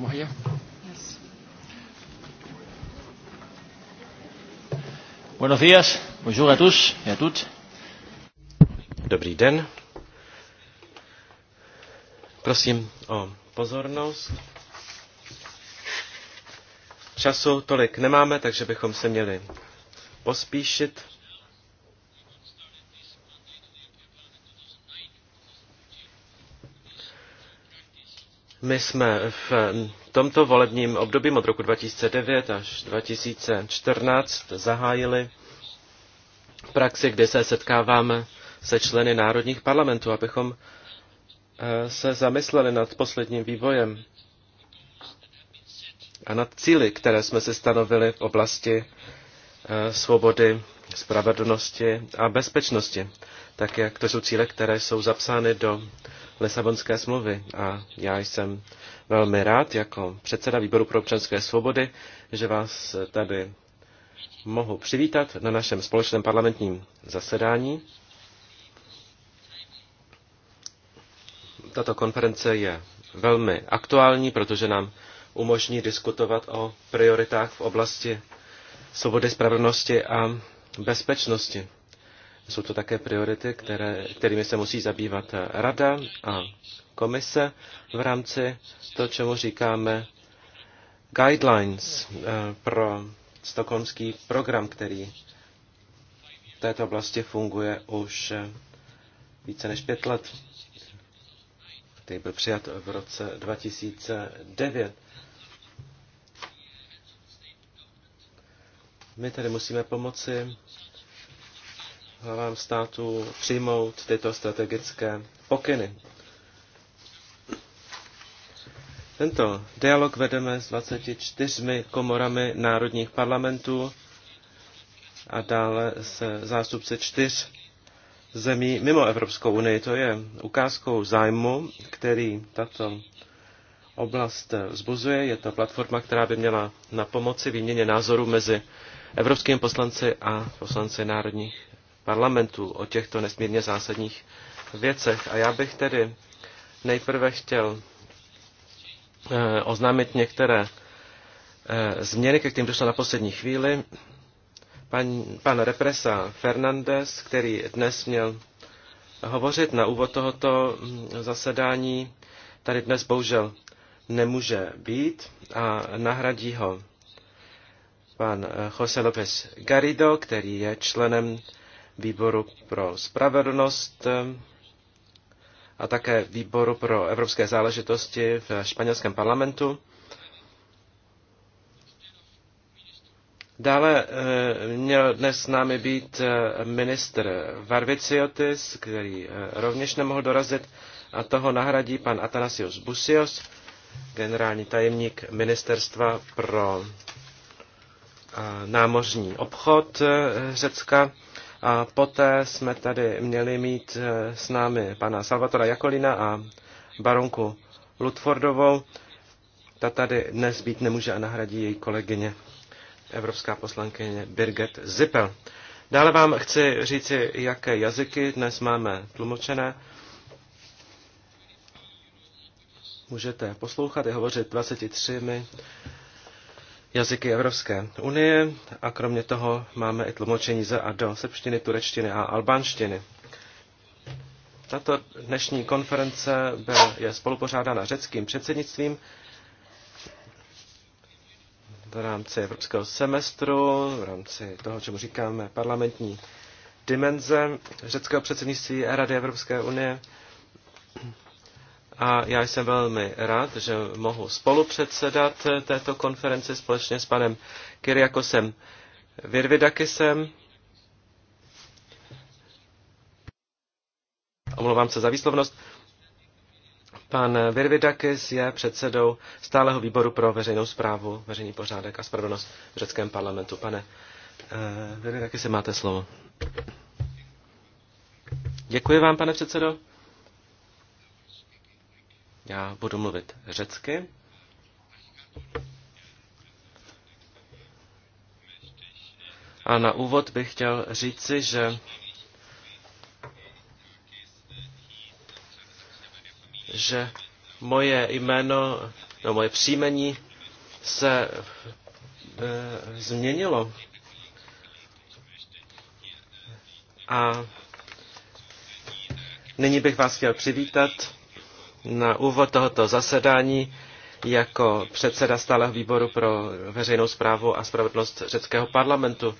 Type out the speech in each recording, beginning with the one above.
Vamos allá. Buenos días, bonjour a tous et à toutes. Dobrý den. Prosím o pozornost. Času tolik nemáme, takže bychom se měli pospíšit. My jsme v tomto volebním období od roku 2009 až 2014 zahájili praxi, kdy se setkáváme se členy národních parlamentů, abychom eh, se zamysleli nad posledním vývojem a nad cíly, které jsme si stanovili v oblasti eh, svobody, spravedlnosti a bezpečnosti, tak jak to jsou cíle, které jsou zapsány do Lisabonské smlouvy. A já jsem velmi rád jako předseda výboru pro občanské svobody, že vás tady mohu přivítat na našem společném parlamentním zasedání. Tato konference je velmi aktuální, protože nám umožní diskutovat o prioritách v oblasti svobody, spravedlnosti a bezpečnosti. Jsou to také priority, které, kterými se musí zabývat rada a komise v rámci toho, čemu říkáme guidelines eh, pro stokholmský program, který v této oblasti funguje už eh, více než pět let. Který byl přijat v roce 2009. My tedy musíme pomoci hlavám států přijmout tyto strategické pokyny. Tento dialog vedeme s 24 komorami národních parlamentů a dále se zástupce čtyř zemí mimo Evropskou unii. To je ukázkou zájmu, který tato oblast vzbuzuje. Je to platforma, která by měla na pomoci výměně názorů mezi evropskými poslanci a poslanci národních parlamentu o těchto nesmírně zásadních věcech. A já bych tedy nejprve chtěl eh, oznámit některé eh, změny, ke kterým došlo na poslední chvíli. Pan, pan represa Fernandez, který dnes měl hovořit na úvod tohoto mm, zasedání, tady dnes bohužel nemůže být a nahradí ho pan eh, José López Garrido, který je členem výboru pro spravedlnost eh, a také výboru pro evropské záležitosti v španělském parlamentu. Dále eh, měl dnes s námi být eh, ministr Varviciotis, který rovněž nemohl dorazit, a toho nahradí pan Atanasius Busios, generální tajemník Ministerstva pro námořní obchod Řecka. A poté jsme tady měli mít eh, s námi pana Salvatora Jakolina a baronku Ludfordovou. Ta tady dnes být nemůže a nahradí její kolegyně, evropská poslankyně Birgit Zippel. Dále vám chci říci, jaké jazyky dnes máme tlumočené. Můžete poslouchat i hovořit 23 jazyky Evropské unie a kromě toho máme i tlumočení ze a do srbštiny, turečtiny a albánštiny. Tato dnešní konference byl, je spolupořádána řeckým předsednictvím v rámci evropského semestru, v rámci toho, čemu říkáme parlamentní dimenze řeckého předsednictví Rady Evropské unie a já jsem velmi rád, že mohu spolupředsedat této konferenci společně s panem Kyriakosem Virvidakisem. Omlouvám se za výslovnost. Pan Virvidakis je předsedou stáleho výboru pro veřejnou zprávu, veřejný pořádek a spravedlnost v řeckém parlamentu. Pane eh, Virvidakis, máte slovo. Děkuji vám, pane předsedo. Já budu mluvit řecky. A na úvod bych chtěl říci, že že moje jméno, no moje příjmení se e, změnilo. A nyní bych vás chtěl přivítat na úvod tohoto zasedání jako předseda stáleho výboru pro veřejnou zprávu a spravedlnost řeckého parlamentu.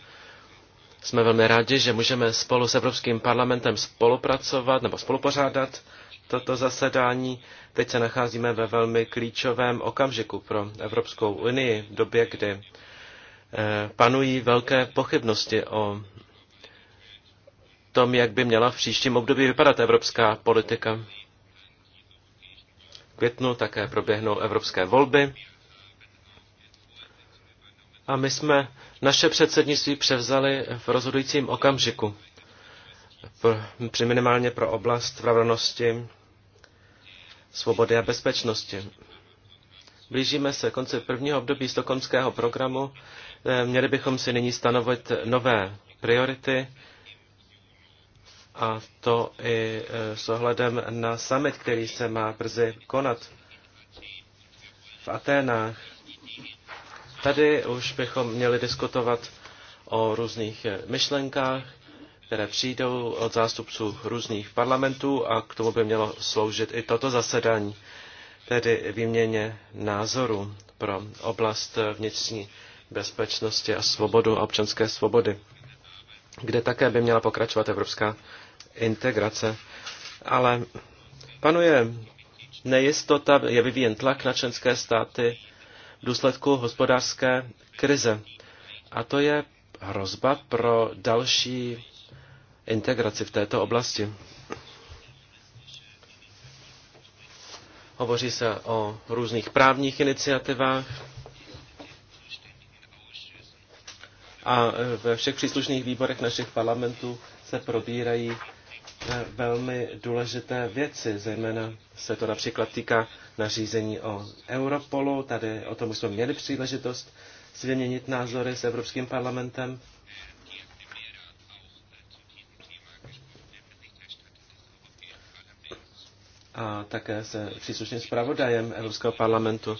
Jsme velmi rádi, že můžeme spolu s Evropským parlamentem spolupracovat nebo spolupořádat toto zasedání. Teď se nacházíme ve velmi klíčovém okamžiku pro Evropskou unii, v době, kdy eh, panují velké pochybnosti o tom, jak by měla v příštím období vypadat evropská politika květnu také proběhnou evropské volby. A my jsme naše předsednictví převzali v rozhodujícím okamžiku, při minimálně pro oblast spravedlnosti, svobody a bezpečnosti. Blížíme se konci prvního období stokonského programu. Eh, měli bychom si nyní stanovit nové priority, a to i e, s ohledem na summit, který se má brzy konat v Aténách. Tady už bychom měli diskutovat o různých e, myšlenkách, které přijdou od zástupců různých parlamentů a k tomu by mělo sloužit i toto zasedání, tedy výměně názorů pro oblast e, vnitřní bezpečnosti a svobodu a občanské svobody, kde také by měla pokračovat Evropská integrace. Ale panuje nejistota, je vyvíjen tlak na členské státy v důsledku hospodářské krize. A to je hrozba pro další integraci v této oblasti. Hovoří se o různých právních iniciativách a ve všech příslušných výborech našich parlamentů se probírají Eh, velmi důležité věci, zejména se to například týká nařízení o Europolu, tady o tom už jsme měli příležitost změnit názory s Evropským parlamentem. A také se příslušným zpravodajem Evropského parlamentu.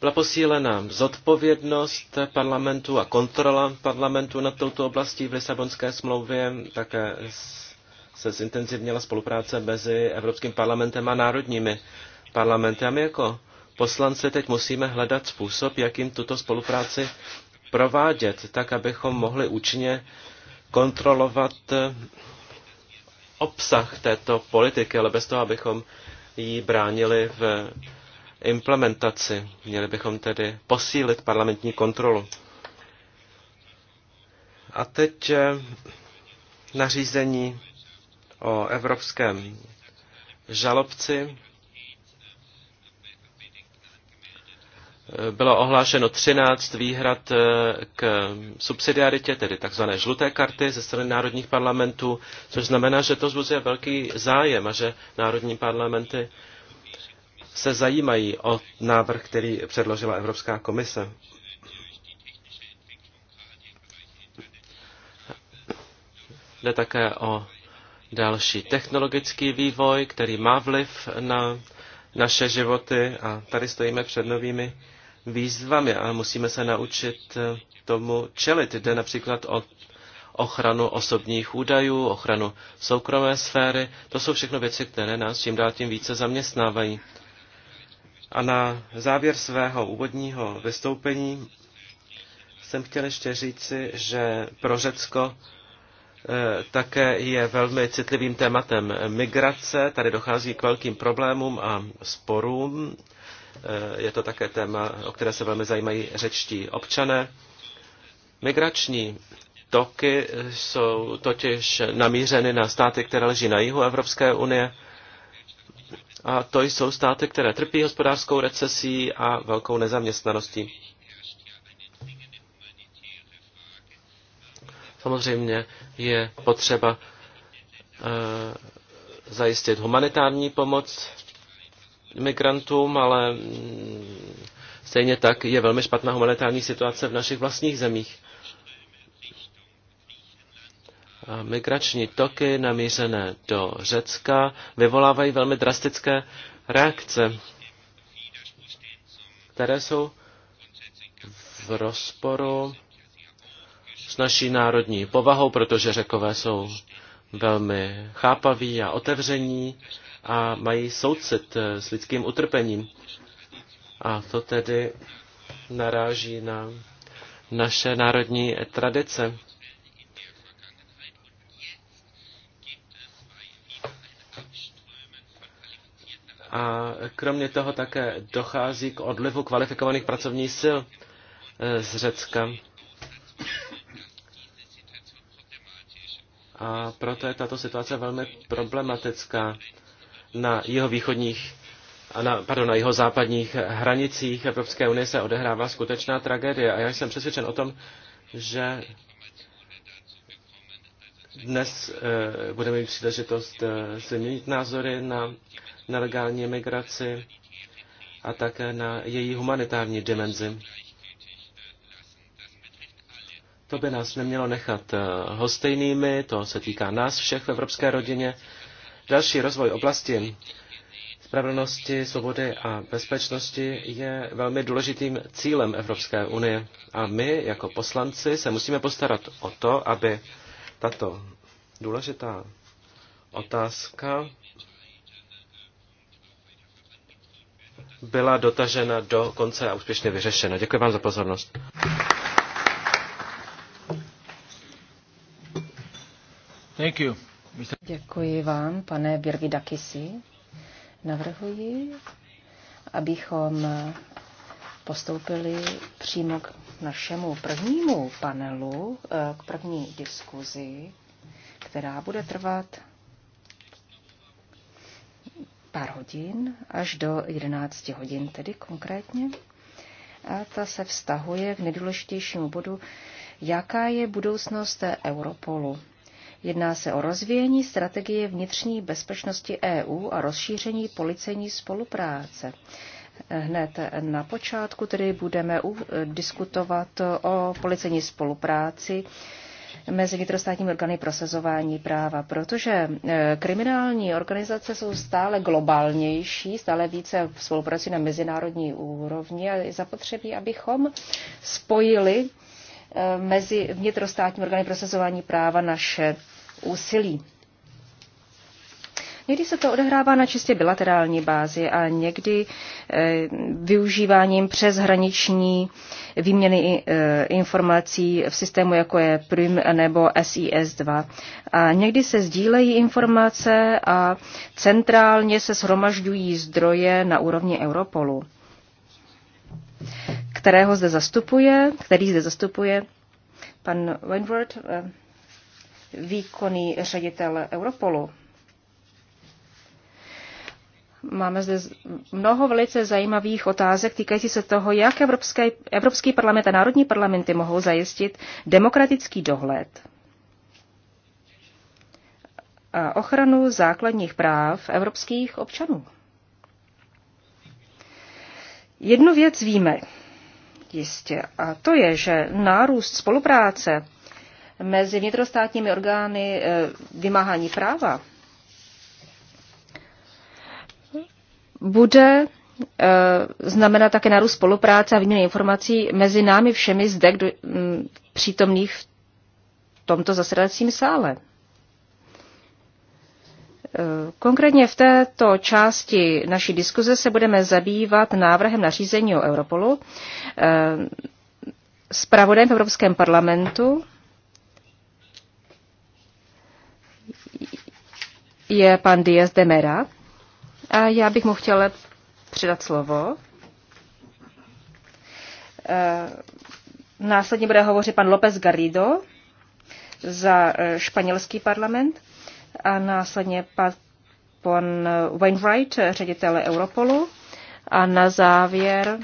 Byla posílena zodpovědnost parlamentu a kontrola parlamentu nad touto oblastí v Lisabonské smlouvě, také se zintenzivněla spolupráce mezi Evropským parlamentem a národními parlamenty. A my jako poslanci teď musíme hledat způsob, jakým tuto spolupráci provádět, tak abychom mohli účinně kontrolovat eh, obsah této politiky, ale bez toho, abychom ji bránili v implementaci. Měli bychom tedy posílit parlamentní kontrolu. A teď eh, nařízení o evropském žalobci. Bylo ohlášeno 13 výhrad eh, k subsidiaritě, tedy takzvané žluté karty ze strany národních parlamentů, což znamená, že to zbuzuje velký zájem a že národní parlamenty se zajímají o návrh, který předložila Evropská komise. Jde také o další technologický vývoj, který má vliv na naše životy a tady stojíme před novými výzvami a musíme se naučit eh, tomu čelit. Jde například o ochranu osobních údajů, ochranu soukromé sféry. To jsou všechno věci, které nás čím dál tím více zaměstnávají. A na závěr svého úvodního vystoupení jsem chtěl ještě říci, že pro Řecko Eh, také je velmi citlivým tématem migrace. Tady dochází k velkým problémům a sporům. Eh, je to také téma, o které se velmi zajímají řečtí občané. Migrační toky jsou totiž namířeny na státy, které leží na jihu Evropské unie. A to jsou státy, které trpí hospodářskou recesí a velkou nezaměstnaností. Samozřejmě je potřeba eh, zajistit humanitární pomoc migrantům, ale mm, stejně tak je velmi špatná humanitární situace v našich vlastních zemích. A migrační toky namířené do Řecka vyvolávají velmi drastické reakce, které jsou v rozporu naší národní povahou, protože řekové jsou velmi chápaví a otevření a mají soucit eh, s lidským utrpením. A to tedy naráží na naše národní tradice. A kromě toho také dochází k odlivu kvalifikovaných pracovních sil eh, z Řecka. a proto je tato situace velmi problematická na jeho východních na, pardon, na jeho západních hranicích Evropské unie se odehrává skutečná tragédie a já jsem přesvědčen o tom, že dnes e, budeme mít příležitost e, změnit názory na nelegální migraci a také na její humanitární dimenzi. To by nás nemělo nechat eh, hostejnými, to se týká nás všech v evropské rodině. Další rozvoj oblasti spravedlnosti, svobody a bezpečnosti je velmi důležitým cílem Evropské unie. A my, jako poslanci, se musíme postarat o to, aby tato důležitá otázka byla dotažena do konce a úspěšně vyřešena. Děkuji vám za pozornost. Thank you. Děkuji vám, pane Birgidakisi. Navrhuji, abychom postoupili přímo k našemu prvnímu panelu, eh, k první diskuzi, která bude trvat pár hodin, až do 11 hodin tedy konkrétně. A ta se vztahuje k nejdůležitějšímu bodu, jaká je budoucnost Europolu. Jedná se o rozvíjení strategie vnitřní bezpečnosti EU a rozšíření policejní spolupráce. Hned na počátku tedy budeme eh, diskutovat o policejní spolupráci mezi vnitrostátními orgány prosazování práva, protože eh, kriminální organizace jsou stále globálnější, stále více spolupracují na mezinárodní úrovni a je zapotřebí, abychom spojili Eh, mezi vnitrostátní orgány prosazování práva naše úsilí. Někdy se to odehrává na čistě bilaterální bázi a někdy eh, využíváním přeshraniční výměny eh, informací v systému jako je PRIM nebo SIS-2. A někdy se sdílejí informace a centrálně se shromažďují zdroje na úrovni Europolu kterého zde zastupuje, který zde zastupuje pan Weinward, eh, výkonný ředitel Europolu. Máme zde mnoho velice zajímavých otázek týkající se toho, jak Evropské, Evropský parlament a národní parlamenty mohou zajistit demokratický dohled a ochranu základních práv evropských občanů. Jednu věc víme jistě. A to je, že nárůst spolupráce mezi vnitrostátními orgány eh, vymáhání práva bude eh, znamená také nárůst spolupráce a výměny informací mezi námi všemi zde kdo, přítomných v tomto zasedacím sále. Konkrétně v této části naší diskuze se budeme zabývat návrhem na řízení o Europolu s pravodem v Evropském parlamentu je pan Díaz de Mera a já bych mu chtěla přidat slovo. Následně bude hovořit pan López Garrido za španělský parlament a následně pan Wainwright, ředitel Europolu. A na závěr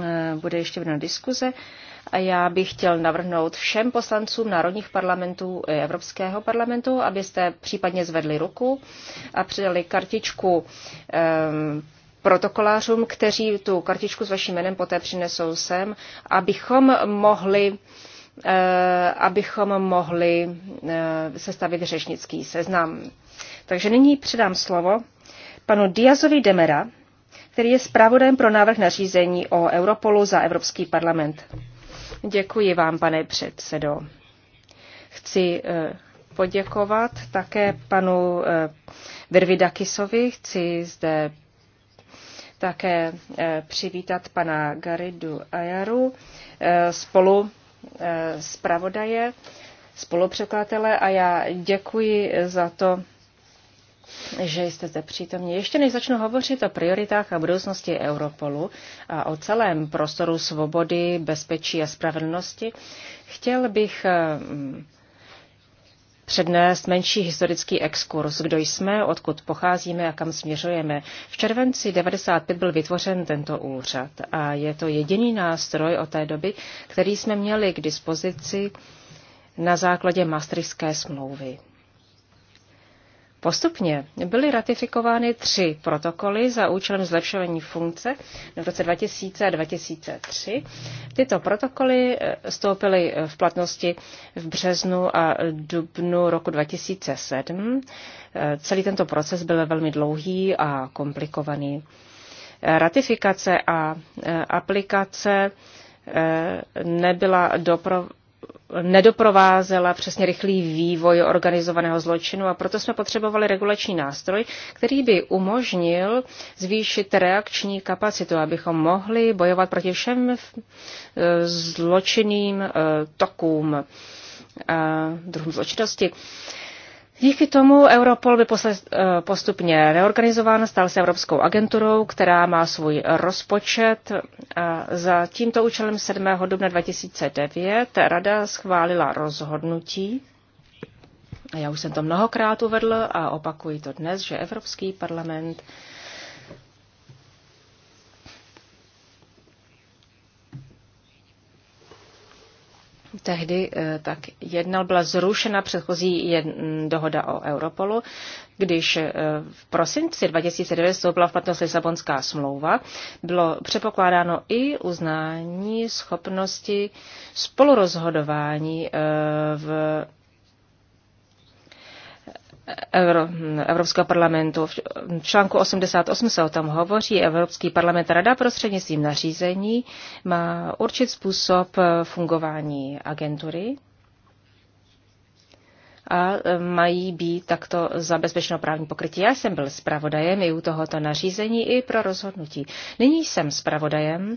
eh, bude ještě jedna diskuze. A já bych chtěl navrhnout všem poslancům národních parlamentů i Evropského parlamentu, abyste případně zvedli ruku a přidali kartičku um, protokolářům, kteří tu kartičku s vaším jménem poté přinesou sem, abychom mohli uh, Eh, abychom mohli eh, sestavit řečnický seznam. Takže nyní předám slovo panu Diazovi Demera, který je zpravodajem pro návrh nařízení o Europolu za Evropský parlament. Děkuji vám, pane předsedo. Chci eh, poděkovat také panu Virvidakisovi. Chci zde také přivítat pana Garidu Ajaru spolu Eh, zpravodaje, spolupřekladatele a já děkuji za to, že jste zde přítomní. Ještě než začnu hovořit o prioritách a budoucnosti Europolu a o celém prostoru svobody, bezpečí a spravedlnosti, chtěl bych eh, přednést menší historický exkurs, kdo jsme, odkud pocházíme a kam směřujeme. V červenci 95 byl vytvořen tento úřad a je to jediný nástroj od té doby, který jsme měli k dispozici na základě Maastrichtské smlouvy. Postupně byly ratifikovány tři protokoly za účelem zlepšování funkce v roce 2000 a 2003. Tyto protokoly eh, stoupily eh, v platnosti v březnu a dubnu roku 2007. Eh, celý tento proces byl velmi dlouhý a komplikovaný. Ratifikace a aplikace nebyla doprovázena nedoprovázela přesně rychlý vývoj organizovaného zločinu a proto jsme potřebovali regulační nástroj, který by umožnil zvýšit reakční kapacitu, abychom mohli bojovat proti všem eh, zločinným eh, tokům a eh, druhům zločinnosti. Díky tomu Europol by eh, postupně reorganizován, stal se Evropskou agenturou, která má svůj rozpočet. Za tímto účelem 7. dubna 2009 Rada schválila rozhodnutí, já už jsem to mnohokrát uvedl a opakuji to dnes, že Evropský parlament tehdy eh, tak jednal, byla zrušena předchozí dohoda o Europolu, když eh, v prosinci 2009 vstoupila v platnost Lisabonská smlouva, bylo přepokládáno i uznání schopnosti spolurozhodování eh, v Evro, Evropského parlamentu. V článku 88 se o tom hovoří. Evropský parlament a rada prostřednictvím nařízení má určit způsob eh, fungování agentury a eh, mají být takto zabezpečeno právní pokrytí. Já jsem byl zpravodajem i u tohoto nařízení, i pro rozhodnutí. Nyní jsem zpravodajem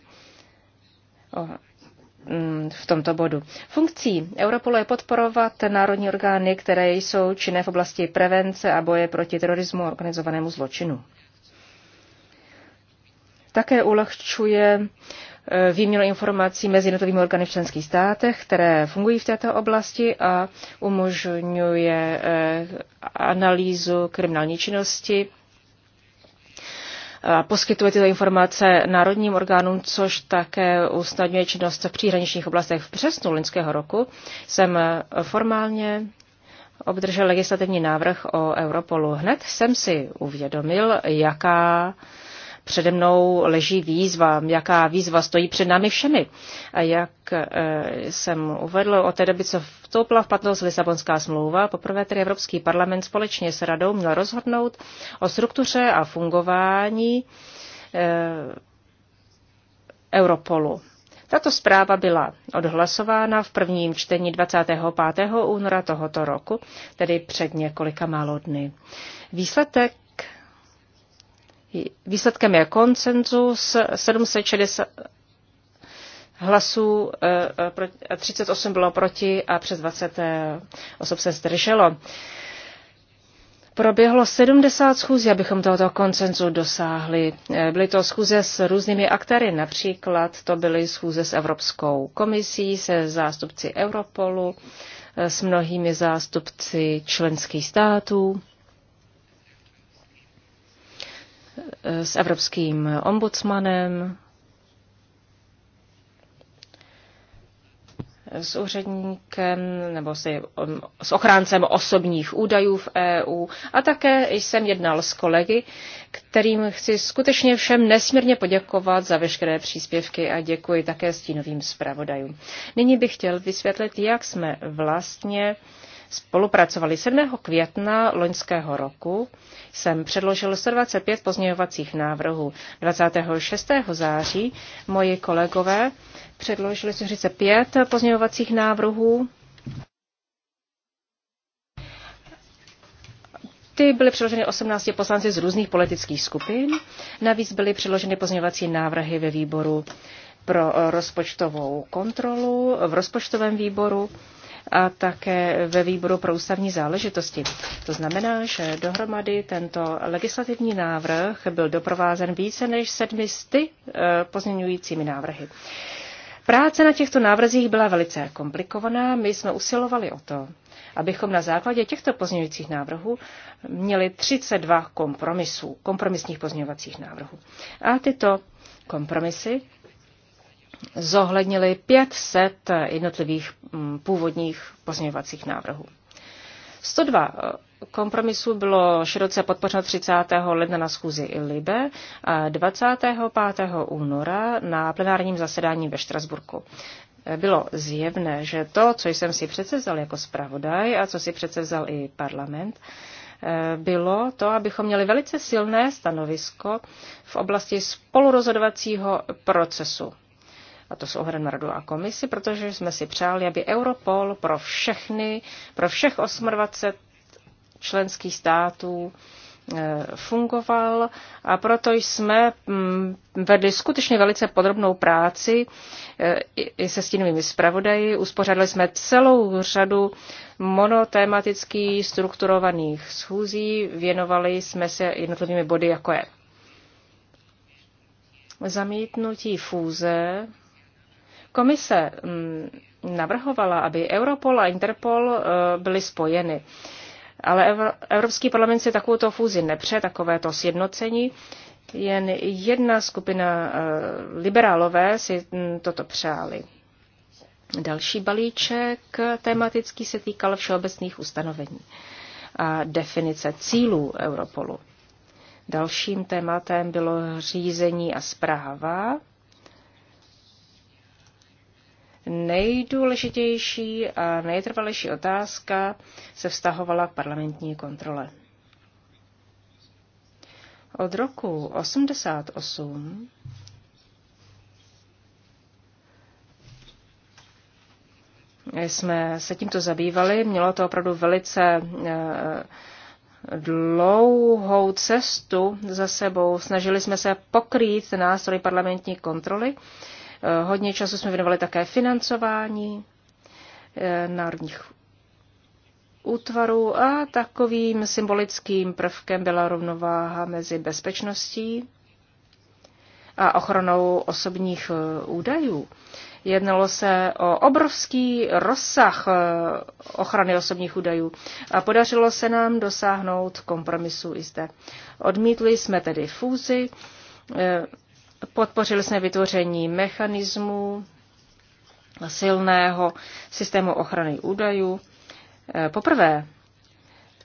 Mm, v tomto bodu. Funkcí Europolu je podporovat národní orgány, které jsou činné v oblasti prevence a boje proti terorismu a organizovanému zločinu. Také ulehčuje e, výměnu informací mezi jednotlivými orgány v členských státech, které fungují v této oblasti a umožňuje e, analýzu kriminální činnosti poskytuje tyto informace národním orgánům, což také usnadňuje činnost v příhraničních oblastech. V přesnu loňského roku jsem formálně obdržel legislativní návrh o Europolu. Hned jsem si uvědomil, jaká přede mnou leží výzva, jaká výzva stojí před námi všemi. A jak eh, jsem uvedl, o té doby, co vstoupila v platnost Lisabonská smlouva, poprvé tedy Evropský parlament společně s radou měl rozhodnout o struktuře a fungování eh, Europolu. Tato zpráva byla odhlasována v prvním čtení 25. února tohoto roku, tedy před několika málo dny. Výsledek Výsledkem je koncenzus 760 hlasů, 38 eh, eh, bylo proti a přes 20 eh, osob se zdrželo. Proběhlo 70 schůzí, abychom tohoto koncenzu dosáhli. Byly to schůze s různými aktéry, například to byly schůze s Evropskou komisí, se zástupci Europolu, s mnohými zástupci členských států s evropským ombudsmanem, s úředníkem nebo s, um, s ochráncem osobních údajů v EU a také jsem jednal s kolegy, kterým chci skutečně všem nesmírně poděkovat za veškeré příspěvky a děkuji také stínovým zpravodajům. Nyní bych chtěl vysvětlit, jak jsme vlastně uh, spolupracovali. 7. května loňského roku jsem předložil 125 pozměňovacích návrhů. 26. září moji kolegové předložili 45 pozměňovacích návrhů. Ty byly předloženy 18 poslanci z různých politických skupin. Navíc byly předloženy pozměňovací návrhy ve výboru pro rozpočtovou kontrolu, v rozpočtovém výboru a také ve výboru pro ústavní záležitosti. To znamená, že dohromady tento legislativní návrh byl doprovázen více než sedmisty eh, pozměňujícími návrhy. Práce na těchto návrzích byla velice komplikovaná. My jsme usilovali o to, abychom na základě těchto pozměňujících návrhů měli 32 kompromisů, kompromisních pozměňovacích návrhů. A tyto kompromisy zohlednili 500 jednotlivých mm, původních pozměňovacích návrhů. 102 e, kompromisů bylo široce podpořeno 30. ledna na schůzi Libe a 25. února na plenárním zasedání ve Štrasburku. E, bylo zjevné, že to, co jsem si přecezal jako zpravodaj a co si přecezal i parlament, e, bylo to, abychom měli velice silné stanovisko v oblasti spolurozhodovacího procesu a to s ohledem na radu a komisi, protože jsme si přáli, aby Europol pro všechny, pro všech 28 členských států eh, fungoval a proto jsme mm, vedli skutečně velice podrobnou práci eh, i se stínovými zpravodaji. Uspořádali jsme celou řadu monotématických strukturovaných schůzí, věnovali jsme se jednotlivými body, jako je zamítnutí fůze, Komise mm, navrhovala, aby Europol a Interpol eh, byly spojeny. Ale Evropský parlament si takovouto fúzi nepře, takovéto sjednocení. Jen jedna skupina eh, liberálové si mm, toto přáli. Další balíček tematický se týkal všeobecných ustanovení a definice cílů Europolu. Dalším tématem bylo řízení a zpráva nejdůležitější a nejtrvalejší otázka se vztahovala k parlamentní kontrole. Od roku 88 jsme se tímto zabývali. Mělo to opravdu velice eh, dlouhou cestu za sebou. Snažili jsme se pokrýt nástroj parlamentní kontroly Eh, hodně času jsme věnovali také financování eh, národních útvarů a takovým symbolickým prvkem byla rovnováha mezi bezpečností a ochranou osobních eh, údajů. Jednalo se o obrovský rozsah ochrany osobních údajů a podařilo se nám dosáhnout kompromisu i zde. Odmítli jsme tedy fúzi, Podpořili jsme vytvoření mechanismů silného systému ochrany údajů. Eh, poprvé,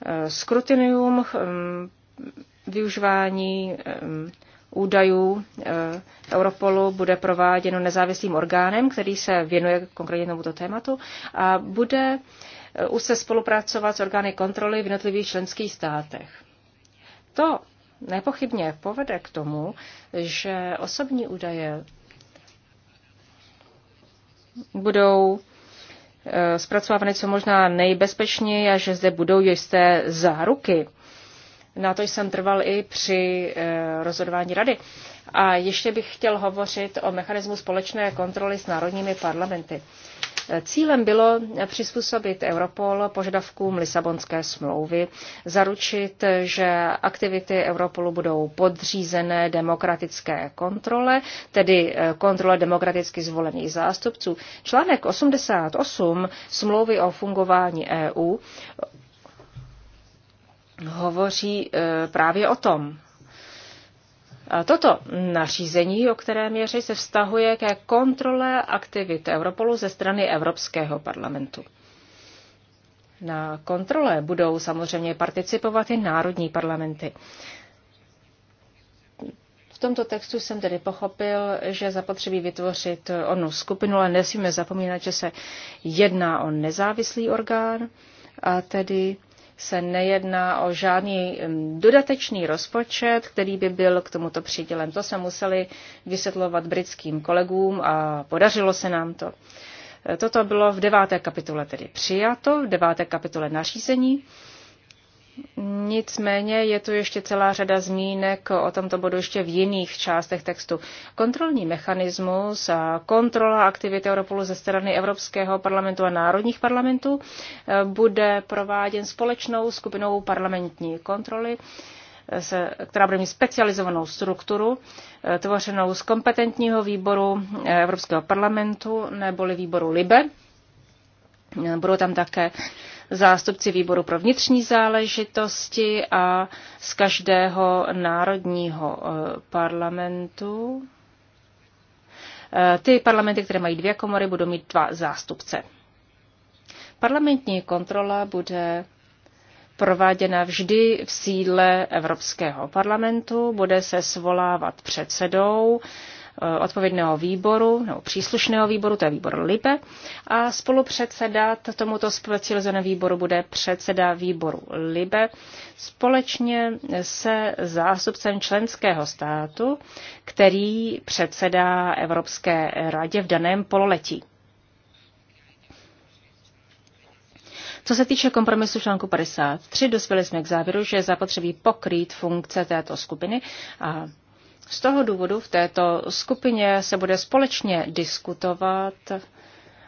eh, skrutinium eh, využívání údajů Europolu bude prováděno nezávislým orgánem, který se věnuje konkrétně tomuto tématu a bude už se spolupracovat s orgány kontroly v jednotlivých členských státech. To, nepochybně povede k tomu, že osobní údaje budou eh, zpracovávány co možná nejbezpečněji a že zde budou jisté záruky. Na to jsem trval i při eh, rozhodování rady. A ještě bych chtěl hovořit o mechanismu společné kontroly s národními parlamenty. Cílem bylo přizpůsobit Europol požadavkům Lisabonské smlouvy, zaručit, že aktivity Europolu budou podřízené demokratické kontrole, tedy eh, kontrole demokraticky zvolených zástupců. Článek 88 smlouvy o fungování EU hovoří eh, právě o tom. Toto nařízení, o kterém je se vztahuje ke kontrole aktivit Europolu ze strany Evropského parlamentu. Na kontrole budou samozřejmě participovat i národní parlamenty. V tomto textu jsem tedy pochopil, že zapotřebí vytvořit onu skupinu, ale nesmíme zapomínat, že se jedná o nezávislý orgán, a tedy se nejedná o žádný mm, dodatečný rozpočet, který by byl k tomuto přidělen. To se museli vysvětlovat britským kolegům a podařilo se nám to. E, toto bylo v deváté kapitole tedy přijato, v deváté kapitole nařízení Nicméně je tu ještě celá řada zmínek o tomto bodu ještě v jiných částech textu. Kontrolní mechanismus a kontrola aktivity Europolu ze strany Evropského parlamentu a národních parlamentů eh, bude prováděn společnou skupinou parlamentní kontroly, eh, která bude mít specializovanou strukturu, eh, tvořenou z kompetentního výboru Evropského parlamentu neboli výboru LIBE. Budou tam také zástupci výboru pro vnitřní záležitosti a z každého národního eh, parlamentu. Eh, ty parlamenty, které mají dvě komory, budou mít dva zástupce. Parlamentní kontrola bude prováděna vždy v sídle Evropského parlamentu, bude se svolávat předsedou Eh, odpovědného výboru, nebo příslušného výboru, to je výbor LIPE, a spolupředseda tomuto specializovanému výboru bude předseda výboru LIBE společně se zástupcem členského státu, který předsedá Evropské radě v daném pololetí. Co se týče kompromisu článku 53, dospěli jsme k závěru, že zapotřebí pokrýt funkce této skupiny a z toho důvodu v této skupině se bude společně diskutovat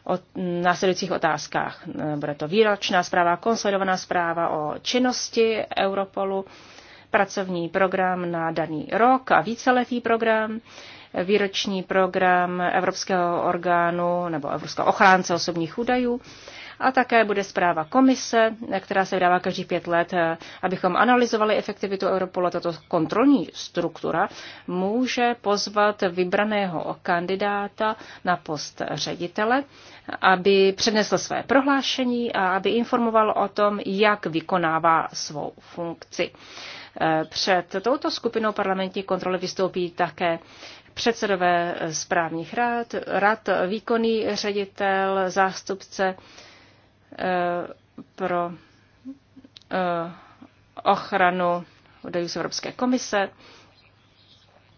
o následujících otázkách. Bude to výročná zpráva, konsolidovaná zpráva o činnosti Europolu, pracovní program na daný rok a víceletý program, výroční program Evropského orgánu nebo Evropského ochránce osobních údajů a také bude zpráva komise, která se vydává každých pět let, eh, abychom analyzovali efektivitu Europolu. Tato kontrolní struktura může pozvat vybraného kandidáta na post ředitele, aby přednesl své prohlášení a aby informoval o tom, jak vykonává svou funkci. Eh, před touto skupinou parlamentní kontroly vystoupí také předsedové správních rad, rad výkonný ředitel, zástupce Eh, pro eh, ochranu údajů z Evropské komise.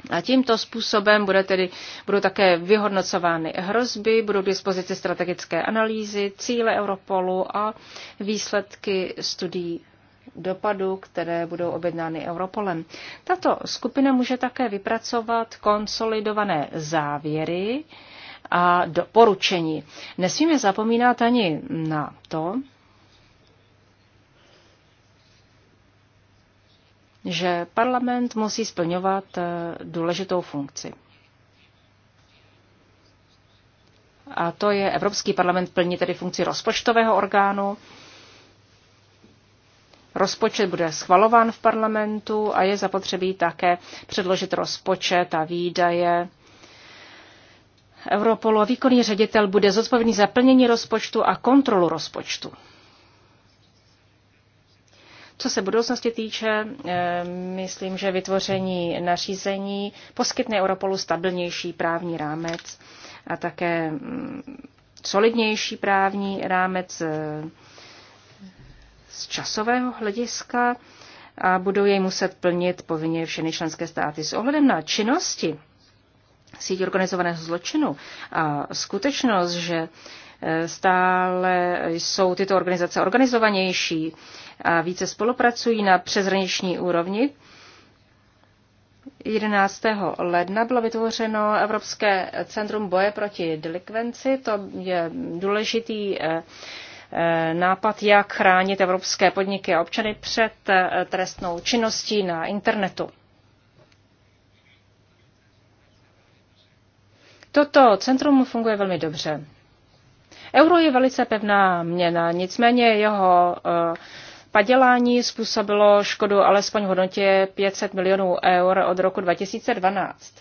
A tímto způsobem bude tedy, budou také vyhodnocovány hrozby, budou k dispozici strategické analýzy, cíle Europolu a výsledky studií dopadu, které budou objednány Europolem. Tato skupina může také vypracovat konsolidované závěry, a doporučení. Nesmíme zapomínat ani na to, že parlament musí splňovat eh, důležitou funkci. A to je Evropský parlament plní tedy funkci rozpočtového orgánu. Rozpočet bude schvalován v parlamentu a je zapotřebí také předložit rozpočet a výdaje Europolu a výkonný ředitel bude zodpovědný za plnění rozpočtu a kontrolu rozpočtu. Co se budoucnosti týče, eh, myslím, že vytvoření nařízení poskytne Europolu stabilnější právní rámec a také mm, solidnější právní rámec eh, z časového hlediska a budou jej muset plnit povinně všechny členské státy. S ohledem na činnosti síť organizovaného zločinu a skutečnost, že e, stále jsou tyto organizace organizovanější a více spolupracují na přezraniční úrovni, 11. ledna bylo vytvořeno Evropské centrum boje proti delikvenci. To je důležitý e, e, nápad, jak chránit evropské podniky a občany před trestnou činností na internetu. Toto centrum funguje velmi dobře. Euro je velice pevná měna, nicméně jeho eh, padělání způsobilo škodu alespoň v hodnotě 500 milionů eur od roku 2012.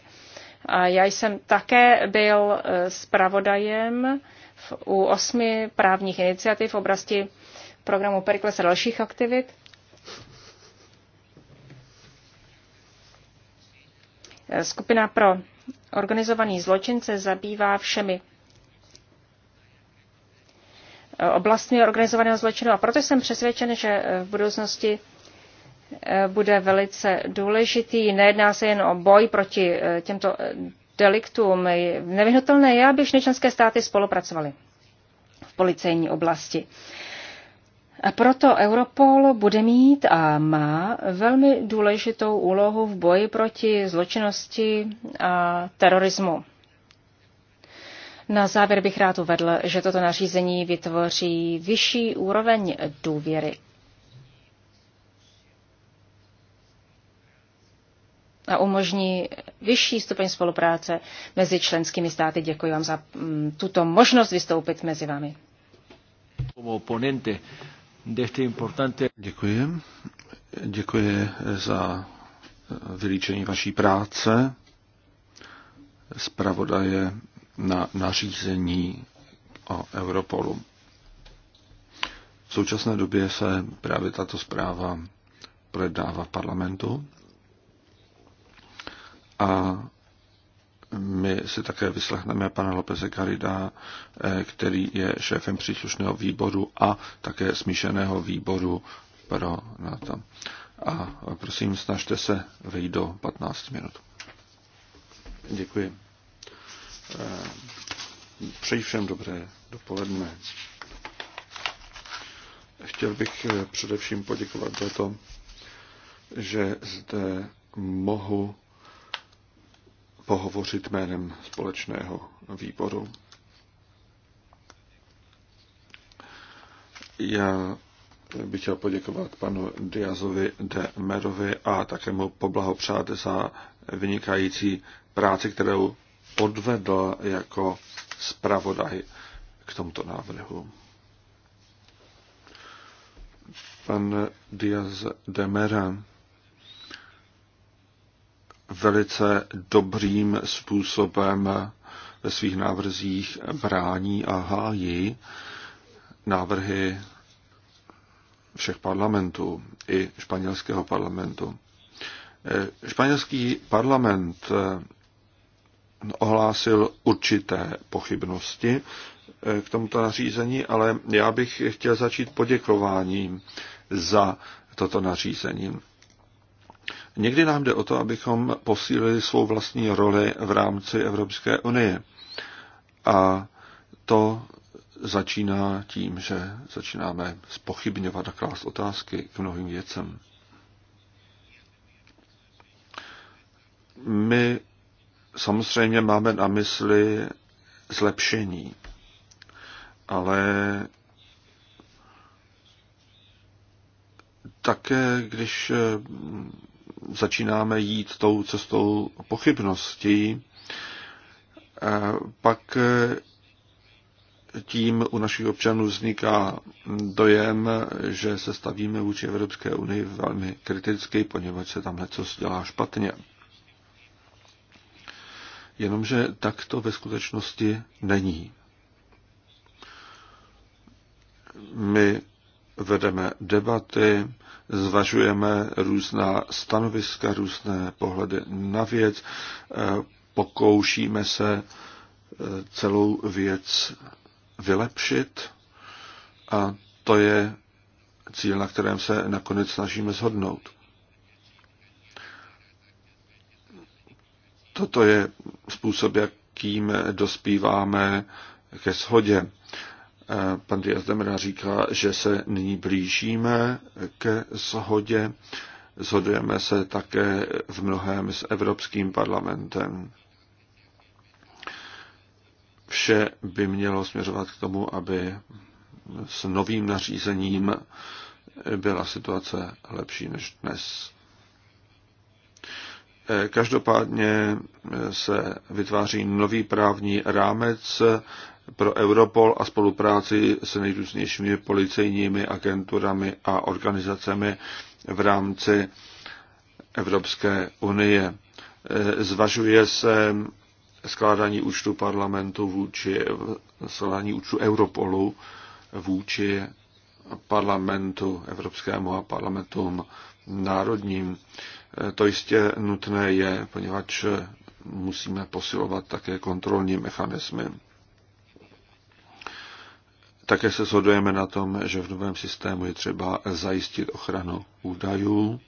A já jsem také byl eh, zpravodajem v, u osmi právních iniciativ v oblasti programu Perikles a dalších aktivit. Eh, skupina pro organizovaný zločin se zabývá všemi oblastmi organizovaného zločinu a proto jsem přesvědčen, že v budoucnosti eh, bude velice důležitý. Nejedná se jen o boj proti eh, těmto eh, deliktům. Nevyhnutelné je, aby všechny členské státy spolupracovaly v policejní oblasti. A proto Europol bude mít a má velmi důležitou úlohu v boji proti zločinnosti a terorismu. Na závěr bych rád uvedl, že toto nařízení vytvoří vyšší úroveň důvěry. A umožní vyšší stupeň spolupráce mezi členskými státy. Děkuji vám za mm, tuto možnost vystoupit mezi vámi. Děkuji. Děkuji za vylíčení vaší práce zpravodaje na nařízení o Europolu. V současné době se právě tato zpráva projednává v parlamentu a my si také vyslechneme pana Lopeze Garida, eh, který je šéfem příslušného výboru a také smíšeného výboru pro NATO. A prosím, snažte se vejít do 15 minut. Děkuji. Eh, přeji všem dobré dopoledne. Chtěl bych eh, především poděkovat za to, že zde mohu pohovořit jménem společného výboru. Já bych chtěl poděkovat panu Diazovi de Merovi a také mu poblahopřát za vynikající práci, kterou odvedl jako zpravodaj k tomuto návrhu. Pan Diaz de Mera velice dobrým způsobem ve svých návrzích brání a hájí návrhy všech parlamentů, i španělského parlamentu. Španělský parlament eh, ohlásil určité pochybnosti eh, k tomuto nařízení, ale já bych chtěl začít poděkováním za toto nařízení. Někdy nám jde o to, abychom posílili svou vlastní roli v rámci Evropské unie. A to začíná tím, že začínáme spochybňovat a klást otázky k mnohým věcem. My samozřejmě máme na mysli zlepšení, ale také, když začínáme jít tou cestou pochybností, e, pak e, tím u našich občanů vzniká dojem, že se stavíme vůči Evropské unii velmi kriticky, poněvadž se tam něco dělá špatně. Jenomže tak to ve skutečnosti není. My vedeme debaty, zvažujeme různá stanoviska, různé pohledy na věc, eh, pokoušíme se eh, celou věc vylepšit a to je cíl, na kterém se nakonec snažíme shodnout. Toto je způsob, jakým dospíváme ke shodě. Eh, pan Diazdemera říká, že se nyní blížíme ke shodě. Zhodujeme se také v mnohém s Evropským parlamentem. Vše by mělo směřovat k tomu, aby s novým nařízením byla situace lepší než dnes. Každopádně se vytváří nový právní rámec pro Europol a spolupráci s nejrůznějšími policejními agenturami a organizacemi v rámci Evropské unie. Zvažuje se skládání účtu parlamentu vůči, skládání účtu Europolu vůči parlamentu evropskému a parlamentům národním. Eh, to jistě nutné je, poněvadž musíme posilovat také kontrolní mechanismy. Také se shodujeme na tom, že v novém systému je třeba zajistit ochranu údajů,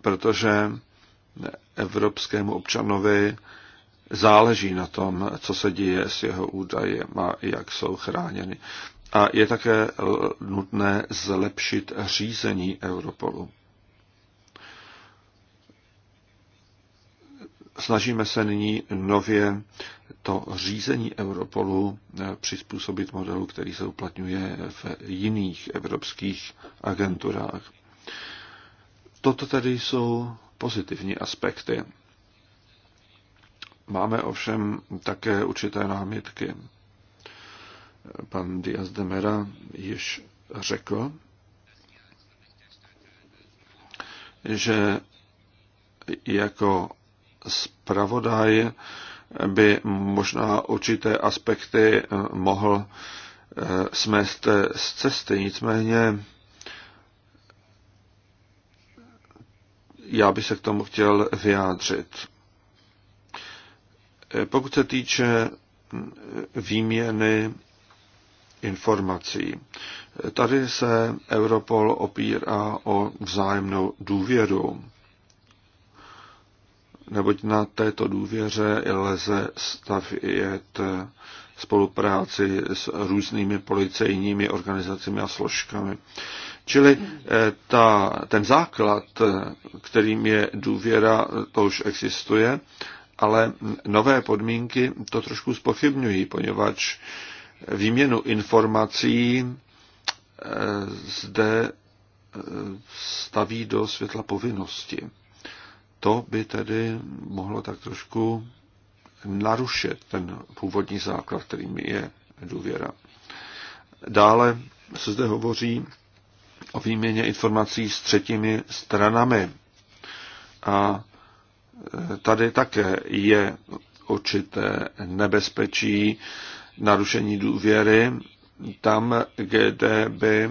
protože evropskému občanovi záleží na tom, co se děje s jeho údajem a jak jsou chráněny. A je také nutné zlepšit řízení Europolu. snažíme se nyní nově to řízení Europolu eh, přizpůsobit modelu, který se uplatňuje v jiných evropských agenturách. Toto tedy jsou pozitivní aspekty. Máme ovšem také určité námitky. Pan Diaz de Mera již řekl, že jako zpravodaj by možná určité aspekty mohl eh, smést z cesty. Nicméně já bych se k tomu chtěl vyjádřit. Eh, pokud se týče mm, výměny informací, eh, tady se Europol opírá o vzájemnou důvěru neboť na této důvěře lze stavět spolupráci s různými policejními organizacemi a složkami. Čili eh, ta, ten základ, kterým je důvěra, to už existuje, ale nové podmínky to trošku spochybňují, poněvadž výměnu informací eh, zde eh, staví do světla povinnosti to by tedy mohlo tak trošku narušit ten původní základ, kterým je důvěra. Dále se zde hovoří o výměně informací s třetími stranami. A e, tady také je určité nebezpečí narušení důvěry tam, kde by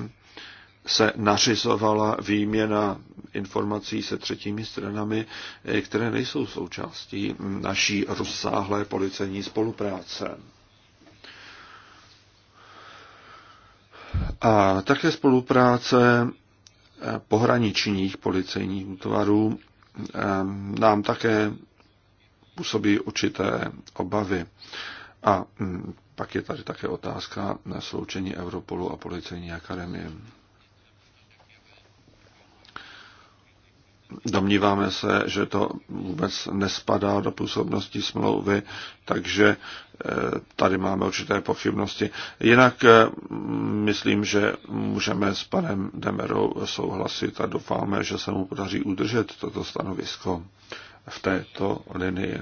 se nařizovala výměna informací se třetími stranami, eh, které nejsou součástí naší rozsáhlé policejní spolupráce. A také spolupráce eh, pohraničních policejních útvarů eh, nám také působí určité obavy. A mm, pak je tady také otázka na sloučení Europolu a policejní akademie. Domníváme se, že to vůbec nespadá do působnosti smlouvy, takže eh, tady máme určité pochybnosti. Jinak eh, myslím, že můžeme s panem Demerou souhlasit a doufáme, že se mu podaří udržet toto stanovisko v této linii.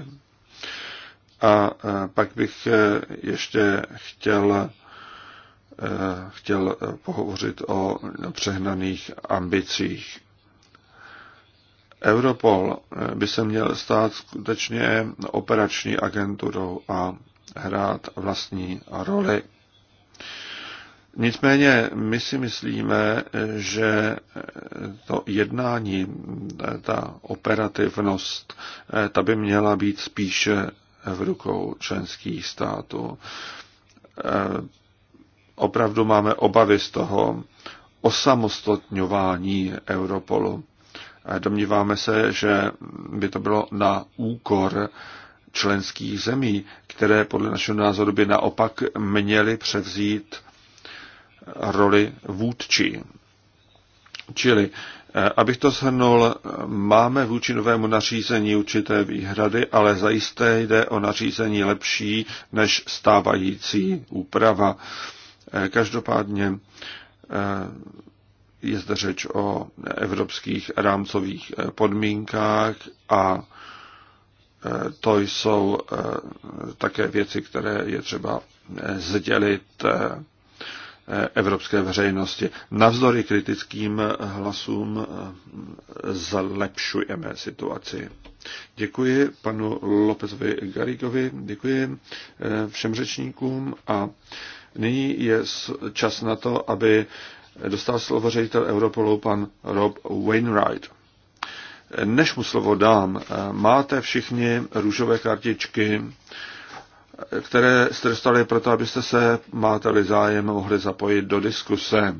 A eh, pak bych ještě chtěl chtěl pohovořit o přehnaných ambicích Europol eh, by se měl stát skutečně operační agenturou a hrát vlastní roli. Nicméně my si myslíme, že to jednání, ta operativnost, eh, ta by měla být spíše v rukou členských států. Eh, opravdu máme obavy z toho osamostotňování Europolu. Domníváme se, že by to bylo na úkor členských zemí, které podle našeho názoru by naopak měly převzít roli vůdčí. Čili, eh, abych to shrnul, máme vůči novému nařízení určité výhrady, ale zajisté jde o nařízení lepší než stávající úprava. Eh, každopádně eh, je zde řeč o evropských rámcových eh, podmínkách a eh, to jsou eh, také věci, které je třeba sdělit evropské veřejnosti. Navzdory kritickým hlasům zlepšujeme situaci. Děkuji panu Lopezovi Garigovi, děkuji všem řečníkům a nyní je čas na to, aby dostal slovo ředitel Europolu pan Rob Wainwright. Než mu slovo dám, máte všichni růžové kartičky, které jste dostali proto, abyste se, máte-li zájem, mohli zapojit do diskuse.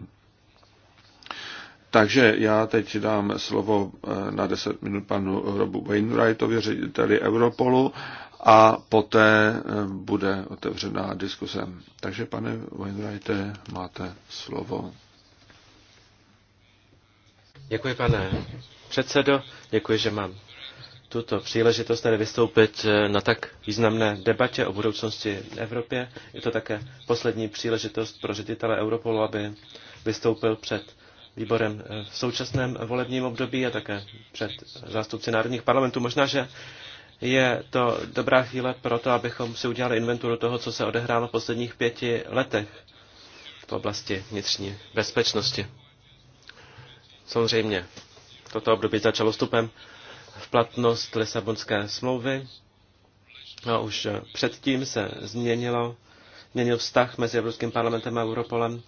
Takže já teď dám slovo eh, na 10 minut panu Robu Wainwrightovi, řediteli Europolu, a poté eh, bude otevřená diskuse. Takže pane Wainwrighte, máte slovo. Děkuji, pane předsedo. Děkuji, že mám tuto příležitost tady vystoupit eh, na tak významné debatě o budoucnosti Evropě. Je to také poslední příležitost pro ředitele Europolu, aby vystoupil před výborem eh, v současném volebním období a také před zástupci národních parlamentů. Možná, že je to dobrá chvíle pro to, abychom si udělali inventuru toho, co se odehrálo v posledních pěti letech v oblasti vnitřní bezpečnosti. Samozřejmě, toto období začalo vstupem v platnost Lisabonské smlouvy a už předtím se změnilo, změnil vztah mezi Evropským parlamentem a Europolem.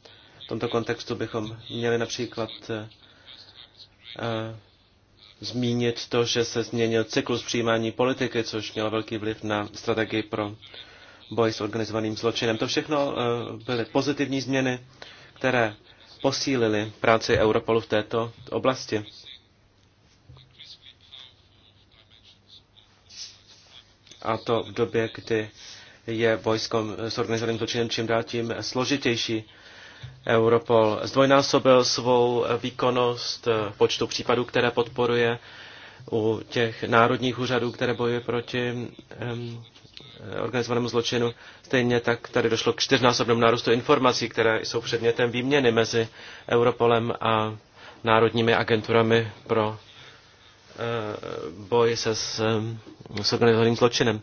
V tomto kontextu bychom měli například eh, eh zmínit to, že se změnil cyklus přijímání politiky, což mělo velký vliv na strategii pro boj s organizovaným zločinem. To všechno eh, byly pozitivní změny, které posílili práci Europolu v této oblasti. A to v době, kdy je vojsko s organizovaným zločinem čím dál tím složitější. Europol zdvojnásobil svou výkonnost eh, počtu případů, které podporuje u těch národních úřadů, které bojují proti um, organizovanému zločinu. Stejně tak tady došlo k čtyřnásobnému nárůstu informací, které jsou předmětem výměny mezi Europolem a národními agenturami pro eh, boj se s, eh, s organizovaným zločinem.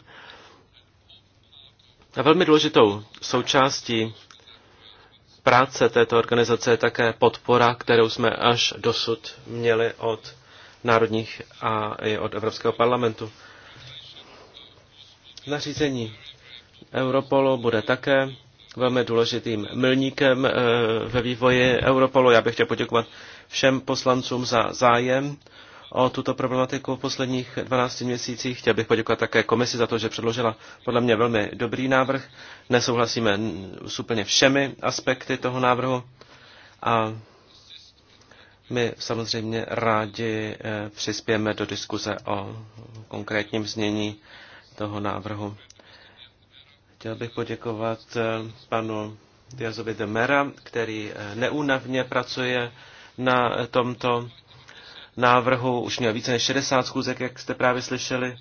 A velmi důležitou součástí práce této organizace je také podpora, kterou jsme až dosud měli od národních a i od Evropského parlamentu. Nařízení Europolu bude také velmi důležitým milníkem eh, ve vývoji Europolu. Já bych chtěl poděkovat všem poslancům za zájem o tuto problematiku v posledních 12 měsících. Chtěl bych poděkovat také komisi za to, že předložila podle mě velmi dobrý návrh. Nesouhlasíme s úplně všemi aspekty toho návrhu a my samozřejmě rádi eh, přispějeme do diskuze o konkrétním znění toho návrhu. Chtěl bych poděkovat eh, panu Diazovi de Mera, který eh, neúnavně pracuje na eh, tomto návrhu. Už měl více než 60 schůzek, jak jste právě slyšeli,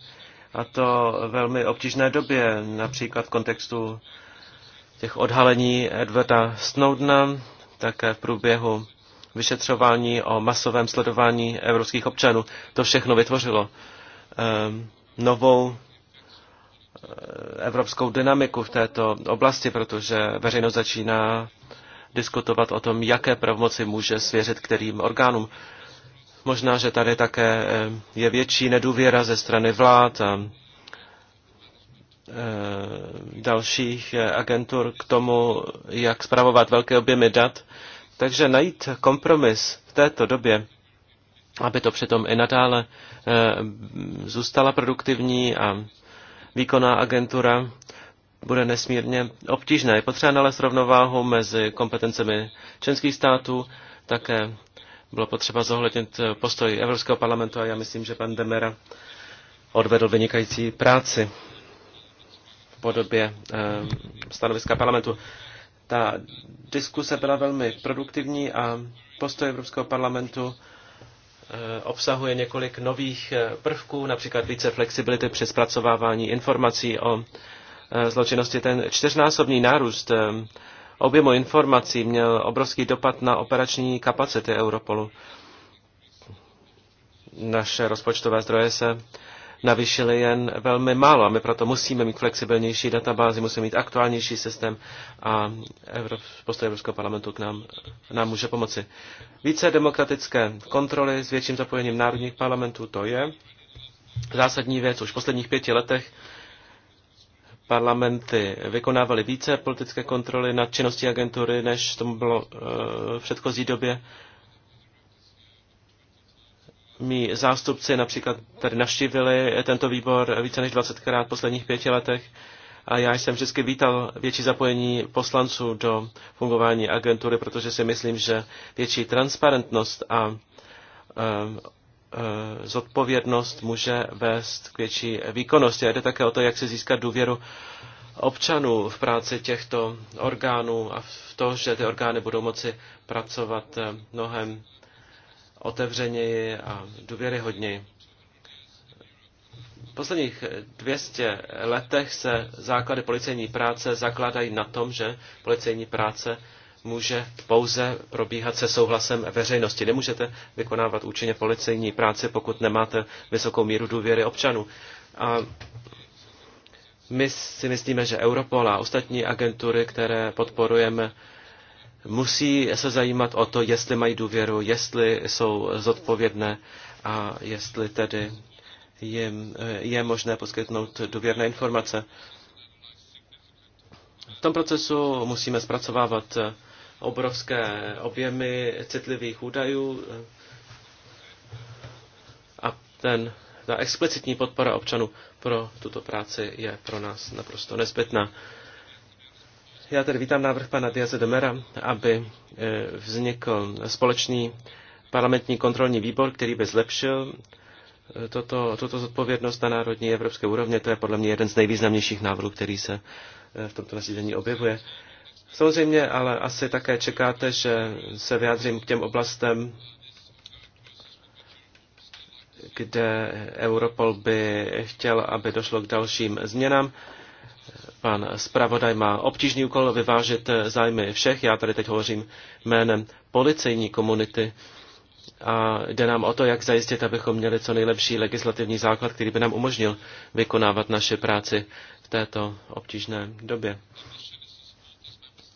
a to velmi obtížné době, například v kontextu těch odhalení Edwarda Snowdena, také v průběhu vyšetřování o masovém sledování evropských občanů. To všechno vytvořilo novou evropskou dynamiku v této oblasti, protože veřejnost začíná diskutovat o tom, jaké pravomoci může svěřit kterým orgánům. Možná, že tady také eh, je větší nedůvěra ze strany vlád a eh, dalších eh, agentur k tomu, jak zpravovat velké objemy dat. Takže najít kompromis v této době, aby to přitom i nadále zůstala produktivní a výkonná agentura, bude nesmírně obtížné. Je potřeba nalézt rovnováhu mezi kompetencemi členských států, také bylo potřeba zohlednit postoj Evropského parlamentu a já myslím, že pan Demera odvedl vynikající práci v podobě eh, stanoviska parlamentu. Ta diskuse byla velmi produktivní a postoj Evropského parlamentu Eh, obsahuje několik nových eh, prvků, například více flexibility při zpracovávání informací o eh, zločinnosti. Ten čtyřnásobný nárůst objemu informací měl obrovský dopad na operační kapacity Europolu. Naše rozpočtové zdroje se navýšily jen velmi málo a my proto musíme mít flexibilnější databázi, musíme mít aktuálnější systém a Evrop, postoj Evropského parlamentu k nám, nám může pomoci. Více demokratické kontroly s větším zapojením národních parlamentů, to je zásadní věc. Už v posledních pěti letech parlamenty vykonávaly více politické kontroly nad činností agentury, než tomu bylo eh, v předchozí době. Mí zástupci například tady navštívili tento výbor více než 20krát v posledních pěti letech a já jsem vždycky vítal větší zapojení poslanců do fungování agentury, protože si myslím, že větší transparentnost a e, e, zodpovědnost může vést k větší výkonnosti. A jde také o to, jak se získat důvěru občanů v práci těchto orgánů a v to, že ty orgány budou moci pracovat e, mnohem otevřeněji a důvěryhodněji. V posledních 200 letech se základy policejní práce zakládají na tom, že policejní práce může pouze probíhat se souhlasem veřejnosti. Nemůžete vykonávat účinně policejní práci, pokud nemáte vysokou míru důvěry občanů. A my si myslíme, že Europol a ostatní agentury, které podporujeme, musí se zajímat o to, jestli mají důvěru, jestli jsou zodpovědné a jestli tedy jim je možné poskytnout důvěrné informace. V tom procesu musíme zpracovávat obrovské objemy citlivých údajů a ten, ta explicitní podpora občanů pro tuto práci je pro nás naprosto nezbytná. Já tedy vítám návrh pana Diaze Mera, aby e, vznikl společný parlamentní kontrolní výbor, který by zlepšil e, toto, toto zodpovědnost na národní evropské úrovně. To je podle mě jeden z nejvýznamnějších návrhů, který se e, v tomto nařízení objevuje. Samozřejmě, ale asi také čekáte, že se vyjádřím k těm oblastem, kde Europol by chtěl, aby došlo k dalším změnám. Pan zpravodaj má obtížný úkol vyvážit eh, zájmy všech. Já tady teď hovořím jménem policejní komunity. A jde nám o to, jak zajistit, abychom měli co nejlepší legislativní základ, který by nám umožnil vykonávat naše práci v této obtížné době.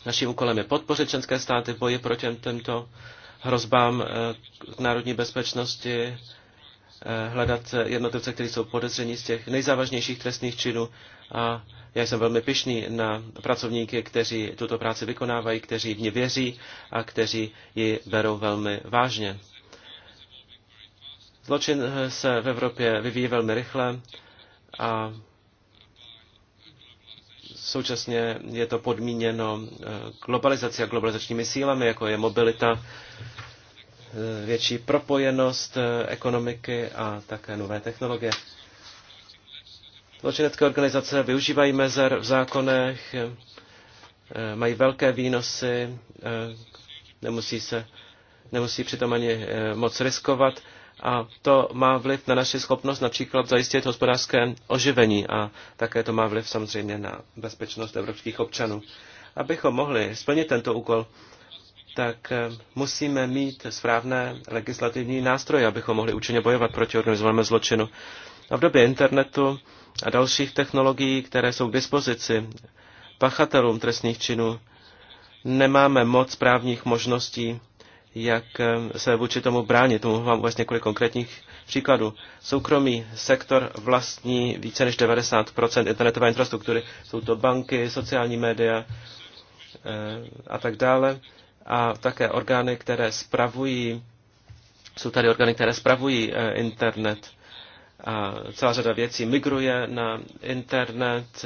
Naším úkolem je podpořit členské státy v boji proti těmto hrozbám eh, k národní bezpečnosti Eh, hledat jednotlivce, kteří jsou podezření z těch nejzávažnějších trestných činů. A já jsem velmi pišný na pracovníky, kteří tuto práci vykonávají, kteří v ní věří a kteří ji berou velmi vážně. Zločin eh, se v Evropě vyvíjí velmi rychle a současně je to podmíněno eh, globalizací a globalizačními sílami, jako je mobilita Eh, větší propojenost eh, ekonomiky a také nové technologie. Zločinecké organizace využívají mezer v zákonech, eh, mají velké výnosy, nemusí, se, nemusí přitom ani moc riskovat a to má vliv na naši schopnost například zajistit hospodářské oživení a také to má vliv samozřejmě na bezpečnost evropských občanů. Abychom mohli splnit tento úkol, tak eh, musíme mít správné legislativní nástroje, abychom mohli účinně bojovat proti organizovanému zločinu. A v době internetu a dalších technologií, které jsou k dispozici pachatelům trestných činů, nemáme moc právních možností, jak eh, se vůči tomu bránit. Tomu mám vlastně několik konkrétních příkladů. Soukromý sektor vlastní více než 90 internetové infrastruktury. Jsou to banky, sociální média eh, a tak dále a také orgány, které spravují, jsou tady orgány, které spravují eh, internet. A celá řada věcí migruje na internet,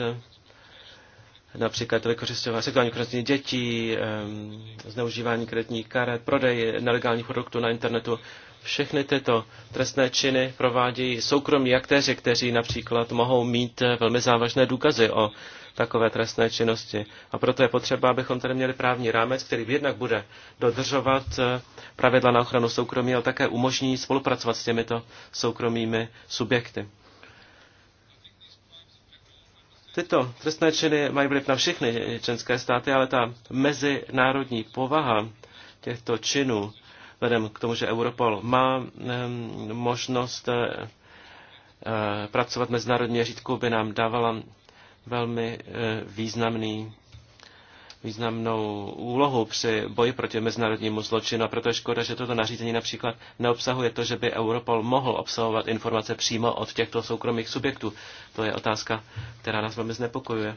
například vykořišťování sexuální kreditní dětí, eh, zneužívání kreditních karet, prodej nelegálních produktů na internetu. Všechny tyto trestné činy provádějí soukromí aktéři, kteří například mohou mít eh, velmi závažné důkazy o takové trestné činnosti. A proto je potřeba, abychom tady měli právní rámec, který jednak bude dodržovat eh, pravidla na ochranu soukromí, ale také umožní spolupracovat s těmito soukromými subjekty. Tyto trestné činy mají vliv na všechny členské státy, ale ta mezinárodní povaha těchto činů, vedem k tomu, že Europol má ehm, možnost eh, eh, pracovat mezinárodní řídku, by nám dávala velmi eh, významný významnou úlohu při boji proti mezinárodnímu zločinu, a proto je škoda, že toto nařízení například neobsahuje to, že by Europol mohl obsahovat informace přímo od těchto soukromých subjektů. To je otázka, která nás velmi znepokojuje.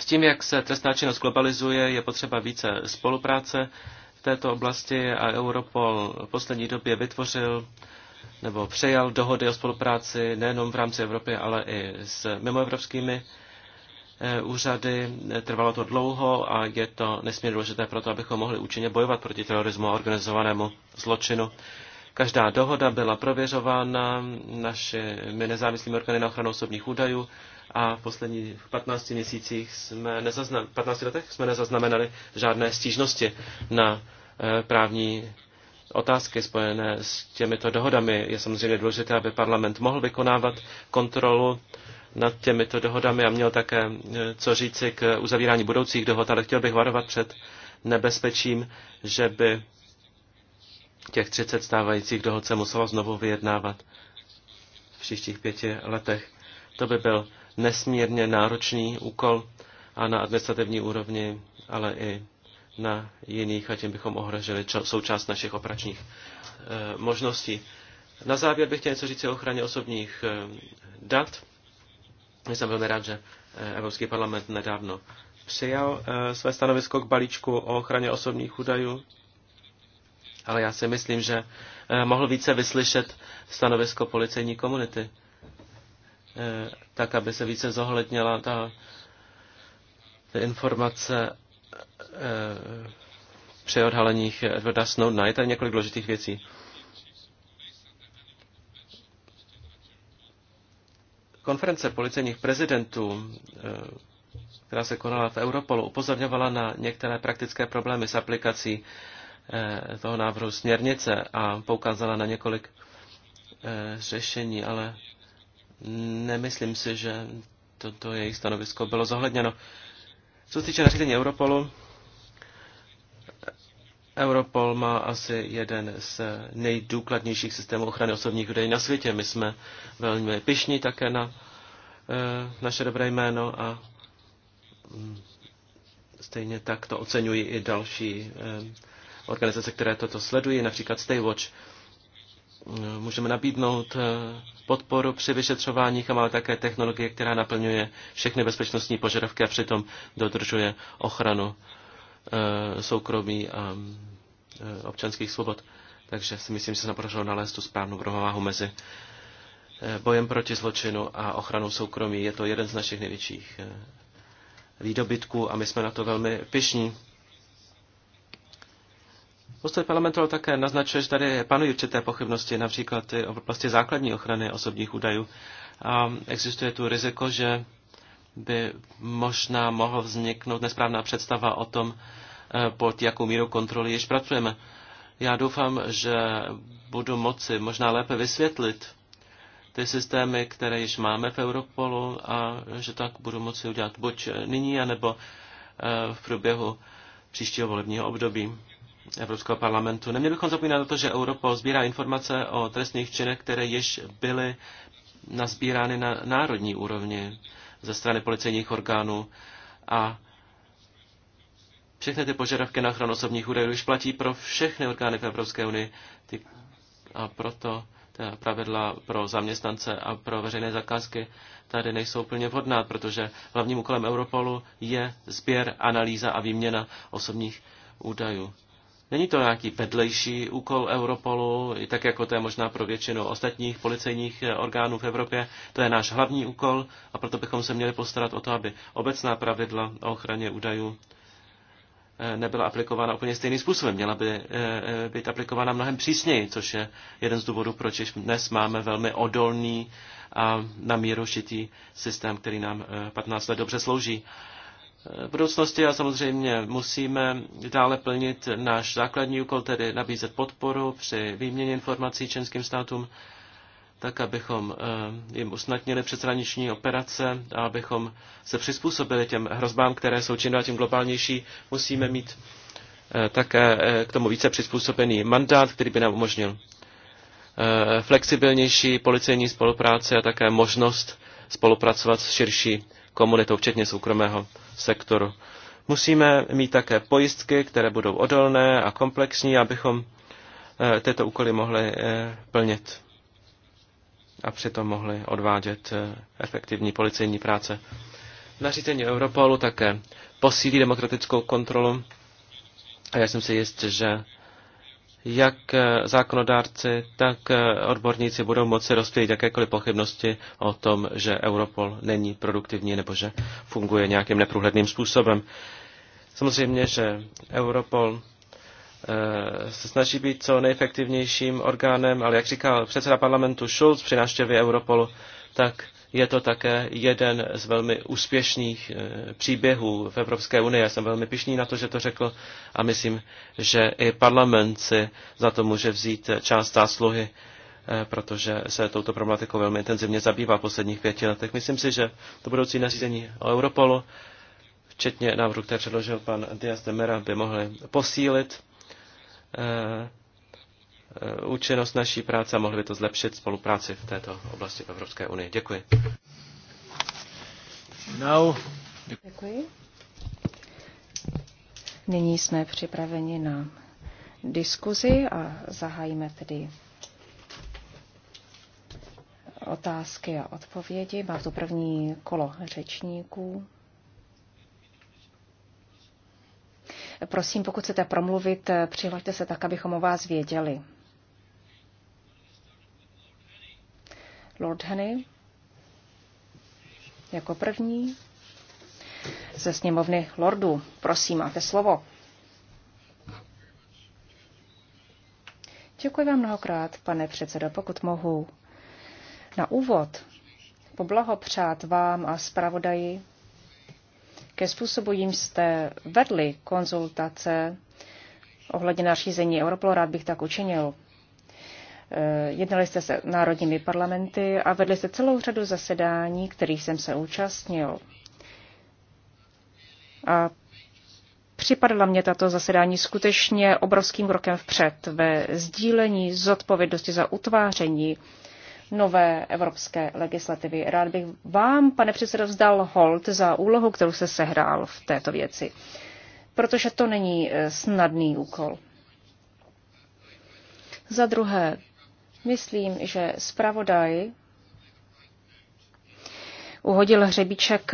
S tím, jak se trestná činnost globalizuje, je potřeba více spolupráce v této oblasti a Europol v poslední době vytvořil nebo přejal dohody o spolupráci nejenom v rámci Evropy, ale i s mimoevropskými eh, úřady. Trvalo to dlouho a je to nesmírně důležité pro to, abychom mohli účinně bojovat proti terorismu a organizovanému zločinu. Každá dohoda byla prověřována našimi nezávislými orgány na ochranu osobních údajů a v posledních 15 měsících jsme nezazna- 15 letech jsme nezaznamenali žádné stížnosti na eh, právní otázky spojené s těmito dohodami. Je samozřejmě důležité, aby parlament mohl vykonávat kontrolu nad těmito dohodami a měl také eh, co říci k uzavírání budoucích dohod, ale chtěl bych varovat před nebezpečím, že by těch 30 stávajících dohod se muselo znovu vyjednávat v příštích pěti letech. To by byl nesmírně náročný úkol a na administrativní úrovni, ale i na jiných a tím bychom ohrožili součást našich operačních e, možností. Na závěr bych chtěl něco říct o ochraně osobních e, dat. Jsem velmi rád, že eh, Evropský parlament nedávno přijal e, své stanovisko k balíčku o ochraně osobních údajů, ale já si myslím, že e, mohl více vyslyšet stanovisko policejní komunity, e, tak aby se více zohlednila ta informace Eh, při odhaleních Edwarda Snowdena. Je tady několik důležitých věcí. Konference policejních prezidentů, eh, která se konala v Europolu, upozorňovala na některé praktické problémy s aplikací eh, toho návrhu směrnice a poukázala na několik řešení, ale nemyslím si, že toto jejich stanovisko bylo zohledněno. Co se týče nařízení Europolu, Europol má asi jeden z nejdůkladnějších systémů ochrany osobních údajů na světě. My jsme velmi pišní také na e, naše dobré jméno a mm, stejně tak to oceňují i další e, organizace, které toto sledují, například Staywatch můžeme nabídnout eh, podporu při vyšetřováních a máme také technologie, která naplňuje všechny bezpečnostní požadavky a přitom dodržuje ochranu eh, soukromí a eh, občanských svobod. Takže si myslím, že se naprosto nalézt tu správnou rovnováhu mezi bojem proti zločinu a ochranou soukromí. Je to jeden z našich největších výdobytků a my jsme na to velmi pišní. Postoj parlamentu ale také naznačuje, že tady panují určité pochybnosti, například i o oblasti základní ochrany osobních údajů. A existuje tu riziko, že by možná mohl vzniknout nesprávná představa o tom, eh, pod jakou mírou kontroly již pracujeme. Já doufám, že budu moci možná lépe vysvětlit ty systémy, které již máme v Europolu a že tak budu moci udělat buď nyní, anebo eh, v průběhu příštího volebního období. Evropského parlamentu. Neměli bychom zapomínat na to, že Europol sbírá informace o trestných činech, které již byly nazbírány na národní úrovni ze strany policejních orgánů a všechny ty požadavky na ochranu osobních údajů už platí pro všechny orgány v Evropské unii a proto ta pravidla pro zaměstnance a pro veřejné zakázky tady nejsou plně vhodná, protože hlavním úkolem Europolu je sběr, analýza a výměna osobních údajů. Není to nějaký vedlejší úkol Europolu, i tak jako to je možná pro většinu ostatních policejních eh, orgánů v Evropě. To je náš hlavní úkol a proto bychom se měli postarat o to, aby obecná pravidla o ochraně údajů eh, nebyla aplikována úplně stejným způsobem. Měla by eh, být aplikována mnohem přísněji, což je jeden z důvodů, proč dnes máme velmi odolný a namírošitý systém, který nám 15 let dobře slouží. V eh, budoucnosti a samozřejmě musíme dále plnit náš základní úkol, tedy nabízet podporu při výměně informací členským státům, tak abychom eh, jim usnadnili přeshraniční operace a abychom se přizpůsobili těm hrozbám, které jsou čím dál tím globálnější. Musíme mít eh, také k tomu více přizpůsobený mandát, který by nám umožnil flexibilnější policejní spolupráce a také možnost spolupracovat s širší komunitou, včetně soukromého sektoru. Musíme mít také pojistky, které budou odolné a komplexní, abychom eh, tyto úkoly mohli eh, plnit a přitom mohli odvádět eh, efektivní policejní práce. Nařízení Europolu také posílí demokratickou kontrolu a já jsem si jist, že jak eh, zákonodárci, tak eh, odborníci budou moci rozpělit jakékoliv pochybnosti o tom, že Europol není produktivní nebo že funguje nějakým neprůhledným způsobem. Samozřejmě, že Europol eh, se snaží být co nejefektivnějším orgánem, ale jak říkal předseda parlamentu Schulz při návštěvě Europolu, tak je to také jeden z velmi úspěšných eh, příběhů v Evropské unii. Já jsem velmi pišný na to, že to řekl a myslím, že i parlament si za to může vzít část zásluhy, eh, protože se touto problematikou velmi intenzivně zabývá v posledních pěti letech. Myslím si, že to budoucí nařízení o Europolu, včetně návrhu, které předložil pan Diaz de Mera, by mohly posílit eh, Eh, účinnost naší práce a mohli by to zlepšit spolupráci v této oblasti v Evropské unii. Děkuji. No. Děkuji. Nyní jsme připraveni na diskuzi a zahájíme tedy otázky a odpovědi. Má to první kolo řečníků. Prosím, pokud chcete promluvit, přihlašte se tak, abychom o vás věděli. Lord Henny jako první ze sněmovny Lordů. Prosím, máte slovo. Děkuji vám mnohokrát, pane předsedo, pokud mohu. Na úvod poblahopřát vám a zpravodaji ke způsobu, jim jste vedli konzultace ohledně nařízení Europlo, rád bych tak učinil. Eh, jednali jste se národními parlamenty a vedli jste celou řadu zasedání, kterých jsem se účastnil. A připadala mě tato zasedání skutečně obrovským krokem vpřed ve sdílení zodpovědnosti za utváření nové evropské legislativy. Rád bych vám, pane předsedo, vzdal hold za úlohu, kterou se sehrál v této věci, protože to není eh, snadný úkol. Za druhé, Myslím, že zpravodaj uhodil hřebíček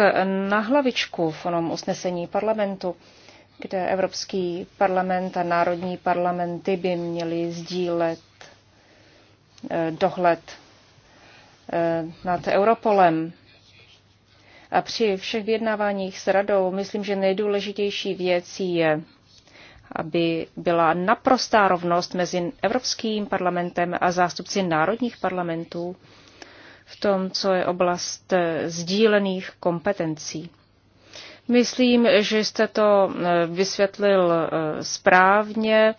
na hlavičku v onom usnesení parlamentu, kde Evropský parlament a národní parlamenty by měly sdílet eh, dohled eh, nad Europolem. A při všech vyjednáváních s radou myslím, že nejdůležitější věcí je aby byla naprostá rovnost mezi Evropským parlamentem a zástupci národních parlamentů v tom, co je oblast eh, sdílených kompetencí. Myslím, že jste to eh, vysvětlil eh, správně,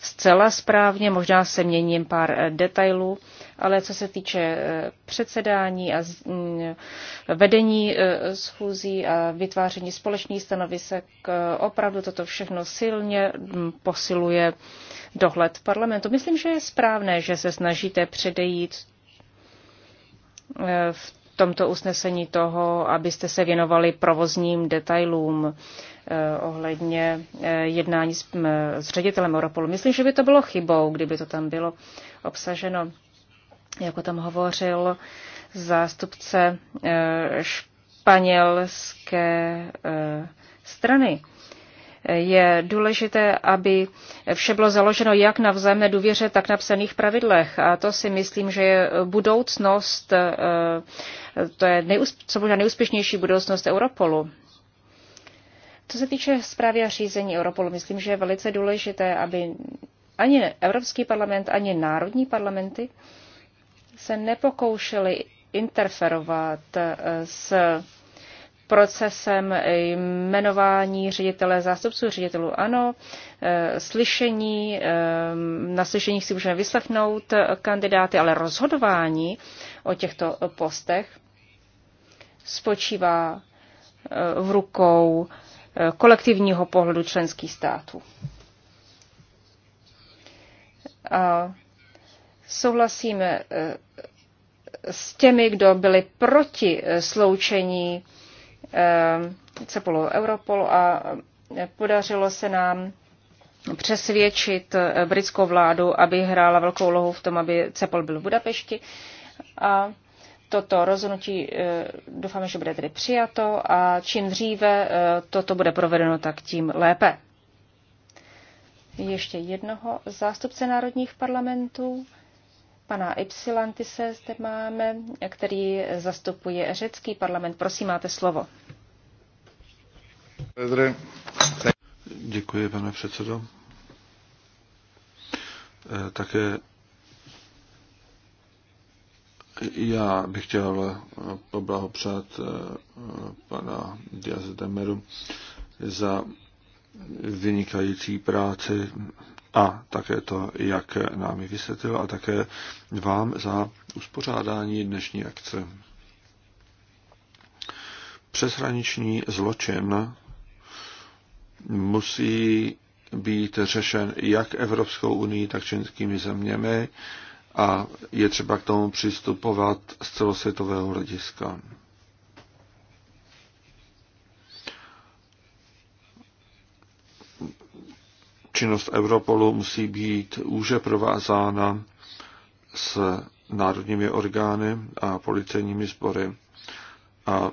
zcela správně, možná se měním pár detailů, ale co se týče eh, předsedání a mm, vedení eh, schůzí a vytváření společných stanovisek, eh, opravdu toto všechno silně mm, posiluje dohled parlamentu. Myslím, že je správné, že se snažíte předejít v tomto usnesení toho, abyste se věnovali provozním detailům ohledně jednání s, mm, s ředitelem Europolu. Myslím, že by to bylo chybou, kdyby to tam bylo obsaženo jako tam hovořil zástupce eh, španělské eh, strany. Je důležité, aby vše bylo založeno jak na vzájemné důvěře, tak na psaných pravidlech. A to si myslím, že je budoucnost, eh, to je co možná nejúspěšnější budoucnost Europolu. Co se týče zprávy a řízení Europolu, myslím, že je velice důležité, aby ani Evropský parlament, ani národní parlamenty se nepokoušeli interferovat eh, s procesem jmenování ředitele, zástupců ředitelů. Ano, eh, slyšení, eh, na slyšeních si můžeme vyslechnout kandidáty, ale rozhodování o těchto postech spočívá v rukou kolektivního pohledu členských států. A souhlasíme s těmi, kdo byli proti eh, sloučení eh, CEPOLu Europol a eh, podařilo se nám přesvědčit britskou vládu, aby hrála velkou lohu v tom, aby CEPOL byl v Budapešti. A toto rozhodnutí doufáme, že bude tedy přijato a čím dříve toto bude provedeno, tak tím lépe. Ještě jednoho zástupce národních parlamentů Pana Ypsilantise zde máme, který zastupuje řecký parlament. Prosím, máte slovo. Děkuji, pane předsedo. Eh, také já bych chtěl poblahopřát eh, pana Diaz Demeru za vynikající práci a také to, jak nám ji vysvětlil a také vám za uspořádání dnešní akce. Přeshraniční zločin musí být řešen jak Evropskou unii, tak členskými zeměmi a je třeba k tomu přistupovat z celosvětového hlediska. Činnost Europolu musí být úže provázána s národními orgány a policejními sbory. A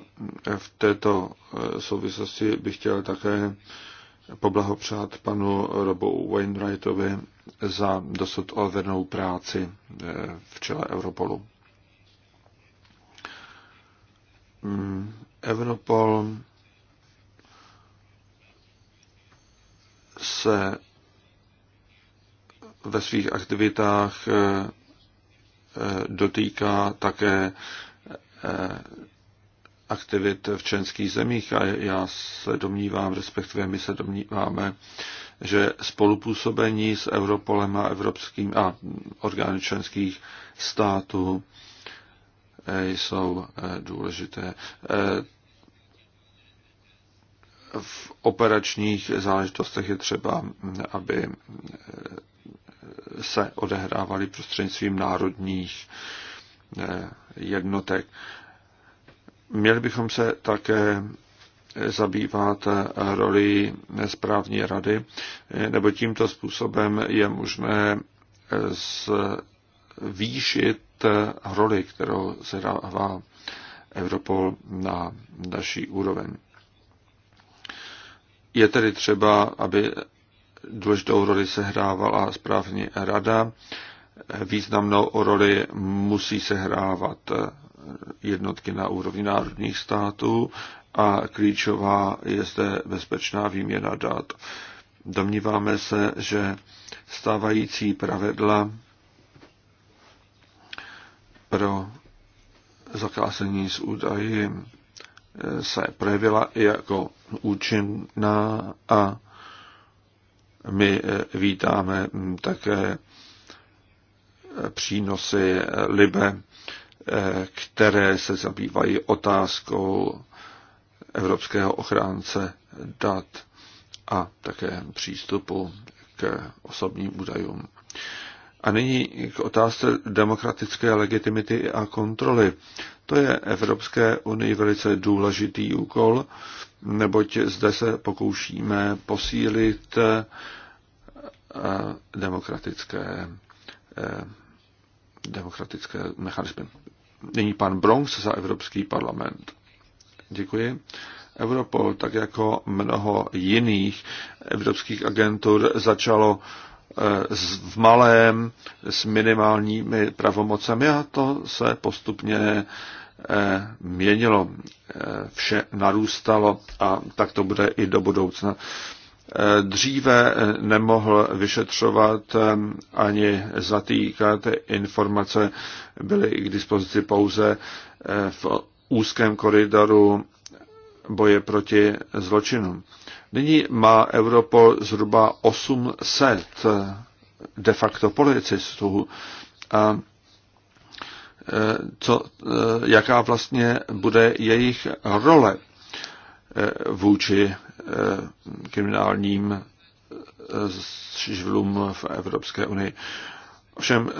v této eh, souvislosti bych chtěl také poblahopřát panu Robu Wainwrightovi za dosud odvednou práci eh, v čele Europolu. Hmm, Europol se ve svých aktivitách eh, eh, dotýká také eh, aktivit v členských zemích a já se domnívám, respektive my se domníváme, že spolupůsobení s Europolem a evropským a orgány členských států jsou důležité. V operačních záležitostech je třeba, aby se odehrávaly prostřednictvím národních eh, jednotek. Měli bychom se také zabývat roli správní rady, eh, nebo tímto způsobem je možné eh, zvýšit roli, kterou se dává Europol na další úroveň. Je tedy třeba, aby Důležitou roli sehrávala správní rada, významnou roli musí sehrávat eh, jednotky na úrovni národních států a klíčová je zde bezpečná výměna dat. Domníváme se, že stávající pravidla pro zakázení s údaji eh, se projevila i jako účinná a my eh, vítáme hm, také eh, přínosy eh, Libe, které se zabývají otázkou evropského ochránce dat a také přístupu k osobním údajům. A nyní k otázce demokratické legitimity a kontroly. To je Evropské unii velice důležitý úkol, neboť zde se pokoušíme posílit eh, demokratické, eh, demokratické mechanismy. Nyní pan Bronx za Evropský parlament. Děkuji. Europol, tak jako mnoho jiných evropských agentur, začalo Eh, v malém s minimálními pravomocemi a to se postupně eh, měnilo. Eh, vše narůstalo a tak to bude i do budoucna. Dříve nemohl vyšetřovat ani zatýkat. Informace byly k dispozici pouze v úzkém koridoru boje proti zločinům. Nyní má Europol zhruba 800 de facto policistů. A e, co, e, jaká vlastně bude jejich role e, vůči kriminálním živlům v Evropské unii. Ovšem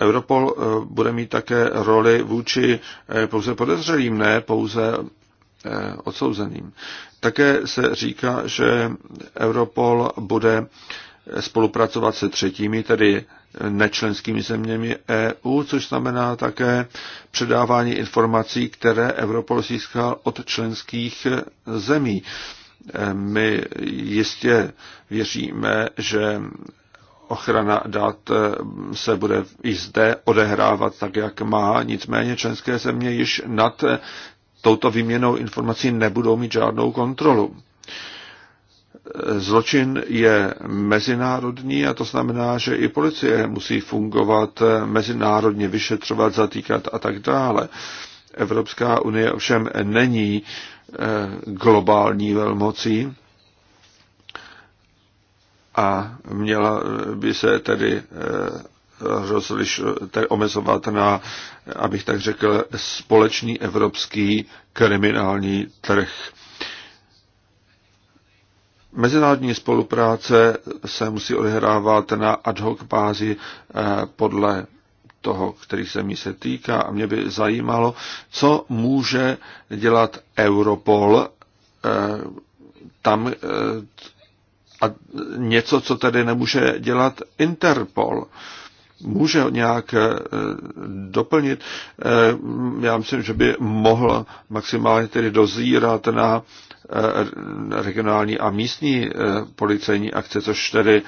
Europol bude mít také roli vůči pouze podezřelým, ne pouze Eh, odsouzeným. Také se říká, že Europol bude spolupracovat se třetími, tedy nečlenskými zeměmi EU, což znamená také předávání informací, které Europol získal od členských zemí. Eh, my jistě věříme, že ochrana dat eh, se bude i zde odehrávat tak, jak má. Nicméně členské země již nad touto výměnou informací nebudou mít žádnou kontrolu. Zločin je mezinárodní a to znamená, že i policie musí fungovat mezinárodně, vyšetřovat, zatýkat a tak dále. Evropská unie ovšem není eh, globální velmocí a měla by se tedy eh, rozliš, omezovat na, abych tak řekl, společný evropský kriminální trh. Mezinárodní spolupráce se musí odehrávat na ad hoc bázi eh, podle toho, který se mi se týká a mě by zajímalo, co může dělat Europol eh, tam eh, a něco, co tedy nemůže dělat Interpol může nějak eh, doplnit. Eh, já myslím, že by mohl maximálně tedy dozírat na eh, regionální a místní policejní akce, což tedy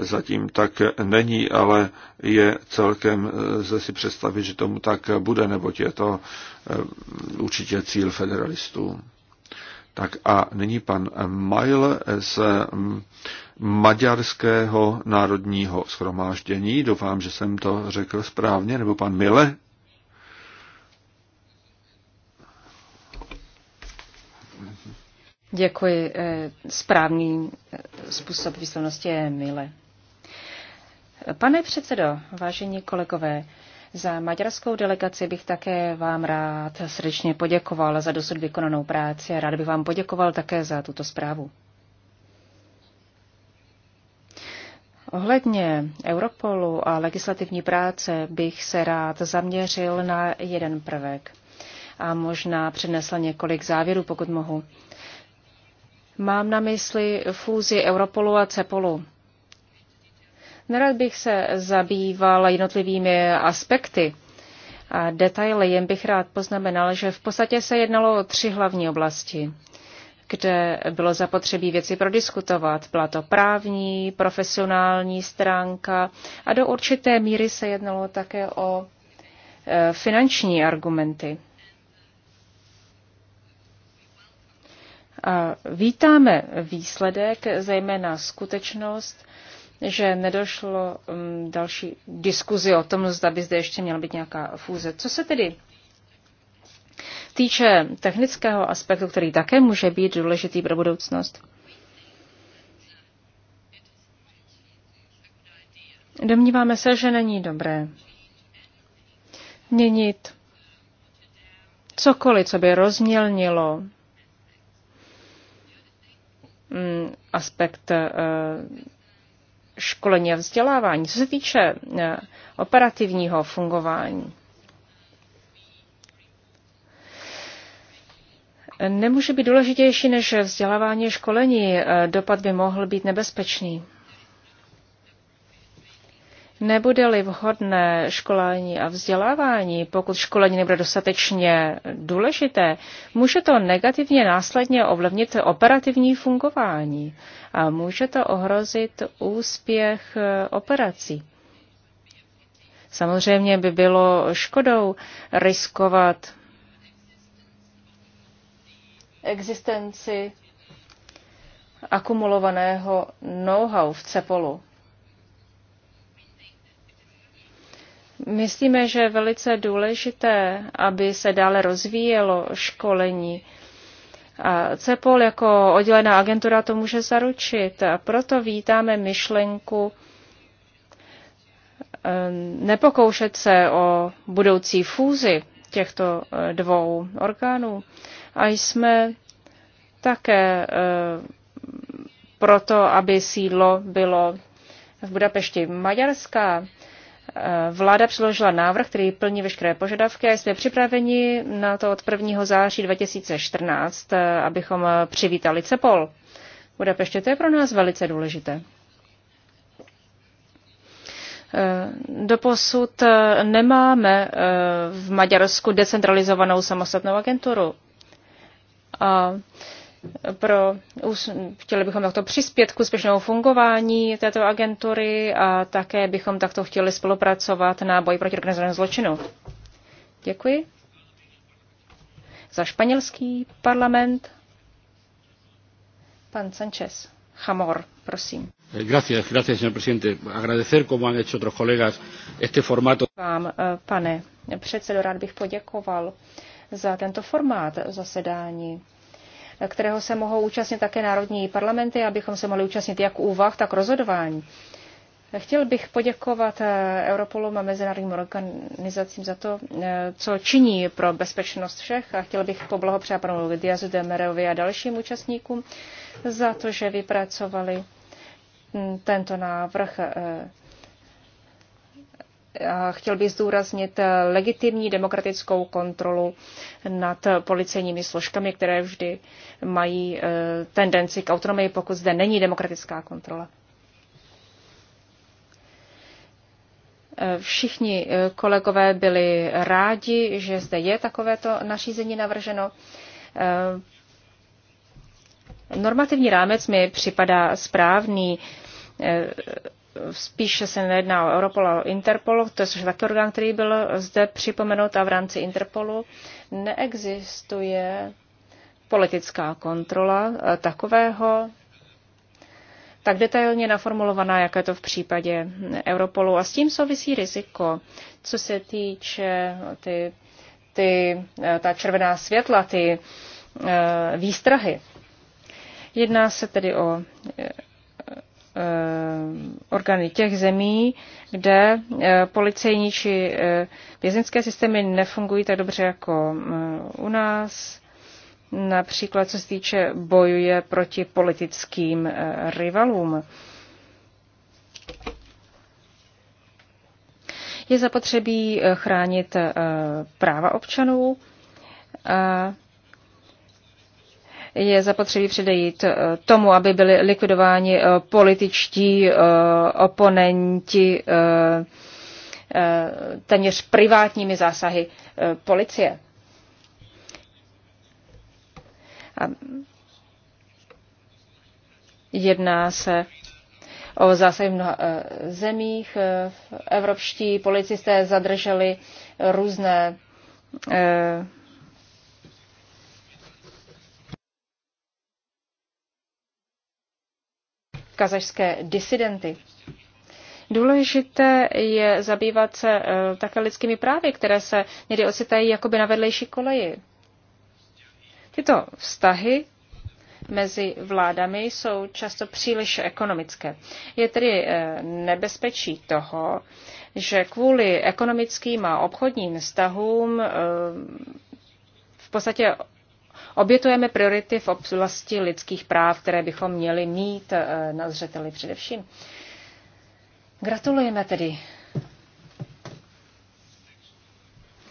zatím tak není, ale je celkem, ze si představit, že tomu tak bude, neboť je to určitě cíl federalistů. Tak a nyní pan Mile se Maďarského národního schromáždění. Doufám, že jsem to řekl správně, nebo pan Mile. Děkuji. Eh, správný eh, způsob výslovnosti je Mile. Pane předsedo, vážení kolegové, za maďarskou delegaci bych také vám rád srdečně poděkoval za dosud vykonanou práci a rád bych vám poděkoval také za tuto zprávu. Ohledně Europolu a legislativní práce bych se rád zaměřil na jeden prvek a možná přinesl několik závěrů, pokud mohu. Mám na mysli fúzi Europolu a Cepolu. Nerad bych se zabýval jednotlivými aspekty a detaily, jen bych rád poznamenal, že v podstatě se jednalo o tři hlavní oblasti kde bylo zapotřebí věci prodiskutovat. Byla to právní, profesionální stránka a do určité míry se jednalo také o e, finanční argumenty. A vítáme výsledek, zejména skutečnost, že nedošlo mm, další diskuzi o tom, zda by zde ještě měla být nějaká fúze. Co se tedy týče technického aspektu, který také může být důležitý pro budoucnost, domníváme se, že není dobré měnit cokoliv, co by rozmělnilo mm, aspekt eh, školení a vzdělávání. Co se týče eh, operativního fungování, nemůže být důležitější než vzdělávání školení. Dopad by mohl být nebezpečný. Nebude-li vhodné školání a vzdělávání, pokud školení nebude dostatečně důležité, může to negativně následně ovlivnit operativní fungování a může to ohrozit úspěch eh, operací. Samozřejmě by bylo škodou riskovat existenci akumulovaného know-how v CEPOLu. Myslíme, že je velice důležité, aby se dále rozvíjelo školení. A CEPOL jako oddělená agentura to může zaručit. A proto vítáme myšlenku eh, nepokoušet se o budoucí fúzi těchto eh, dvou orgánů, a jsme také eh, proto, aby sídlo bylo v Budapešti. Maďarská eh, vláda předložila návrh, který plní veškeré požadavky a jsme připraveni na to od 1. září 2014, eh, abychom přivítali CEPOL. Budapeště Budapešti to je pro nás velice důležité. Doposud nemáme v Maďarsku decentralizovanou samostatnou agenturu. A pro, chtěli bychom takto přispět k úspěšnému fungování této agentury a také bychom takto chtěli spolupracovat na boji proti organizovanému zločinu. Děkuji. Za španělský parlament pan Sanchez. Hamor, prosím. Gracias, gracias, señor presidente. Agradecer, como han hecho otros colegas, este formato. Vám, eh, pane předsedo, rád bych poděkoval za tento formát zasedání kterého se mohou účastnit také národní parlamenty, abychom se mohli účastnit jak úvah, tak rozhodování. Chtěl bych poděkovat Europolům a mezinárodním organizacím za to, co činí pro bezpečnost všech a chtěl bych poblahopřát panu Diazu Demerovi a dalším účastníkům za to, že vypracovali tento návrh chtěl bych zdůraznit legitimní demokratickou kontrolu nad policejními složkami, které vždy mají eh, tendenci k autonomii, pokud zde není demokratická kontrola. Eh, všichni eh, kolegové byli rádi, že zde je takovéto nařízení navrženo. Normativní rámec mi připadá správný spíše se nejedná o Europol, a o Interpol, to je taky orgán, který byl zde připomenut a v rámci Interpolu neexistuje politická kontrola eh, takového tak detailně naformulovaná, jak je to v případě Europolu. A s tím souvisí riziko, co se týče no, ty, ty, eh, ta červená světla, ty eh, výstrahy. Jedná se tedy o Eh, orgány těch zemí, kde eh, policejní či eh, vězeňské systémy nefungují tak dobře jako u nás. Například co se týče bojuje proti politickým rivalům. Je zapotřebí chránit práva občanů je zapotřebí předejít eh, tomu, aby byli likvidováni eh, političtí eh, oponenti téměř privátními zásahy policie. Jedná se o zásahy v mnoha zemích. Evropští policisté zadrželi různé kazašské disidenty. Důležité je zabývat se eh, také lidskými právy, které se někdy ocitají jakoby na vedlejší koleji. Tyto vztahy mezi vládami jsou často příliš ekonomické. Je tedy eh, nebezpečí toho, že kvůli ekonomickým a obchodním vztahům eh, v podstatě obětujeme priority v oblasti lidských práv, které bychom měli mít eh, na zřeteli především. Gratulujeme tedy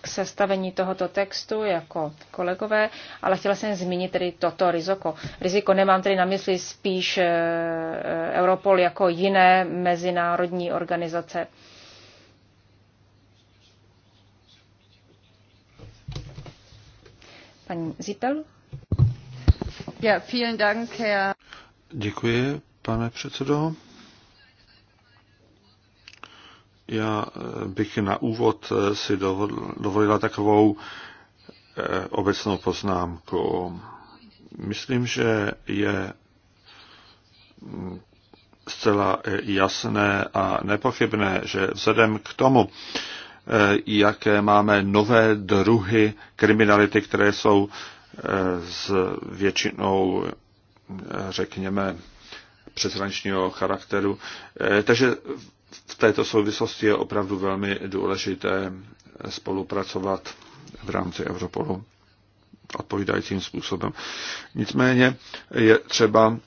k sestavení tohoto textu jako kolegové, ale chtěla jsem zmínit tedy toto riziko. Riziko nemám tedy na mysli spíš eh, eh, Europol jako jiné mezinárodní organizace. Paní Zipel? Děkuji, pane předsedo. Já eh, bych na úvod eh, si dovolila takovou eh, obecnou poznámku. Myslím, že je mm, zcela jasné a nepochybné, že vzhledem k tomu, jaké máme nové druhy kriminality, které jsou s většinou, řekněme, přeshraničního charakteru. Eh, takže v této souvislosti je opravdu velmi důležité spolupracovat v rámci Europolu odpovídajícím způsobem. Nicméně je třeba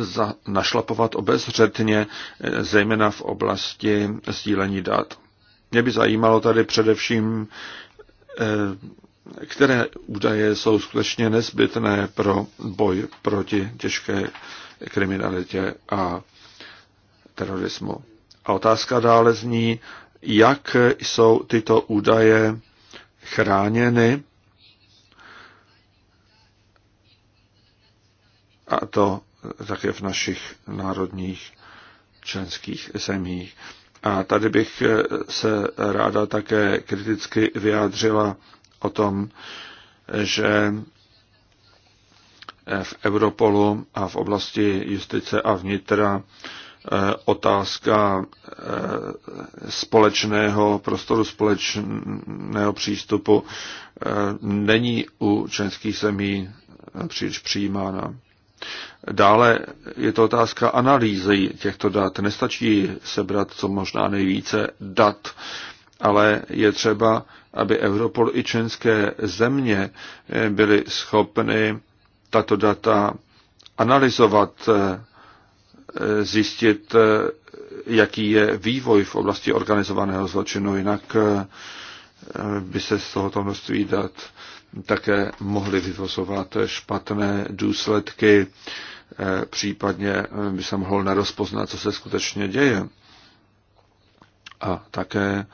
za, našlapovat obezřetně, eh, zejména v oblasti sdílení dat. Mě by zajímalo tady především eh, které údaje jsou skutečně nezbytné pro boj proti těžké kriminalitě a terorismu. A otázka dále zní, jak jsou tyto údaje chráněny a to také v našich národních členských zemích. A tady bych se ráda také kriticky vyjádřila o tom, že v Europolu a v oblasti justice a vnitra e, otázka e, společného prostoru, společného přístupu e, není u členských zemí příliš přijímána. Dále je to otázka analýzy těchto dat. Nestačí sebrat co možná nejvíce dat ale je třeba, aby Europol i členské země eh, byly schopny tato data analyzovat, eh, eh, zjistit, jaký je vývoj v oblasti organizovaného zločinu, jinak by se z tohoto množství dat také mohly vyvozovat špatné důsledky, případně by se mohlo nerozpoznat, co se skutečně děje. A také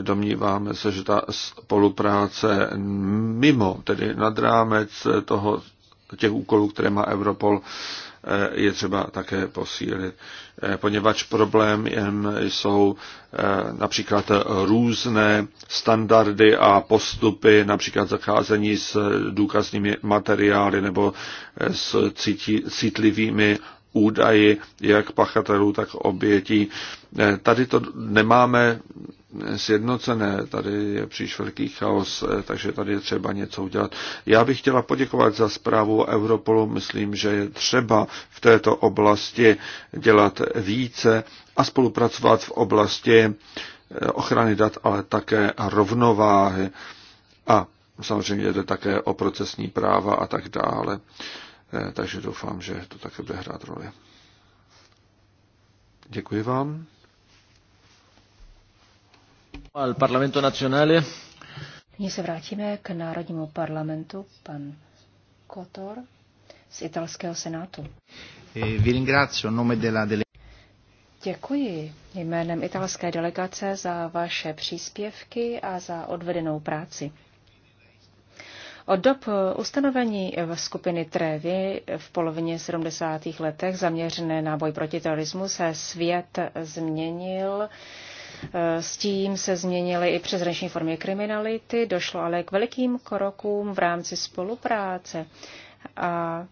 domníváme se, že ta spolupráce mimo, tedy nad rámec toho, těch úkolů, které má Europol, je třeba také posílit, poněvadž problém jsou eh, například různé standardy a postupy, například zacházení s důkazními materiály nebo eh, s citlivými údaji jak pachatelů, tak obětí. Eh, tady to nemáme sjednocené, tady je příliš velký chaos, eh, takže tady je třeba něco udělat. Já bych chtěla poděkovat za zprávu o Europolu, myslím, že je třeba v této oblasti dělat více a spolupracovat v oblasti eh, ochrany dat, ale také rovnováhy a samozřejmě jde také o procesní práva a tak dále. Eh, takže doufám, že to také bude hrát roli. Děkuji vám. Al Parlamento Nyní se vrátíme k Národnímu parlamentu. Pan Kotor z italského senátu. E, Děkuji jménem italské delegace za vaše příspěvky a za odvedenou práci. Od dob ustanovení skupiny Trevi v polovině 70. letech zaměřené na boj proti terorismu se svět změnil Eh, s tím se změnily i přeshraniční formy kriminality, došlo ale k velikým krokům v rámci spolupráce. A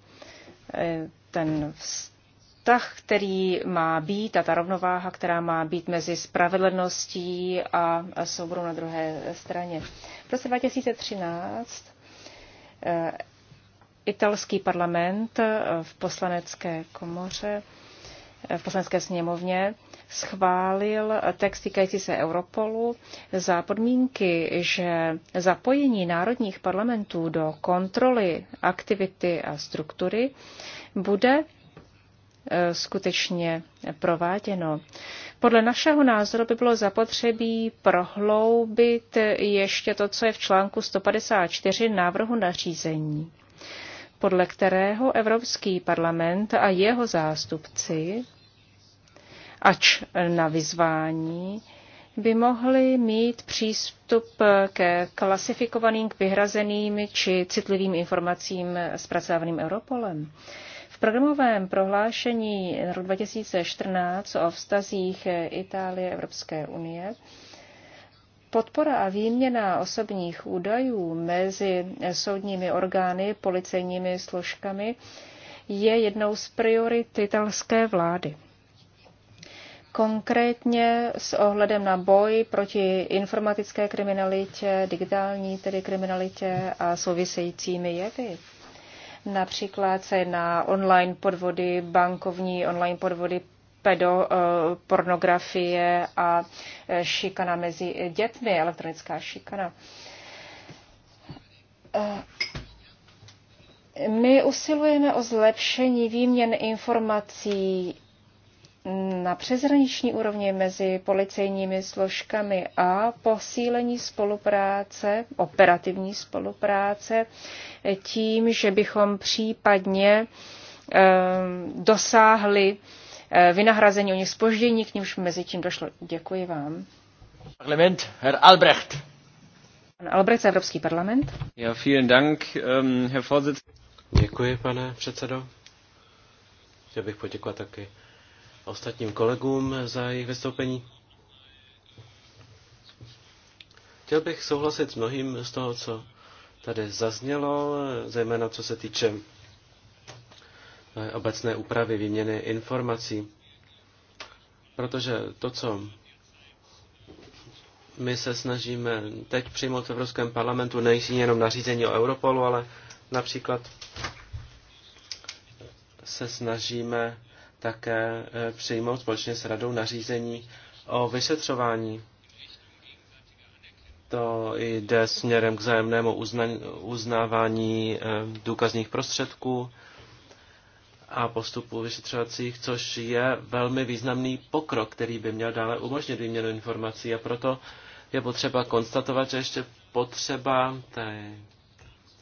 eh, ten vztah, který má být a ta rovnováha, která má být mezi spravedlností a souborou na druhé straně. V roce 2013 eh, italský parlament v poslanecké komoře, v poslanecké sněmovně schválil text týkající se Europolu za podmínky, že zapojení národních parlamentů do kontroly aktivity a struktury bude eh, skutečně prováděno. Podle našeho názoru by bylo zapotřebí prohloubit ještě to, co je v článku 154 návrhu nařízení, podle kterého Evropský parlament a jeho zástupci ač na vyzvání, by mohli mít přístup ke klasifikovaným, k vyhrazeným či citlivým informacím zpracovaným Europolem. V programovém prohlášení roku 2014 o vztazích Itálie a Evropské unie Podpora a výměna osobních údajů mezi soudními orgány, policejními složkami je jednou z priorit italské vlády konkrétně s ohledem na boj proti informatické kriminalitě, digitální tedy kriminalitě a souvisejícími jevy. Například se na online podvody, bankovní online podvody, pedopornografie eh, a eh, šikana mezi dětmi, elektronická šikana. Eh, my usilujeme o zlepšení výměn informací na přezraniční úrovni mezi policejními složkami a posílení spolupráce, operativní spolupráce, tím, že bychom případně eh, dosáhli eh, vynahrazení o nich spoždění, k nímž mezi tím došlo. Děkuji vám. Parlament, Herr Albrecht. Pan Albrecht, Evropský parlament. Ja, vielen Dank, um, Herr Vorsitz. Děkuji, pane předsedo. Chtěl bych poděkovat taky ostatním kolegům za jejich vystoupení. Chtěl bych souhlasit s mnohým z toho, co tady zaznělo, zejména co se týče eh, obecné úpravy výměny informací. Protože to, co my se snažíme teď přijmout v Evropském parlamentu, nejsou jenom nařízení o Europolu, ale například se snažíme také eh, přijmout společně s radou nařízení o vyšetřování. To jde směrem k zájemnému uznávání eh, důkazních prostředků a postupu vyšetřovacích, což je velmi významný pokrok, který by měl dále umožnit výměnu informací a proto je potřeba konstatovat, že ještě potřeba ty,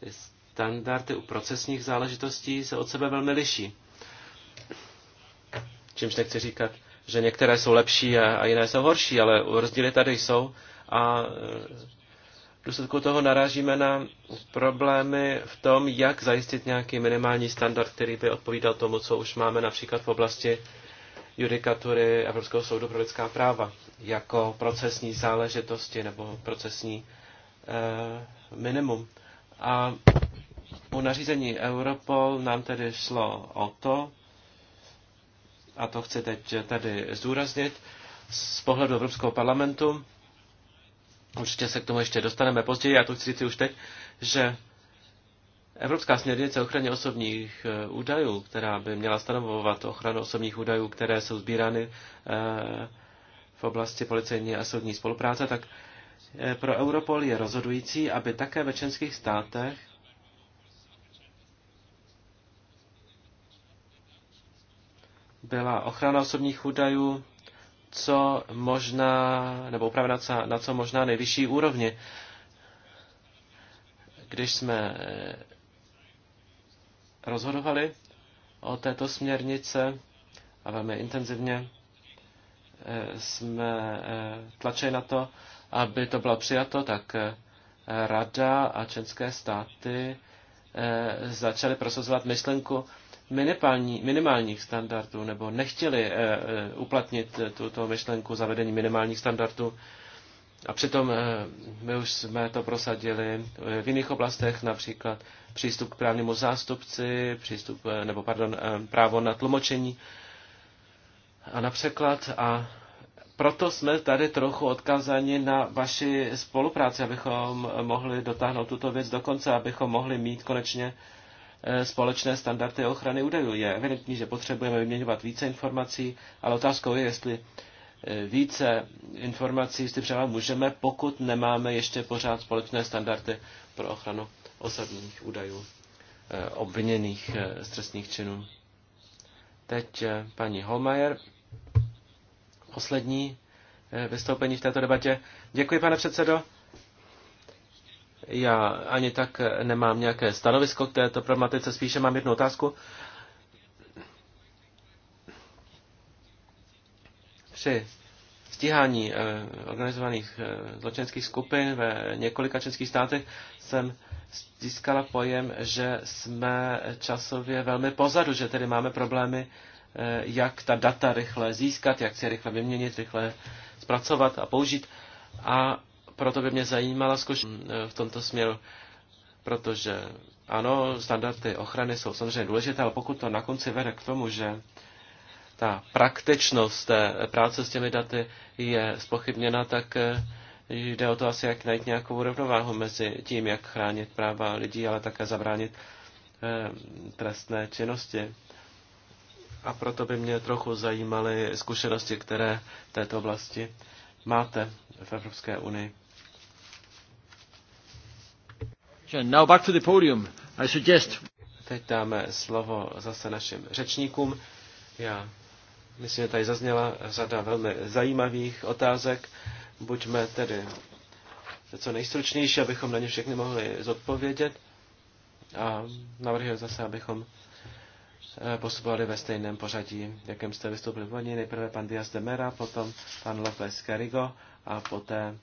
ty standardy u procesních záležitostí se od sebe velmi liší. Čímž nechci říkat, že některé jsou lepší a, a jiné jsou horší, ale rozdíly tady jsou a e, v důsledku toho narážíme na problémy v tom, jak zajistit nějaký minimální standard, který by odpovídal tomu, co už máme například v oblasti judikatury Evropského soudu pro lidská práva, jako procesní záležitosti nebo procesní eh, minimum. A u nařízení Europol nám tedy šlo o to, a to chci teď tady zdůraznit, z pohledu Evropského parlamentu, určitě se k tomu ještě dostaneme později, já to chci říct už teď, že Evropská směrnice o ochraně osobních eh, údajů, která by měla stanovovat ochranu osobních údajů, které jsou sbírány eh, v oblasti policejní a soudní spolupráce, tak eh, pro Europol je rozhodující, aby také ve členských státech byla ochrana osobních údajů co možná, nebo upravena na co možná nejvyšší úrovni. Když jsme eh, rozhodovali o této směrnice a velmi intenzivně eh, jsme eh, tlačili na to, aby to bylo přijato, tak Rada a členské státy začaly prosazovat myšlenku minimální, minimálních standardů, nebo nechtěli eh, eh, uplatnit tuto myšlenku zavedení minimálních standardů. A přitom eh, my už jsme to prosadili v jiných oblastech, například přístup k právnímu zástupci, přístup, nebo pardon, právo na tlumočení a například A proto jsme tady trochu odkazani na vaši spolupráci, abychom mohli dotáhnout tuto věc do konce, abychom mohli mít konečně Eh, společné standardy ochrany údajů. Je evidentní, že potřebujeme vyměňovat více informací, ale otázkou je, jestli eh, více informací si třeba můžeme, pokud nemáme ještě pořád společné standardy pro ochranu osobních údajů eh, obviněných z trestných činů. Teď paní Holmajer, poslední vystoupení v této debatě. Děkuji, pane předsedo. Já ani tak nemám nějaké stanovisko k této problematice, spíše mám jednu otázku. Při stíhání eh, organizovaných eh, zločenských skupin ve několika českých státech jsem získala pojem, že jsme časově velmi pozadu, že tedy máme problémy, eh, jak ta data rychle získat, jak si je rychle vyměnit, rychle zpracovat a použít. A proto by mě zajímala zkušenost v tomto směru, protože ano, standardy ochrany jsou samozřejmě důležité, ale pokud to na konci vede k tomu, že ta praktičnost té práce s těmi daty je spochybněna, tak e, jde o to asi, jak najít nějakou rovnováhu mezi tím, jak chránit práva lidí, ale také zabránit e, trestné činnosti. A proto by mě trochu zajímaly zkušenosti, které v této oblasti máte v Evropské unii. Now back to the podium. I suggest... Teď dáme slovo zase našim řečníkům. Já myslím, že tady zazněla řada velmi zajímavých otázek. Buďme tedy co nejstručnější, abychom na ně všechny mohli zodpovědět. A navrhuji zase, abychom eh, postupovali ve stejném pořadí, jakém jste vystoupili původně. Nejprve pan Diaz de Mera, potom pan López Carigo a poté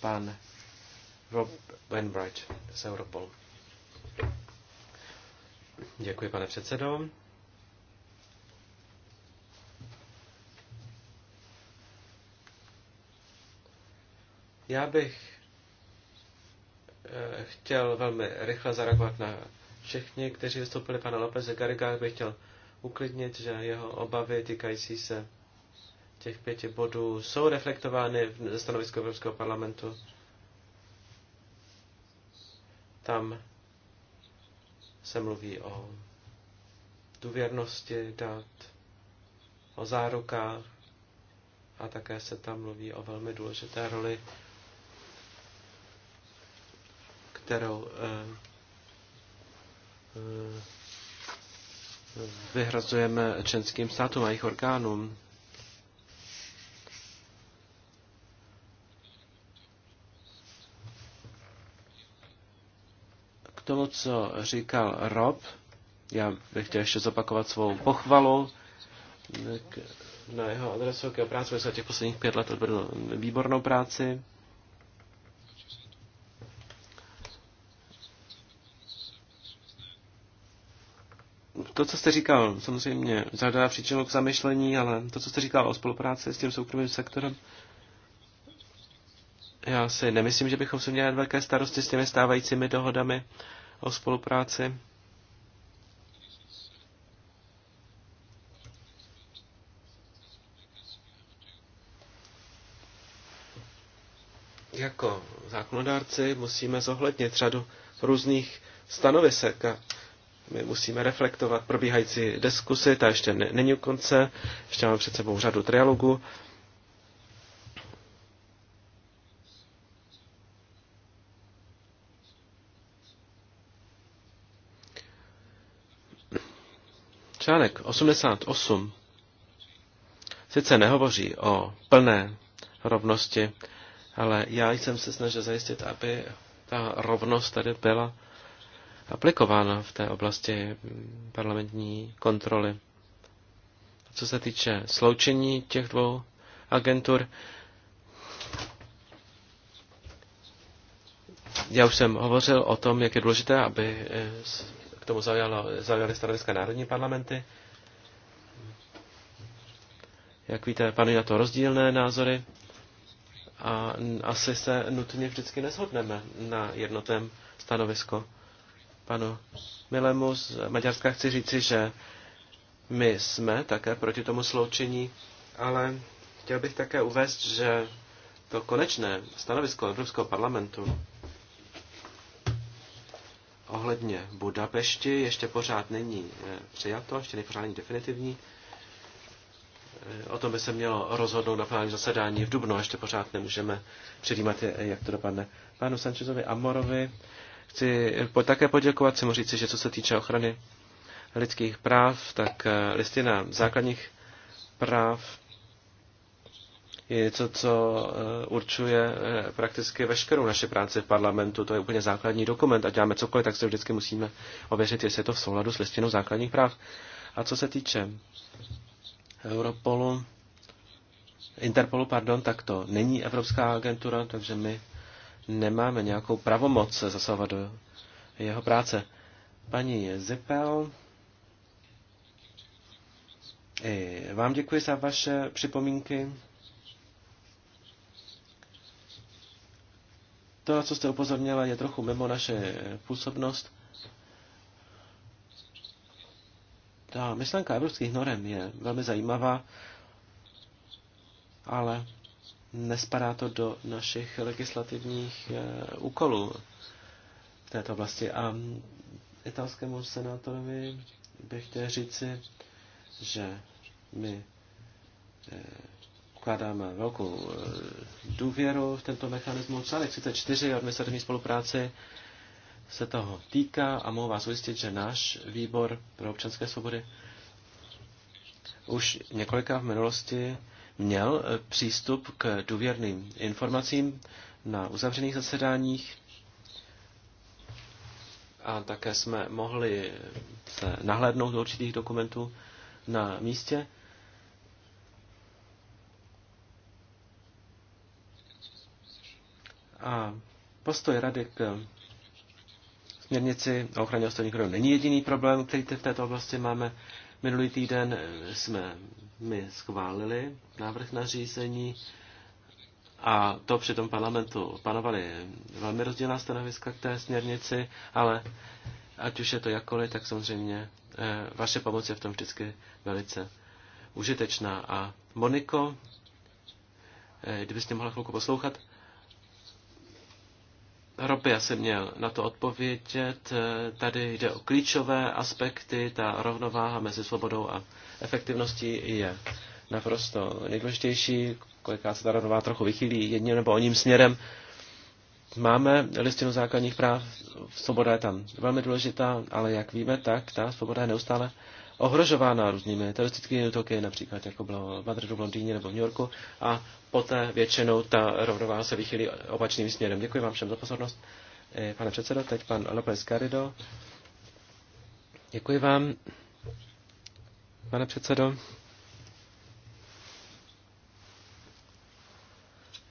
pan Rob Wainwright z Europol. Děkuji, pane předsedo. Já bych eh, chtěl velmi rychle zareagovat na všechny, kteří vystoupili pana Lopeze Gariga, bych chtěl uklidnit, že jeho obavy týkající se těch pěti bodů jsou reflektovány ze stanovisku Evropského parlamentu tam se mluví o důvěrnosti dat, o zárukách a také se tam mluví o velmi důležité roli, kterou eh, eh, vyhrazujeme členským státům a jejich orgánům tomu, co říkal Rob, já bych chtěl ještě zopakovat svou pochvalu na jeho adresu k jeho práci, protože těch posledních pět let odvedl výbornou práci. To, co jste říkal, samozřejmě zadá příčinu k zamyšlení, ale to, co jste říkal o spolupráci s tím soukromým sektorem, já si nemyslím, že bychom se měli velké starosti s těmi stávajícími dohodami o spolupráci. Jako zákonodárci musíme zohlednit řadu různých stanovisek a my musíme reflektovat probíhající diskusy, ta ještě není u konce, ještě máme před sebou řadu trialogu Článek 88 sice nehovoří o plné rovnosti, ale já jsem se snažil zajistit, aby ta rovnost tady byla aplikována v té oblasti parlamentní kontroly. Co se týče sloučení těch dvou agentur, já už jsem hovořil o tom, jak je důležité, aby tomu zaujalo, zaujaly stanoviska národní parlamenty. Jak víte, panují na to rozdílné názory a asi se nutně vždycky neshodneme na jednotném stanovisku. Panu Milemu z Maďarska chci říci, že my jsme také proti tomu sloučení, ale chtěl bych také uvést, že to konečné stanovisko Evropského parlamentu ohledně Budapešti ještě pořád není eh, přijato, ještě pořád není definitivní. Eh, o tom by se mělo rozhodnout na plánu zasedání v Dubnu, ještě pořád nemůžeme předjímat, eh, jak to dopadne. Pánu Sančezovi Amorovi chci také poděkovat, chci mu říci, že co se týče ochrany lidských práv, tak listina základních práv je něco, co eh, určuje eh, prakticky veškerou naši práci v parlamentu. To je úplně základní dokument a děláme cokoliv, tak se vždycky musíme ověřit, jestli je to v souladu s listinou základních práv. A co se týče Europolu, Interpolu, pardon, tak to není Evropská agentura, takže my nemáme nějakou pravomoc zasahovat do jeho práce. Paní Zipel, i vám děkuji za vaše připomínky. To, na co jste upozornila, je trochu mimo naše působnost. Ta myšlenka evropských norem je velmi zajímavá, ale nespadá to do našich legislativních eh, úkolů v této oblasti. A italskému senátorovi bych chtěl říci, že my eh, vkládáme velkou eh, důvěru v tento mechanismus. Článek 34 o administrativní spolupráci se toho týká a mohu vás ujistit, že náš výbor pro občanské svobody už několika v minulosti měl eh, přístup k důvěrným informacím na uzavřených zasedáních a také jsme mohli se nahlédnout do určitých dokumentů na místě. A postoj rady k směrnici o ochraně ostatních rodin není jediný problém, který v této oblasti máme. Minulý týden eh, jsme my schválili návrh na řízení a to při tom parlamentu panovaly velmi rozdílná stanoviska k té směrnici, ale ať už je to jakkoliv, tak samozřejmě eh, vaše pomoc je v tom vždycky velice užitečná. A Moniko, eh, kdybyste mohla chvilku poslouchat, ropy, já jsem měl na to odpovědět. Eh, Tady jde o klíčové aspekty, ta rovnováha mezi svobodou a efektivností je naprosto nejdůležitější, koliká se ta rovnováha trochu vychýlí jedním nebo oním směrem. Máme listinu základních práv, svoboda je tam velmi důležitá, ale jak víme, tak ta svoboda je neustále ohrožována různými teroristickými útoky, například jako bylo v Madridu, v Londýně nebo v New Yorku, a poté většinou ta rovnováha se vychýlí opačným směrem. Děkuji vám všem za pozornost. Eh, pane předsedo, teď pan López Garrido. Děkuji vám, pane předsedo.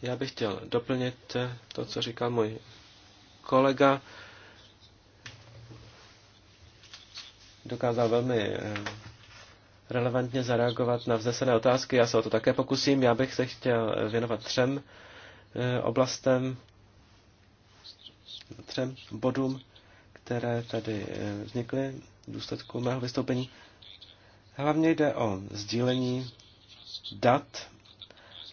Já bych chtěl doplnit to, co říkal můj kolega. dokázal velmi eh, relevantně zareagovat na vznesené otázky. Já se o to také pokusím. Já bych se chtěl věnovat třem eh, oblastem, třem bodům, které tady eh, vznikly v důsledku mého vystoupení. Hlavně jde o sdílení dat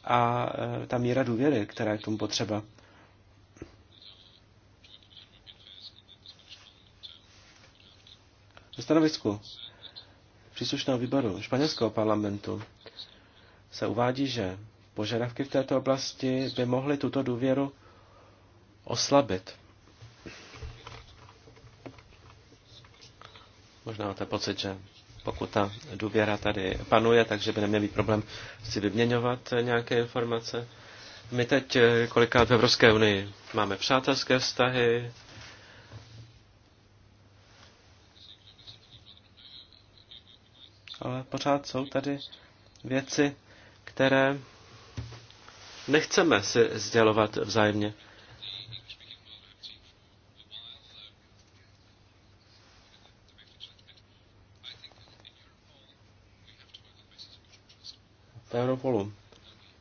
a ta míra důvěry, která je k tomu potřeba. Ve stanovisku příslušného výboru španělského parlamentu se uvádí, že požadavky v této oblasti by mohly tuto důvěru oslabit. Možná máte pocit, že pokud ta důvěra tady panuje, takže by neměl být problém si vyměňovat nějaké informace. My teď kolikrát v Evropské unii máme přátelské vztahy, ale pořád jsou tady věci, které nechceme si sdělovat vzájemně. V Europolu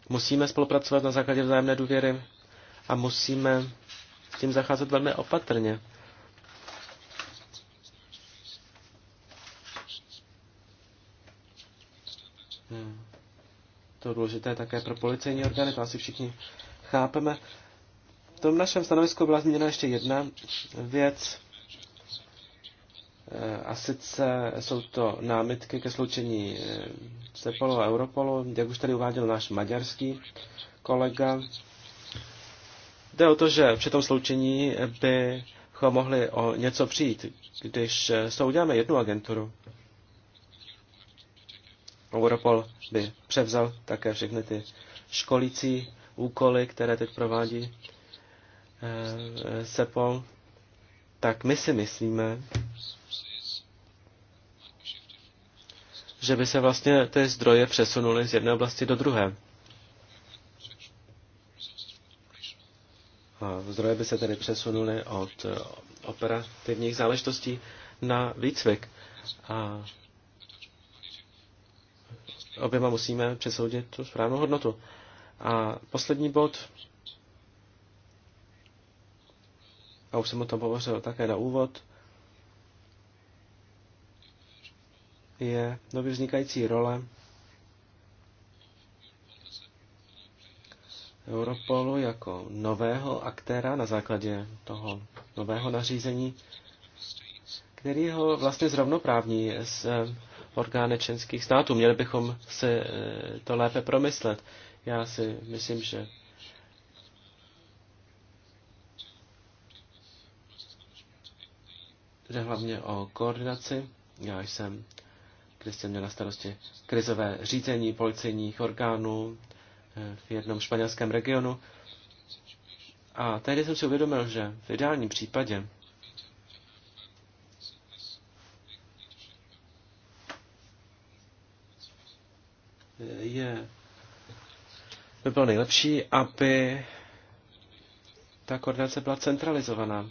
musíme spolupracovat na základě vzájemné důvěry a musíme s tím zacházet velmi opatrně. důležité také pro policejní orgány, to asi všichni chápeme. V tom našem stanovisku byla změněna ještě jedna věc, eh, a sice jsou to námitky ke sloučení CEPOLu eh, a Europolu, jak už tady uváděl náš maďarský kolega. Jde o to, že při tom sloučení bychom mohli o něco přijít, když eh, se uděláme jednu agenturu, Europol by převzal také všechny ty školící úkoly, které teď provádí eh, SEPOL, tak my si myslíme, že by se vlastně ty zdroje přesunuly z jedné oblasti do druhé. A zdroje by se tedy přesunuly od operativních záležitostí na výcvik. A oběma musíme přesoudit tu správnou hodnotu. A poslední bod, a už jsem o tom hovořil také na úvod, je nově vznikající role Europolu jako nového aktéra na základě toho nového nařízení, který ho vlastně zrovnoprávní s eh, orgány členských států. Měli bychom se eh, to lépe promyslet. Já si myslím, že jde hlavně o koordinaci. Já jsem, když jsem měl na starosti krizové řízení policejních orgánů eh, v jednom španělském regionu. A tehdy jsem si uvědomil, že v ideálním případě je, by bylo nejlepší, aby ta koordinace byla centralizovaná.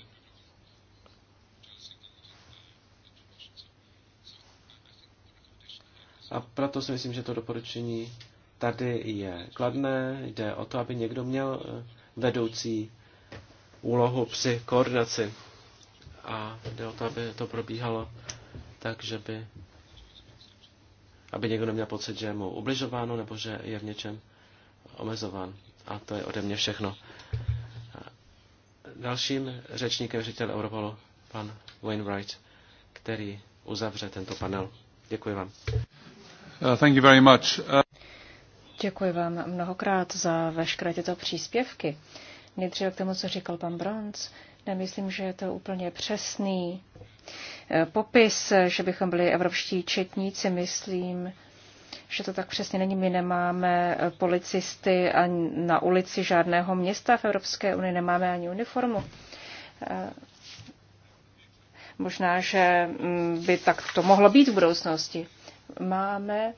A proto si myslím, že to doporučení tady je kladné. Jde o to, aby někdo měl eh, vedoucí úlohu při koordinaci. A jde o to, aby to probíhalo tak, že by aby někdo neměl pocit, že je mu ubližováno nebo že je v něčem omezován. A to je ode mě všechno. Dalším řečníkem ředitel Europolu, pan Wainwright, který uzavře tento panel. Děkuji vám. Uh, thank you very much. Uh... Děkuji vám mnohokrát za veškeré tyto příspěvky. Nejdříve k tomu, co říkal pan Bronz, nemyslím, že je to úplně přesný popis, že bychom byli evropští četníci, myslím, že to tak přesně není. My nemáme policisty ani na ulici žádného města v Evropské unii, nemáme ani uniformu. Možná, že mm, by tak to mohlo být v budoucnosti. Máme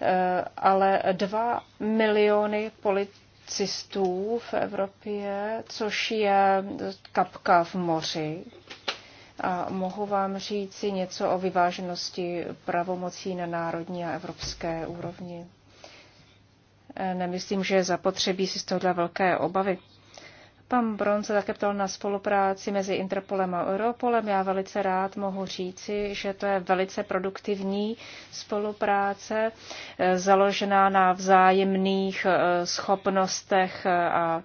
eh, ale dva miliony policistů v Evropě, což je kapka v moři a mohu vám říci něco o vyváženosti pravomocí na národní a evropské úrovni. E, nemyslím, že je zapotřebí si z tohohle velké obavy. Pan Bron se také ptal na spolupráci mezi Interpolem a Europolem. Já velice rád mohu říci, že to je velice produktivní spolupráce, e, založená na vzájemných e, schopnostech a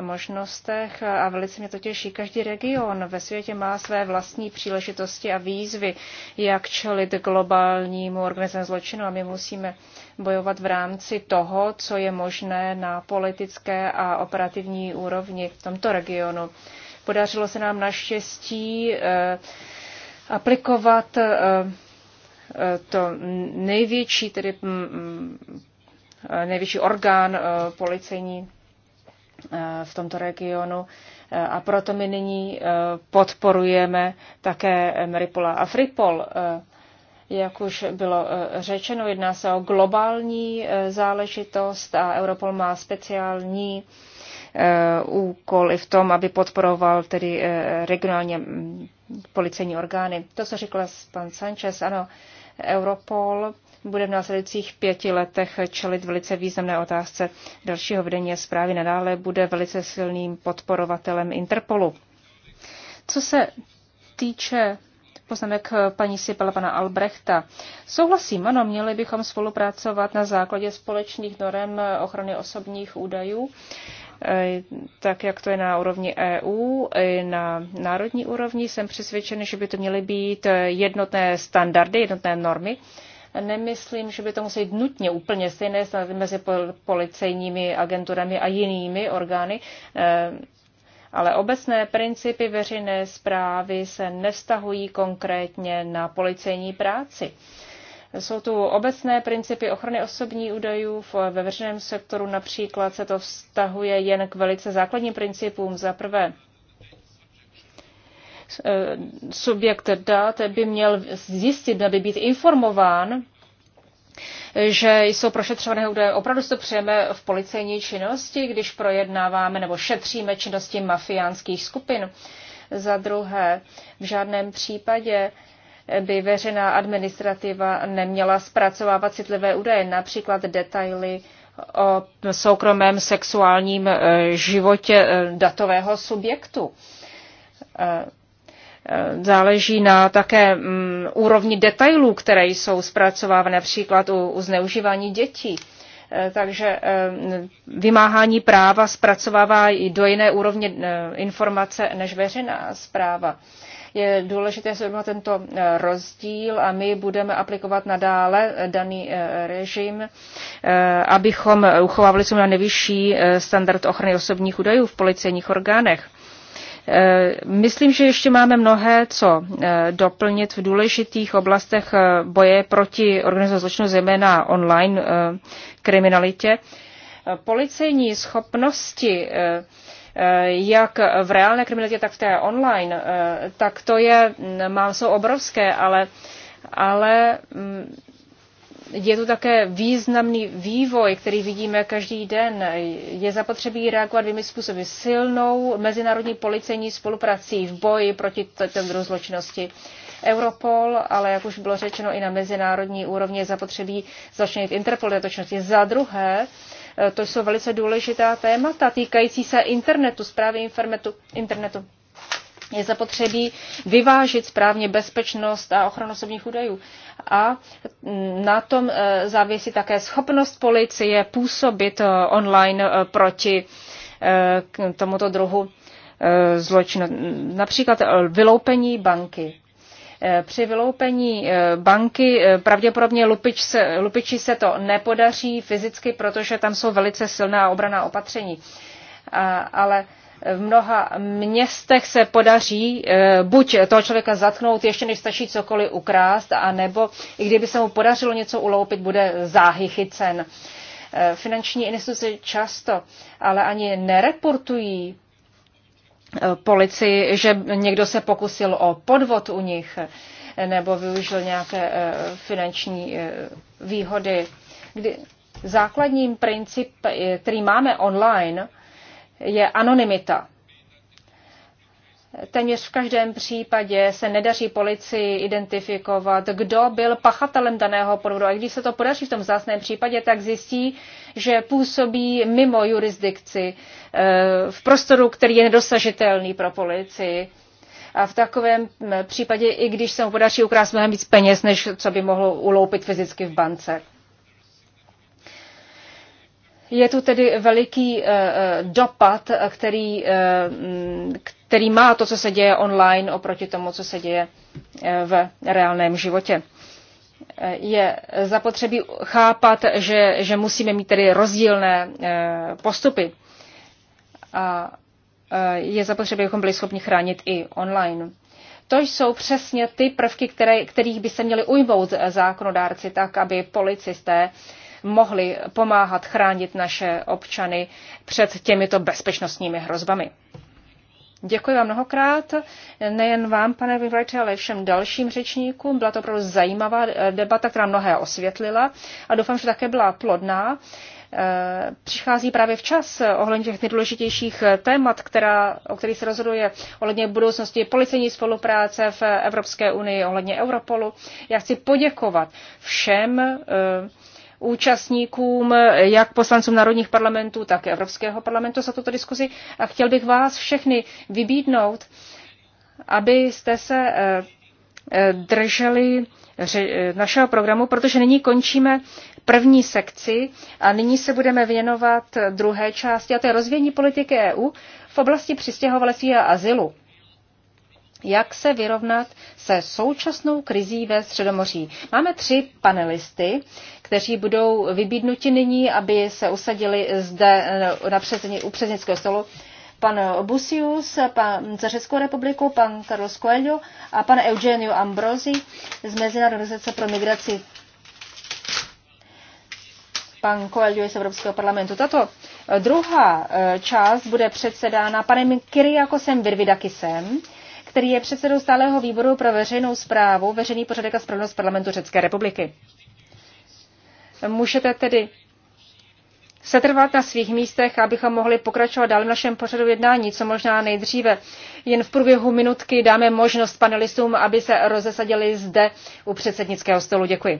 možnostech a velice mě to těší. Každý region ve světě má své vlastní příležitosti a výzvy, jak čelit globálnímu organizovanému zločinu a my musíme bojovat v rámci toho, co je možné na politické a operativní úrovni v tomto regionu. Podařilo se nám naštěstí eh, aplikovat eh, eh, to největší, tedy mm, mm, největší orgán policejní Eh, v tomto regionu. Eh, a proto my nyní eh, podporujeme také Meripola a Fripol. Jak už bylo řečeno, jedná se o globální záležitost a Europol má speciální úkol i v tom, aby podporoval tedy regionálně mm, policejní orgány. To, co říkal pan Sanchez, ano, Europol bude v následujících pěti letech čelit velice významné otázce dalšího vedení a zprávy. Nadále bude velice silným podporovatelem Interpolu. Co se týče poznámek paní Sipela pana Albrechta. Souhlasím, ano, měli bychom spolupracovat na základě společných norem ochrany osobních údajů, eh, tak jak to je na úrovni EU, i na národní úrovni. Jsem přesvědčen, že by to měly být jednotné standardy, jednotné normy Nemyslím, že by to muselo být nutně úplně stejné mezi policejními agenturami a jinými orgány, eh, ale obecné principy veřejné zprávy se nevztahují konkrétně na policejní práci. Jsou tu obecné principy ochrany osobních údajů ve veřejném sektoru, například se to vztahuje jen k velice základním principům. Za prvé, Eh, subjekt dat by měl zjistit, měl být informován, že jsou prošetřované údaje. Opravdu si to přejeme v policejní činnosti, když projednáváme nebo šetříme činnosti mafiánských skupin. Za druhé, v žádném případě by veřejná administrativa neměla zpracovávat citlivé údaje, například detaily o soukromém sexuálním eh, životě eh, datového subjektu. Eh, záleží na také mm, úrovni detailů, které jsou zpracovávány například u, u zneužívání dětí. Eh, takže eh, vymáhání práva zpracovává i do jiné úrovně informace než veřejná zpráva. Je důležité zrovna tento rozdíl a my budeme aplikovat nadále daný režim, abychom uchovávali co na nejvyšší standard ochrany osobních údajů v policejních orgánech. Eh, myslím, že ještě máme mnohé co eh, doplnit v důležitých oblastech eh, boje proti organizovanému zločinu, zejména online kriminalitě. Policejní schopnosti jak v reálné kriminalitě, tak v té online, tak to je, mm, mám, jsou obrovské, ale, ale mm, je tu také významný vývoj, který vidíme každý den. Je zapotřebí reagovat dvěmi způsoby. Silnou mezinárodní policejní spoluprací v boji proti této zločinnosti. Europol, ale jak už bylo řečeno i na mezinárodní úrovni, je zapotřebí začlenit Interpol této činnosti. Za druhé, eh, to jsou velice důležitá témata týkající se internetu, zprávy internetu. internetu je zapotřebí vyvážit správně bezpečnost a ochranu osobních údajů. A na tom eh, závisí také schopnost policie působit eh, online eh, proti tomuto druhu zločinu. Například vyloupení banky. Při vyloupení banky pravděpodobně lupič se, lupiči se to nepodaří fyzicky, protože tam jsou velice silná obraná opatření. A, ale v mnoha městech se podaří eh, buď toho člověka zatknout, ještě než stačí cokoliv ukrást, anebo i kdyby se mu podařilo něco uloupit, bude záhy chycen. Eh, finanční instituce často ale ani nereportují eh, policii, že někdo se pokusil o podvod u nich nebo využil nějaké finanční výhody. Kdy základním princip, který máme online, je anonymita. Téměř v každém případě se nedaří policii identifikovat, kdo byl pachatelem daného podvodu. A když se to podaří v tom zásném případě, tak zjistí, že působí mimo jurisdikci, eh, v prostoru, který je nedosažitelný pro policii. A v takovém eh, případě, i když se mu podaří ukrást mnohem víc peněz, než co by mohl uloupit fyzicky v bance. Je tu tedy veliký eh, eh, dopad, který, eh, mm, který má to, co se děje online oproti tomu, co se děje v reálném životě. Je zapotřebí chápat, že, že musíme mít tedy rozdílné postupy. A je zapotřebí, abychom byli schopni chránit i online. To jsou přesně ty prvky, které, kterých by se měli ujmout zákonodárci tak, aby policisté uh, mohli pomáhat chránit naše občany před těmito bezpečnostními hrozbami. Děkuji vám mnohokrát, nejen vám, pane Vyvrajče, ale všem dalším řečníkům. Byla to opravdu zajímavá debata, která mnohé osvětlila a doufám, že také byla plodná. Eh, přichází právě včas ohledně těch nejdůležitějších témat, která, o kterých se rozhoduje ohledně budoucnosti policejní spolupráce v Evropské unii, ohledně Europolu. Já chci poděkovat všem eh, účastníkům, jak poslancům národních parlamentů, tak Evropského parlamentu za tuto diskuzi. A chtěl bych vás všechny vybídnout, abyste se eh, eh, drželi eh, našeho programu, protože nyní končíme první sekci a nyní se budeme věnovat druhé části, a to je rozvíjení politiky EU v oblasti přistěhovalectví a azylu jak se vyrovnat se současnou krizí ve Středomoří. Máme tři panelisty, kteří budou vybídnuti nyní, aby se usadili zde eh, na předsední, u předsednického stolu. Pan Busius, pan za Českou republiku, pan Carlos Coelho a pan Eugenio Ambrosi z Mezinárodní organizace pro migraci. Pan Coelho je z Evropského parlamentu. Tato eh, druhá eh, část bude předsedána panem Kyriakosem Virvidakisem, který je předsedou stáleho výboru pro veřejnou zprávu, veřejný pořadek a spravedlnost parlamentu Řecké republiky. Můžete tedy setrvat na svých místech, abychom mohli pokračovat dál v našem pořadu jednání, co možná nejdříve. Jen v průběhu minutky dáme možnost panelistům, aby se rozesadili zde u předsednického stolu. Děkuji.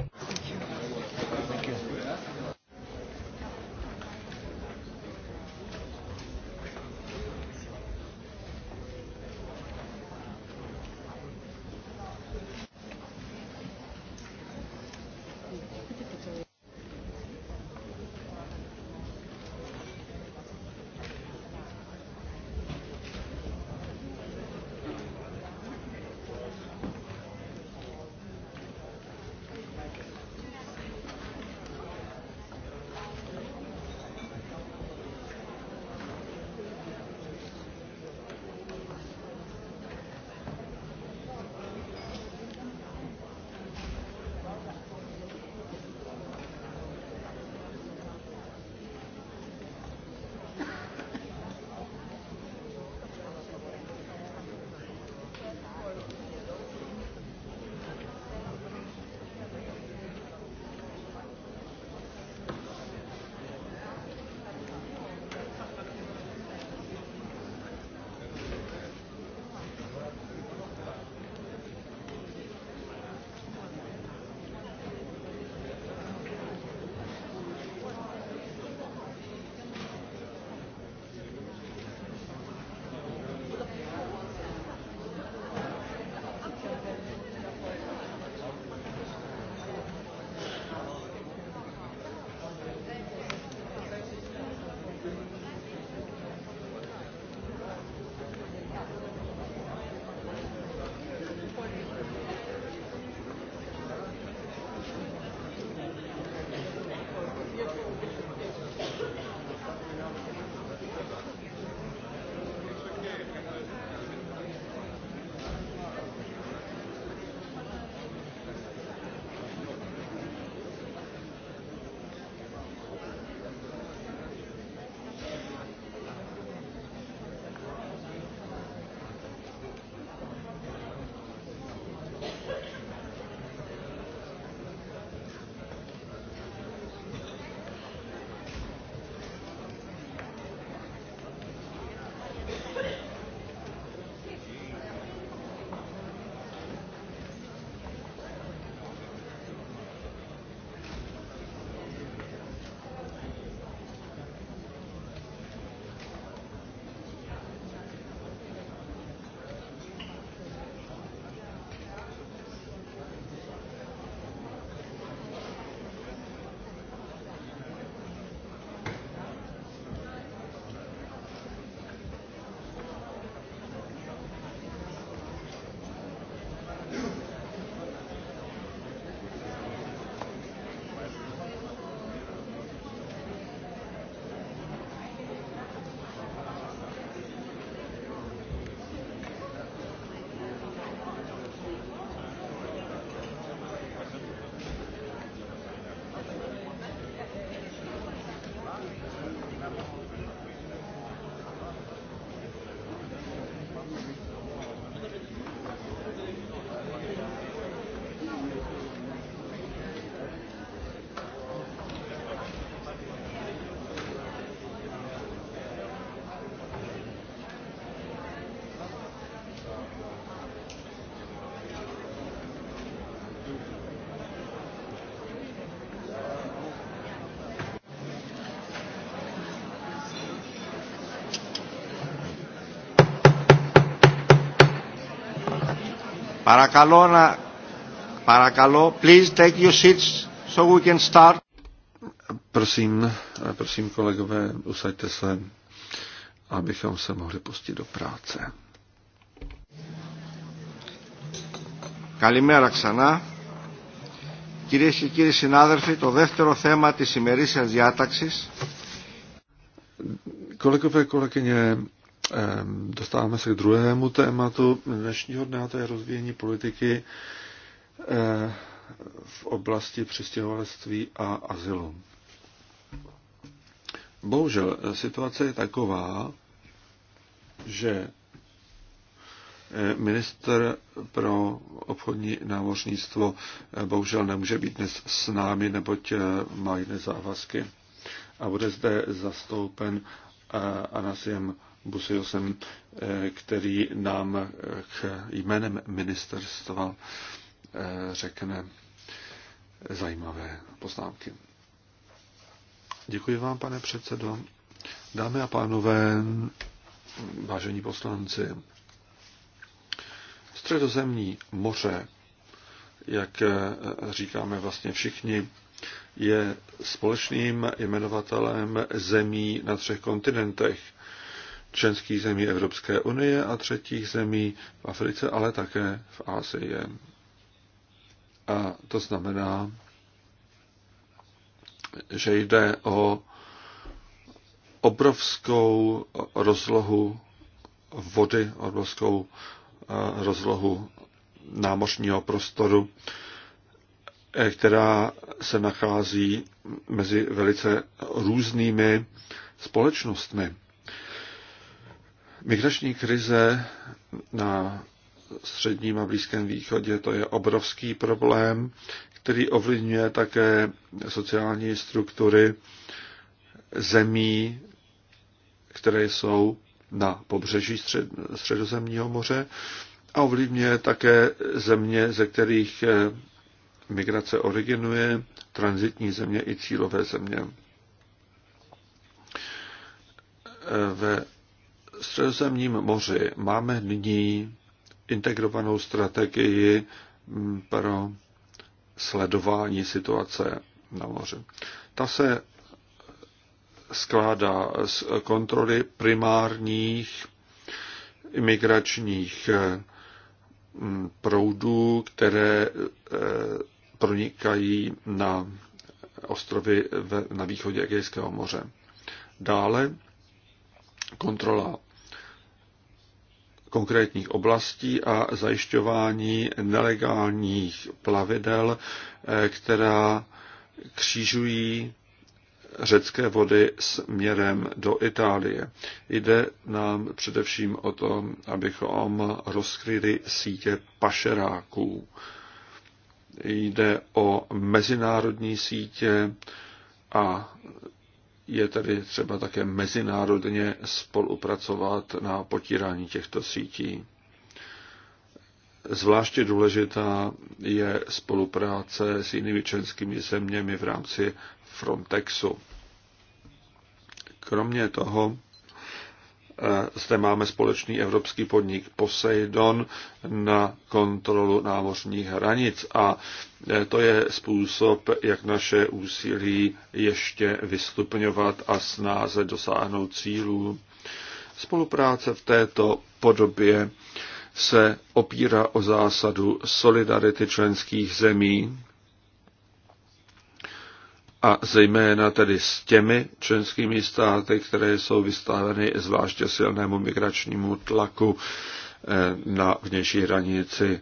Παρακαλώ να... Παρακαλώ, please take your seats so we can start. Prosím, eh, prosím kolegové, usaďte se, abychom se mohli pustit do práce. Kalimera ξανά. Κυρίες και κύριοι συνάδελφοι, το δεύτερο θέμα της ημερήσιας διάταξης. Kolegové, kolegyně, Dostáváme se k druhému tématu dnešního dne, to je rozvíjení politiky eh, v oblasti přistěhovalectví a azylu. Bohužel eh, situace je taková, že eh, minister pro obchodní námořnictvo bohužel nemůže být dnes s námi, neboť má jiné závazky. A bude zde zastoupen Anasiem Busiosem, eh, který nám eh, k jménem ministerstva eh, řekne zajímavé poznámky. Děkuji vám, pane předsedo. Dámy a pánové, vážení poslanci, středozemní moře, jak říkáme vlastně všichni, je společným jmenovatelem zemí na třech kontinentech – členských zemí Evropské unie a třetích zemí v Africe, ale také v Asii. A to znamená, že jde o obrovskou rozlohu vody, obrovskou eh, rozlohu námořního prostoru, eh, která se nachází mezi velice různými společnostmi. Migrační krize na středním a blízkém východě to je obrovský problém, který ovlivňuje také sociální struktury zemí, které jsou na pobřeží střed, Středozemního moře a ovlivňuje také země, ze kterých eh, migrace originuje, transitní země i cílové země. Eh, ve středozemním moři máme nyní integrovanou strategii mm, pro sledování situace na moři. Ta se skládá z kontroly primárních imigračních mm, proudů, které eh, pronikají na ostrovy na východě Egejského moře. Dále kontrola konkrétních oblastí a zajišťování nelegálních plavidel, eh, která křížují řecké vody směrem do Itálie. Jde nám především o to, abychom rozkryli sítě pašeráků. Jde o mezinárodní sítě a je tedy třeba také mezinárodně spolupracovat na potírání těchto sítí. Zvláště důležitá je spolupráce s jinými členskými zeměmi v rámci Frontexu. Kromě toho Eh, zde máme společný evropský podnik Poseidon na kontrolu námořních hranic a eh, to je způsob, jak naše úsilí ještě vystupňovat a snáze dosáhnout cílů. Spolupráce v této podobě se opírá o zásadu solidarity členských zemí, a zejména tedy s těmi členskými státy, které jsou vystaveny zvláště silnému migračnímu tlaku eh, na vnější hranici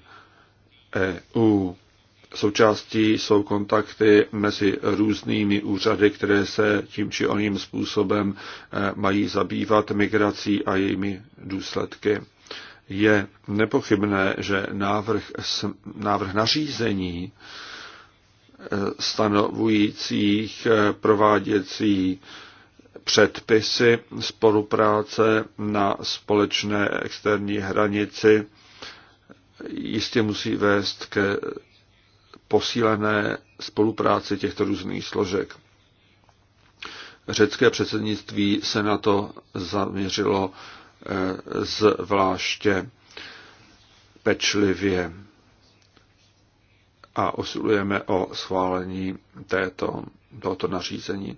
EU. Součástí jsou kontakty mezi různými úřady, které se tím či oným způsobem eh, mají zabývat migrací a jejími důsledky. Je nepochybné, že návrh, návrh nařízení stanovujících eh, prováděcí předpisy spolupráce na společné externí hranici jistě musí vést ke posílené spolupráci těchto různých složek. Řecké předsednictví se na to zaměřilo eh, zvláště pečlivě a usilujeme o schválení této, tohoto nařízení.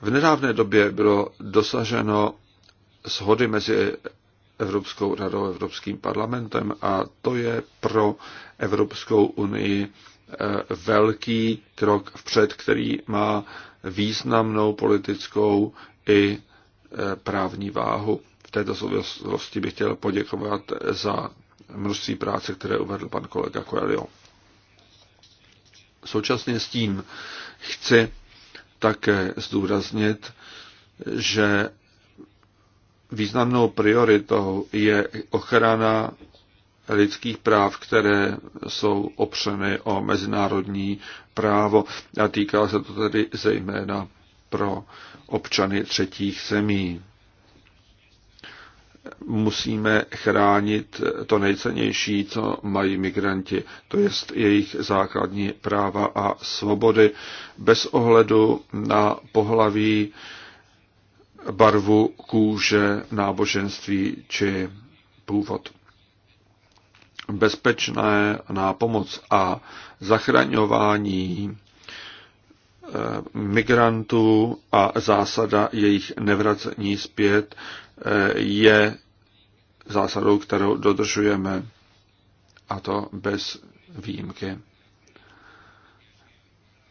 V nedávné době bylo dosaženo shody mezi Evropskou radou a Evropským parlamentem a to je pro Evropskou unii eh, velký krok vpřed, který má významnou politickou i eh, právní váhu. V této souvislosti bych chtěl poděkovat za množství práce, které uvedl pan kolega Coelho. Současně s tím chci také zdůraznit, že významnou prioritou je ochrana lidských práv, které jsou opřeny o mezinárodní právo a týká se to tedy zejména pro občany třetích zemí musíme chránit to nejcennější, co mají migranti, to je jejich základní práva a svobody bez ohledu na pohlaví, barvu kůže, náboženství či původ. Bezpečné na pomoc a zachraňování eh, migrantů a zásada jejich nevracení zpět je zásadou, kterou dodržujeme, a to bez výjimky.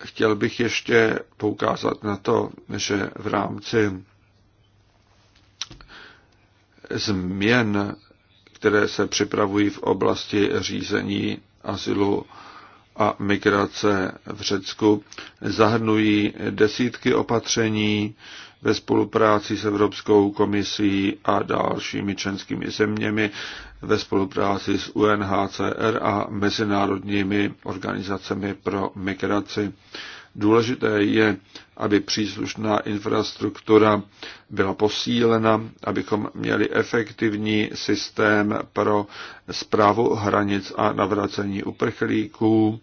Chtěl bych ještě poukázat na to, že v rámci změn, které se připravují v oblasti řízení asilu a migrace v Řecku, zahrnují desítky opatření, ve spolupráci s Evropskou komisí a dalšími členskými zeměmi, ve spolupráci s UNHCR a mezinárodními organizacemi pro migraci. Důležité je, aby příslušná infrastruktura byla posílena, abychom měli efektivní systém pro zprávu hranic a navracení uprchlíků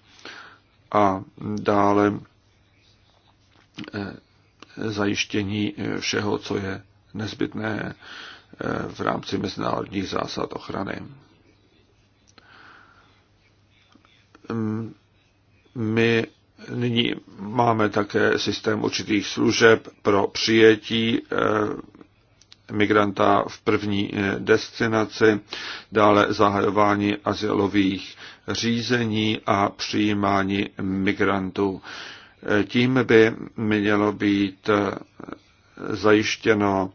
a dále eh, zajištění eh, všeho, co je nezbytné eh, v rámci mezinárodních zásad ochrany. Mm, my nyní máme také systém určitých služeb pro přijetí eh, migranta v první destinaci, dále zahajování azylových řízení a přijímání migrantů. Tím by mělo být eh, zajištěno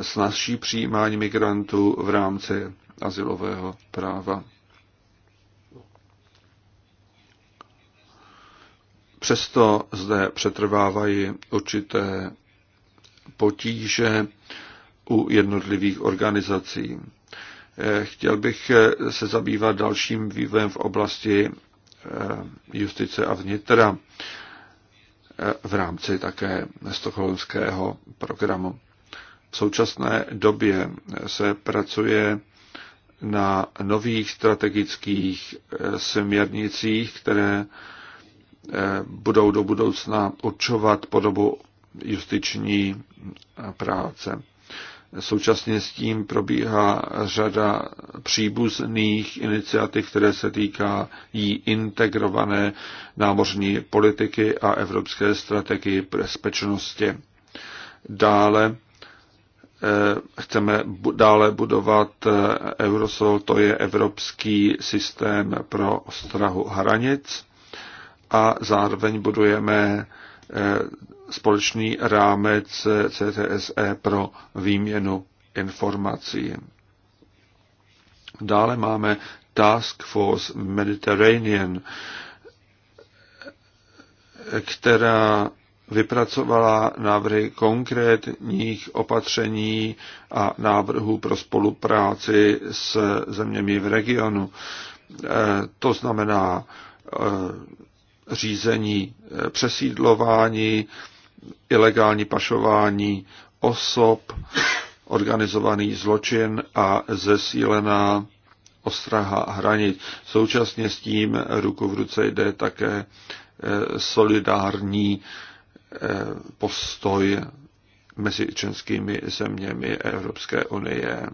snazší přijímání migrantů v rámci asilového práva. Přesto zde přetrvávají určité potíže u jednotlivých organizací. Eh, chtěl bych eh, se zabývat dalším vývojem v oblasti justice a vnitra v rámci také stokholmského programu. V současné době se pracuje na nových strategických eh, směrnicích, které eh, budou do budoucna určovat podobu justiční eh, práce. Současně s tím probíhá řada příbuzných iniciativ, které se týká jí integrované námořní politiky a evropské strategii bezpečnosti. Dále eh, chceme dále budovat eh, Eurosol, to je evropský systém pro strahu hranic a zároveň budujeme eh, společný rámec CTSE pro výměnu informací. Dále máme Task Force Mediterranean, která vypracovala návrhy konkrétních opatření a návrhů pro spolupráci s zeměmi v regionu. E, to znamená e, řízení e, přesídlování, ilegální pašování osob, organizovaný zločin a zesílená ostraha hranic. Současně s tím ruku v ruce jde také eh, solidární eh, postoj mezi členskými zeměmi Evropské unie. Eh,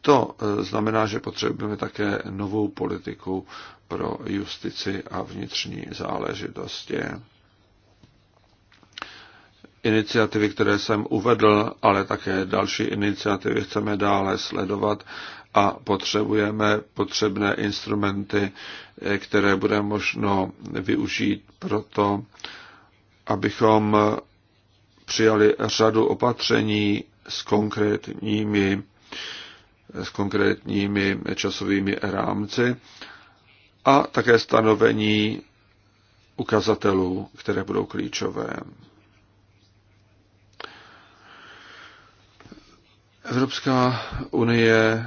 to znamená, že potřebujeme také novou politiku pro justici a vnitřní záležitosti iniciativy, které jsem uvedl, ale také další iniciativy chceme dále sledovat a potřebujeme potřebné instrumenty, eh, které bude možno využít pro to, abychom přijali řadu opatření s konkrétními, s konkrétními časovými rámci a také stanovení ukazatelů, které budou klíčové. Evropská unie eh,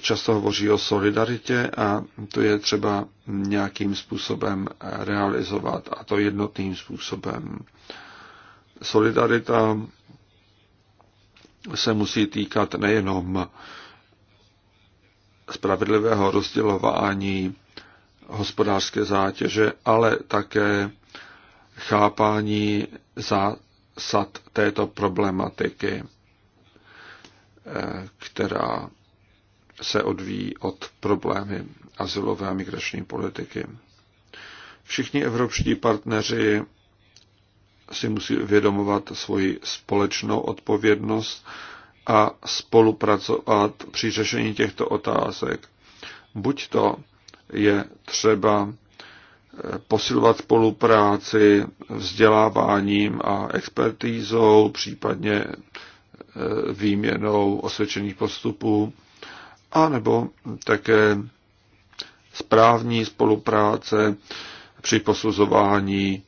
často hovoří o solidaritě a to je třeba nějakým způsobem realizovat a to jednotným způsobem. Solidarita se musí týkat nejenom spravedlivého rozdělování hospodářské zátěže, ale také chápání zásad této problematiky která se odvíjí od problémy azylové a migrační politiky. Všichni evropští partneři si musí uvědomovat svoji společnou odpovědnost a spolupracovat při řešení těchto otázek. Buď to je třeba eh, posilovat spolupráci vzděláváním a expertízou, případně Eh, výměnou osvědčených postupů, anebo také správní spolupráce při posuzování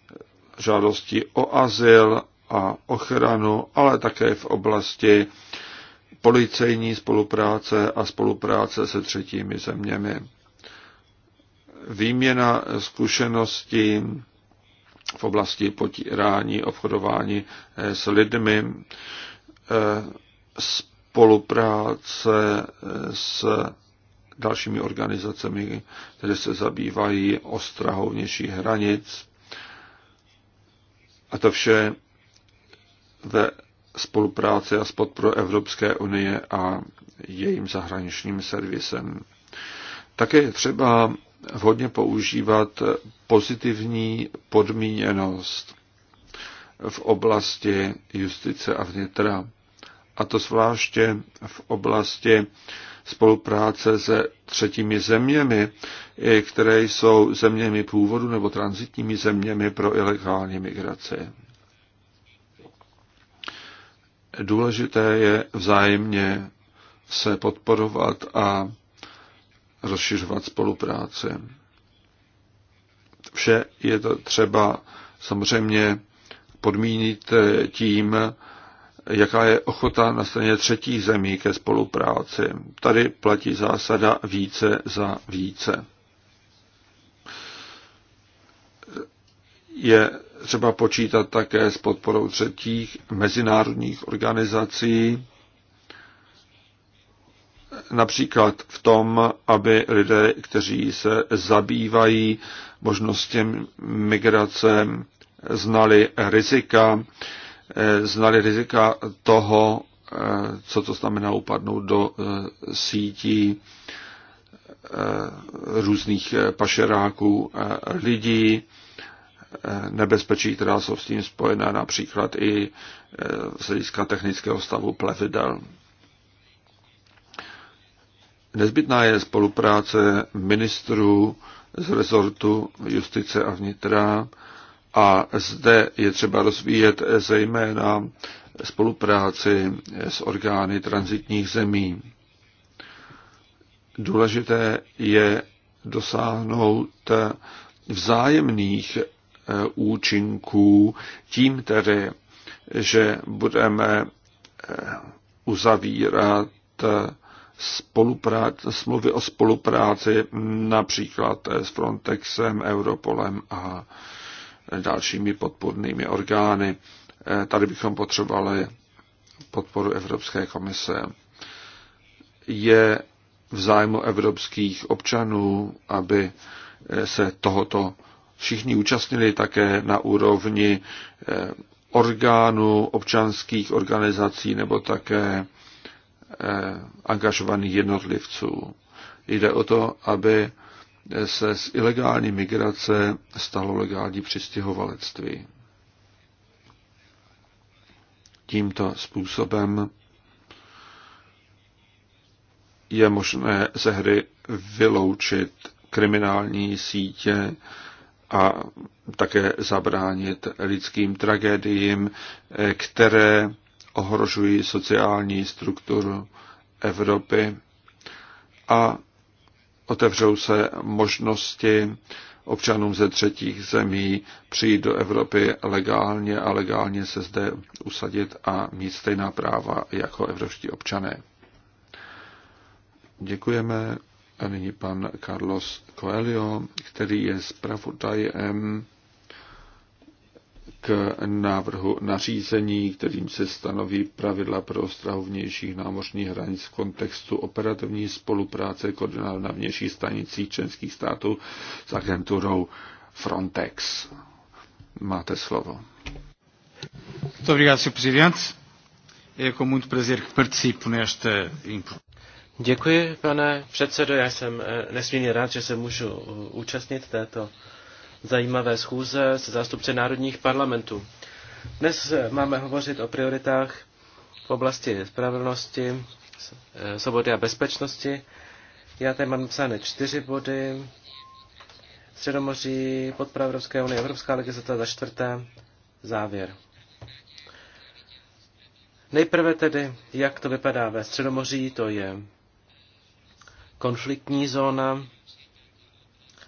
žádostí o azyl a ochranu, ale také v oblasti policejní spolupráce a spolupráce se třetími zeměmi. Výměna zkušeností v oblasti potírání, obchodování eh, s lidmi, spolupráce s dalšími organizacemi, které se zabývají ostrahou vnějších hranic. A to vše ve spolupráci a s podporou Evropské unie a jejím zahraničním servisem. Také je třeba vhodně používat pozitivní podmíněnost v oblasti justice a vnitra a to zvláště v oblasti spolupráce se třetími zeměmi, které jsou zeměmi původu nebo transitními zeměmi pro ilegální migraci. Důležité je vzájemně se podporovat a rozšiřovat spolupráci. Vše je to třeba samozřejmě podmínit tím, jaká je ochota na straně třetích zemí ke spolupráci. Tady platí zásada více za více. Je třeba počítat také s podporou třetích mezinárodních organizací, například v tom, aby lidé, kteří se zabývají možnostem migrace, znali rizika, Eh, znali rizika toho, eh, co to znamená upadnout do eh, sítí různých pašeráků lidí, nebezpečí, která jsou s tím spojená, například i z hlediska technického stavu plevidel. Nezbytná je spolupráce ministrů z rezortu justice a vnitra a zde je třeba rozvíjet zejména spolupráci s orgány transitních zemí. Důležité je dosáhnout vzájemných eh, účinků tím tedy, že budeme eh, uzavírat eh, smluvy o spolupráci například s Frontexem, Europolem a dalšími podpornými orgány. Tady bychom potřebovali podporu Evropské komise. Je v zájmu evropských občanů, aby se tohoto všichni účastnili také na úrovni eh, orgánů, občanských organizací nebo také eh, angažovaných jednotlivců. Jde o to, aby se z ilegální migrace stalo legální přistěhovalectví. Tímto způsobem je možné ze hry vyloučit kriminální sítě a také zabránit lidským tragédiím, které ohrožují sociální strukturu Evropy a otevřou se možnosti občanům ze třetích zemí přijít do Evropy legálně a legálně se zde usadit a mít stejná práva jako evropští občané. Děkujeme. A nyní pan Carlos Coelho, který je zpravodajem k návrhu nařízení, kterým se stanoví pravidla pro ostrahu vnějších námořních hranic v kontextu operativní spolupráce koordinátorů na vnějších stanicích členských států s agenturou Frontex. Máte slovo. Děkuji, pane předsedo. Já jsem eh, nesmírně rád, že se můžu eh, účastnit této zajímavé schůze se zástupci národních parlamentů. Dnes eh, máme hovořit o prioritách v oblasti spravedlnosti, eh, svobody a bezpečnosti. Já tady mám napsány čtyři body. Středomoří, podpora Evropské unie, Evropská legislativa za čtvrté, závěr. Nejprve tedy, jak to vypadá ve Středomoří, to je konfliktní zóna.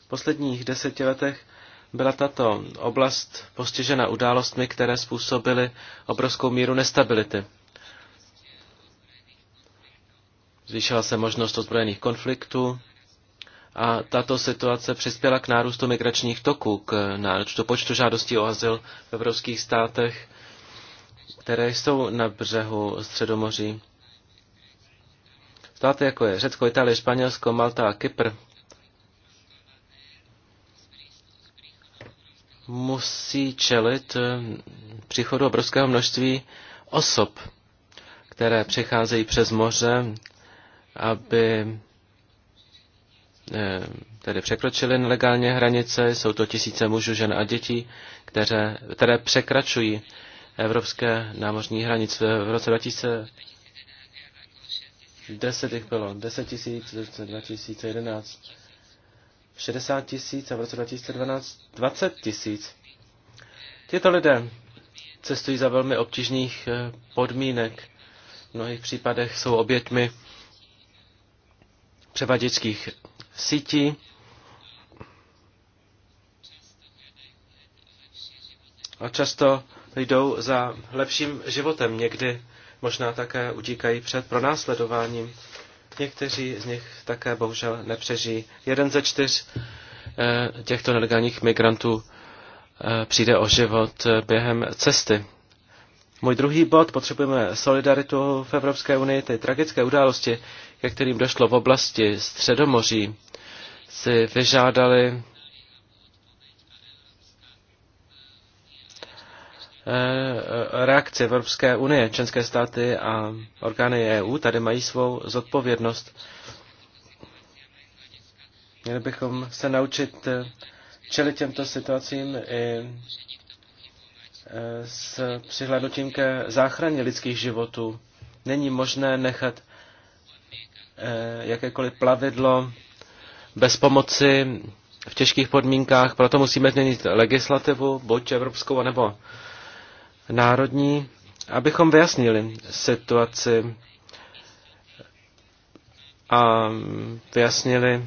V posledních deseti letech byla tato oblast postižena událostmi, které způsobily obrovskou míru nestability. Zvýšila se možnost ozbrojených konfliktů a tato situace přispěla k nárůstu migračních toků, k nárůstu počtu žádostí o azyl v evropských státech, které jsou na břehu Středomoří. Státy jako je Řecko, Itálie, Španělsko, Malta a Kypr musí čelit eh, příchodu obrovského množství osob, které přecházejí přes moře, aby eh, tedy překročili nelegálně hranice. Jsou to tisíce mužů, žen a dětí, které, které překračují evropské námořní hranice. V roce 2010 jich bylo 10 tisíc, v roce 2011 60 tisíc a v roce 2012 20 tisíc. Tito lidé cestují za velmi obtížných eh, podmínek. V mnohých případech jsou oběťmi převaděčských sítí. A často jdou za lepším životem. Někdy možná také utíkají před pronásledováním. Někteří z nich také bohužel nepřežijí. Jeden ze čtyř eh, těchto nelegálních migrantů eh, přijde o život eh, během cesty. Můj druhý bod, potřebujeme solidaritu v Evropské unii. Ty tragické události, ke kterým došlo v oblasti Středomoří, si vyžádali Eh, eh, reakci Evropské unie, členské státy a orgány EU tady mají svou zodpovědnost. Měli bychom se naučit eh, čelit těmto situacím i s přihlednutím ke záchraně lidských životů. Není možné nechat jakékoliv plavidlo bez pomoci v těžkých podmínkách, proto musíme změnit legislativu, buď evropskou, nebo národní, abychom vyjasnili situaci a vyjasnili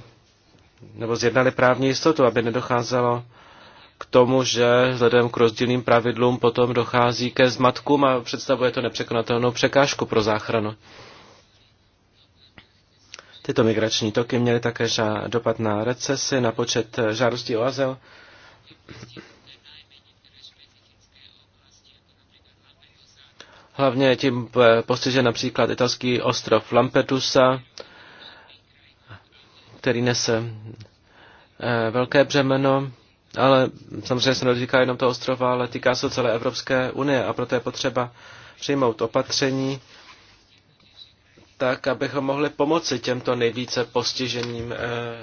nebo zjednali právní jistotu, aby nedocházelo k tomu, že vzhledem k rozdílným pravidlům potom dochází ke zmatkům a představuje to nepřekonatelnou překážku pro záchranu. Tyto migrační toky měly také dopad na recesi, na počet žádostí o azyl Hlavně tím eh, postižen například italský ostrov Lampedusa, který nese eh, velké břemeno, ale samozřejmě se nedotýká jenom toho ostrova, ale týká se celé Evropské unie a proto je potřeba přijmout opatření, tak abychom mohli pomoci těmto nejvíce postiženým eh,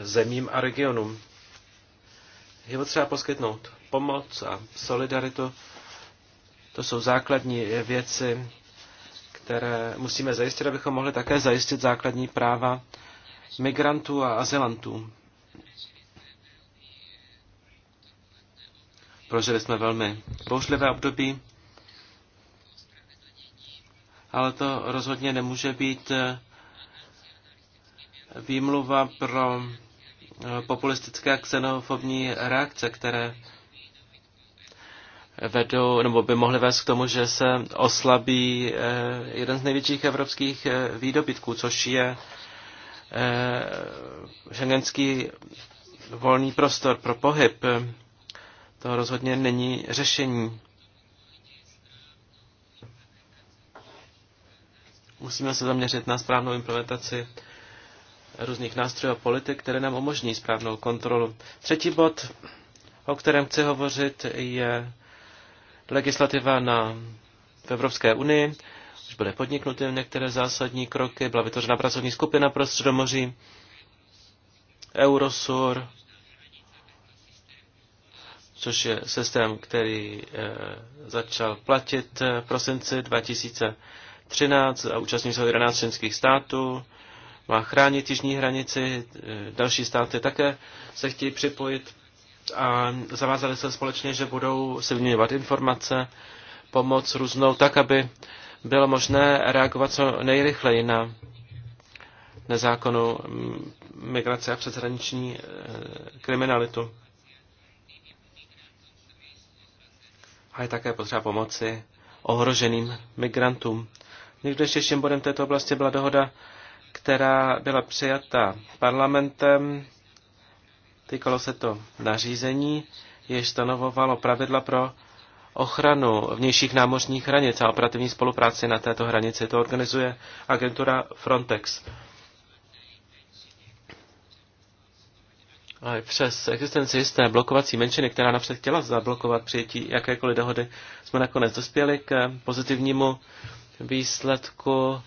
zemím a regionům. Je potřeba poskytnout pomoc a solidaritu to jsou základní věci, které musíme zajistit, abychom mohli také zajistit základní práva migrantů a azylantů. Prožili jsme velmi bouřlivé období, ale to rozhodně nemůže být eh, výmluva pro eh, populistické a xenofobní reakce, které vedou, nebo by mohly vést k tomu, že se oslabí eh, jeden z největších evropských eh, výdobytků, což je šengenský eh, volný prostor pro pohyb. To rozhodně není řešení. Musíme se zaměřit na správnou implementaci různých nástrojů a politik, které nám umožní správnou kontrolu. Třetí bod, o kterém chci hovořit, je legislativa na, v Evropské unii, už byly podniknuty některé zásadní kroky, byla vytvořena pracovní skupina pro Středomoří, Eurosur, což je systém, který eh, začal platit v prosinci 2013 a účastní se 11 členských států. Má chránit jižní hranici, eh, další státy také se chtějí připojit a zavázali se společně, že budou si vyměňovat informace, pomoc různou, tak, aby bylo možné reagovat co nejrychleji na nezákonu mm, migrace a přeshraniční eh, kriminalitu. A je také potřeba pomoci ohroženým migrantům. Nejdůležitějším bodem této oblasti byla dohoda, která byla přijata parlamentem Týkalo se to nařízení, jež stanovovalo pravidla pro ochranu vnějších námořních hranic a operativní spolupráci na této hranici. To organizuje agentura Frontex. A přes existenci jisté blokovací menšiny, která napřed chtěla zablokovat přijetí jakékoliv dohody, jsme nakonec dospěli k pozitivnímu výsledku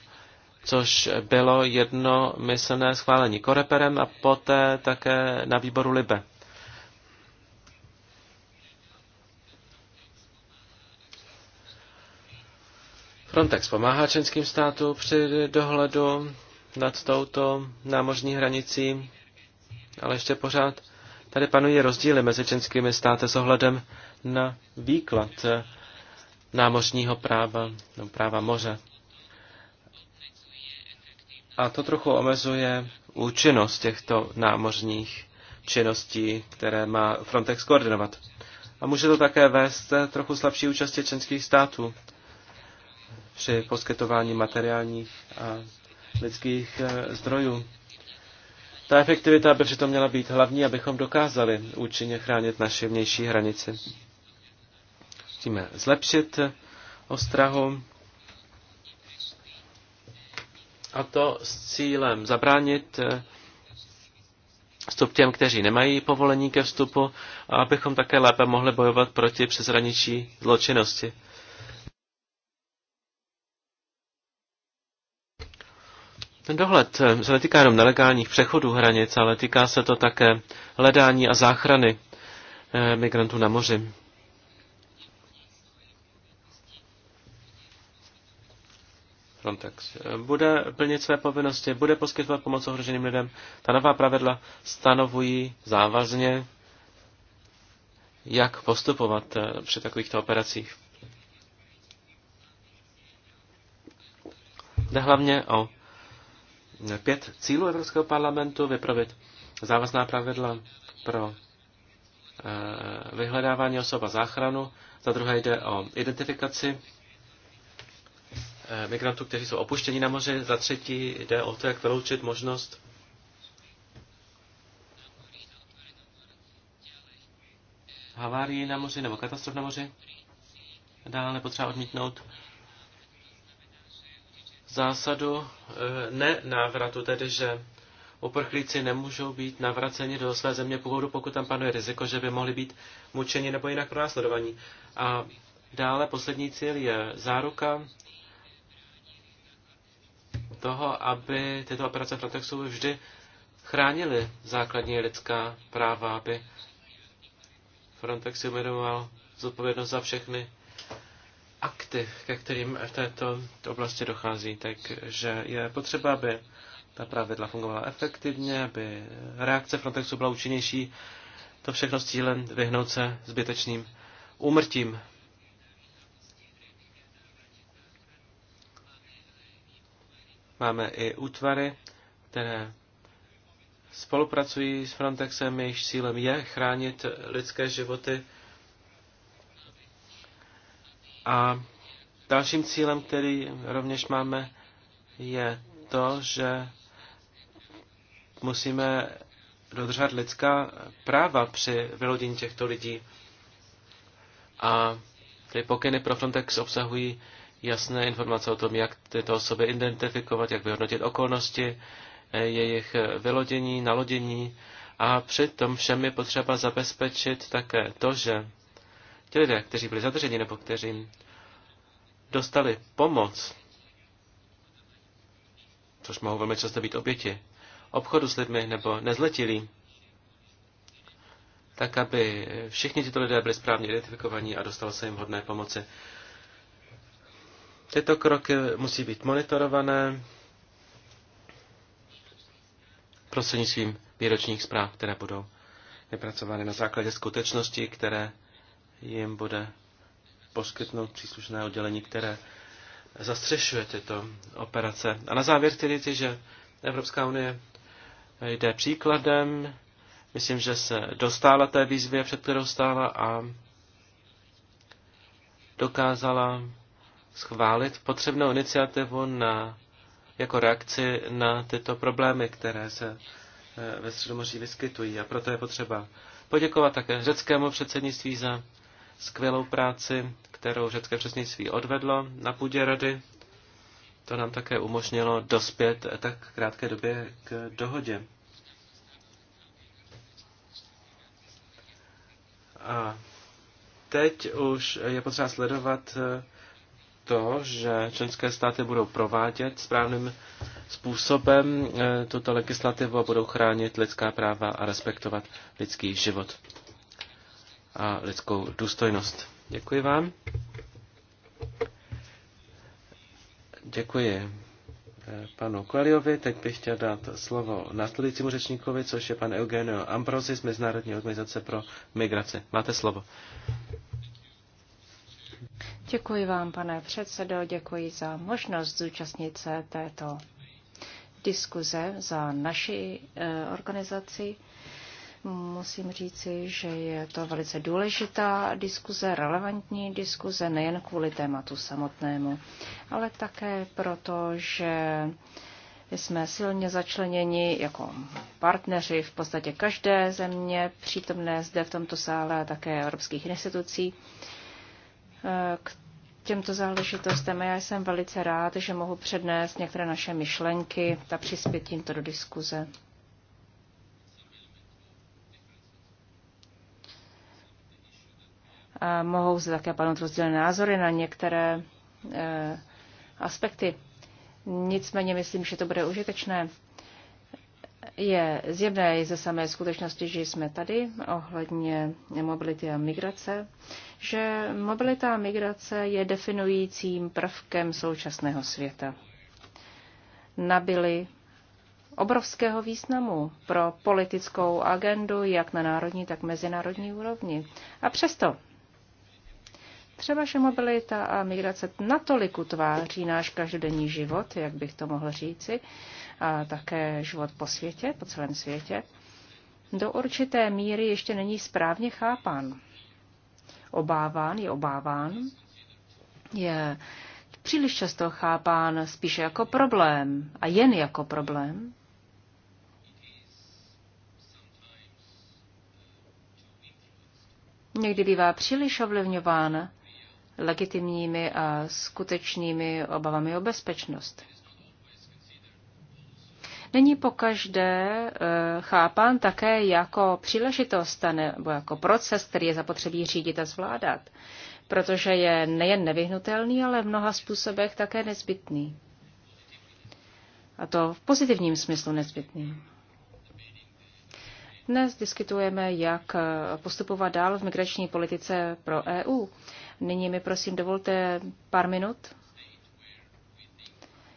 což bylo jednomyslné schválení koreperem a poté také na výboru Libe. Frontex pomáhá členským státu při dohledu nad touto námořní hranicí, ale ještě pořád tady panují rozdíly mezi členskými státy s ohledem na výklad námořního práva, no, práva moře. A to trochu omezuje účinnost těchto námořních činností, které má Frontex koordinovat. A může to také vést trochu slabší účastě členských států při poskytování materiálních a lidských eh, zdrojů. Ta efektivita by přitom měla být hlavní, abychom dokázali účinně chránit naše vnější hranice. Musíme zlepšit ostrahu a to s cílem zabránit eh, vstup těm, kteří nemají povolení ke vstupu, a abychom také lépe mohli bojovat proti přeshraniční zločinnosti. Ten dohled eh, se netýká jenom nelegálních přechodů hranic, ale týká se to také hledání a záchrany eh, migrantů na moři. Frontex bude plnit své povinnosti, bude poskytovat pomoc ohroženým lidem. Ta nová pravidla stanovují závazně, jak postupovat eh, při takovýchto operacích. Jde hlavně o pět cílů Evropského parlamentu vypravit závazná pravidla pro eh, vyhledávání osoba záchranu. Za druhé jde o identifikaci Eh, migrantů, kteří jsou opuštěni na moře. Za třetí jde o to, jak vyloučit možnost havárií na moři nebo katastrof na moři. Dále potřeba odmítnout zásadu eh, nenávratu, tedy že uprchlíci nemůžou být navraceni do své země původu, pokud tam panuje riziko, že by mohli být mučeni nebo jinak pronásledovaní. A dále poslední cíl je záruka toho, aby tyto operace Frontexu vždy chránili základní lidská práva, aby Frontex si uvědomoval zodpovědnost za všechny akty, ke kterým v této oblasti dochází. Takže je potřeba, aby ta pravidla fungovala efektivně, aby reakce Frontexu byla účinnější. To všechno s cílem vyhnout se zbytečným úmrtím Máme i útvary, které spolupracují s Frontexem, jejich cílem je chránit lidské životy. A dalším cílem, který rovněž máme, je to, že musíme dodržovat lidská práva při vylodění těchto lidí. A ty pokyny pro Frontex obsahují jasné informace o tom, jak tyto osoby identifikovat, jak vyhodnotit okolnosti eh, jejich eh, vylodění, nalodění a přitom všem je potřeba zabezpečit také to, že ti lidé, kteří byli zadrženi nebo kteří dostali pomoc, což mohou velmi často být oběti, obchodu s lidmi nebo nezletilí, tak aby všichni tyto lidé byli správně identifikovaní a dostalo se jim hodné pomoci. Tyto kroky musí být monitorované prostřednictvím výročních zpráv, které budou vypracovány na základě skutečnosti, které jim bude poskytnout příslušné oddělení, které zastřešuje tyto operace. A na závěr chci říct, že Evropská unie jde příkladem. Myslím, že se dostála té výzvě, před kterou stála a dokázala schválit potřebnou iniciativu na, jako reakci na tyto problémy, které se eh, ve Středomoří vyskytují. A proto je potřeba poděkovat také řeckému předsednictví za skvělou práci, kterou řecké předsednictví odvedlo na půdě rady. To nám také umožnilo dospět tak krátké době k dohodě. A teď už je potřeba sledovat eh, to, že členské státy budou provádět správným způsobem eh, tuto legislativu a budou chránit lidská práva a respektovat lidský život a lidskou důstojnost. Děkuji vám. Děkuji eh, panu Koeliovi. Teď bych chtěl dát slovo následujícímu řečníkovi, což je pan Eugenio Ambrosi z Mezinárodní organizace pro migraci. Máte slovo. Děkuji vám, pane předsedo, děkuji za možnost zúčastnit se této diskuze za naši eh, organizaci. Musím říci, že je to velice důležitá diskuze, relevantní diskuze nejen kvůli tématu samotnému, ale také proto, že jsme silně začleněni jako partneři v podstatě každé země přítomné zde v tomto sále a také evropských institucí k eh, těmto záležitostem a já jsem velice rád, že mohu přednést některé naše myšlenky a přispět tímto do diskuze. A mohou se také padnout rozdílné názory na některé eh, aspekty. Nicméně myslím, že to bude užitečné. Je zjevné i ze samé skutečnosti, že jsme tady ohledně mobility a migrace. Eh, že mobilita a migrace je definujícím prvkem současného světa. Nabili obrovského významu pro politickou agendu jak na národní, tak mezinárodní úrovni. A přesto třeba, že mobilita a migrace natolik utváří náš každodenní život, jak bych to mohl říci, a také život po světě, po celém světě, do určité míry ještě není správně chápán obáván, je obáván, je příliš často chápán spíše jako problém a jen jako problém. Někdy bývá příliš ovlivňován legitimními a skutečnými obavami o bezpečnost není pokaždé eh, chápán také jako příležitost nebo jako proces, který je zapotřebí řídit a zvládat, protože je nejen nevyhnutelný, ale v mnoha způsobech také nezbytný. A to v pozitivním smyslu nezbytný. Dnes diskutujeme, jak eh, postupovat dál v migrační politice pro EU. Nyní mi prosím dovolte pár minut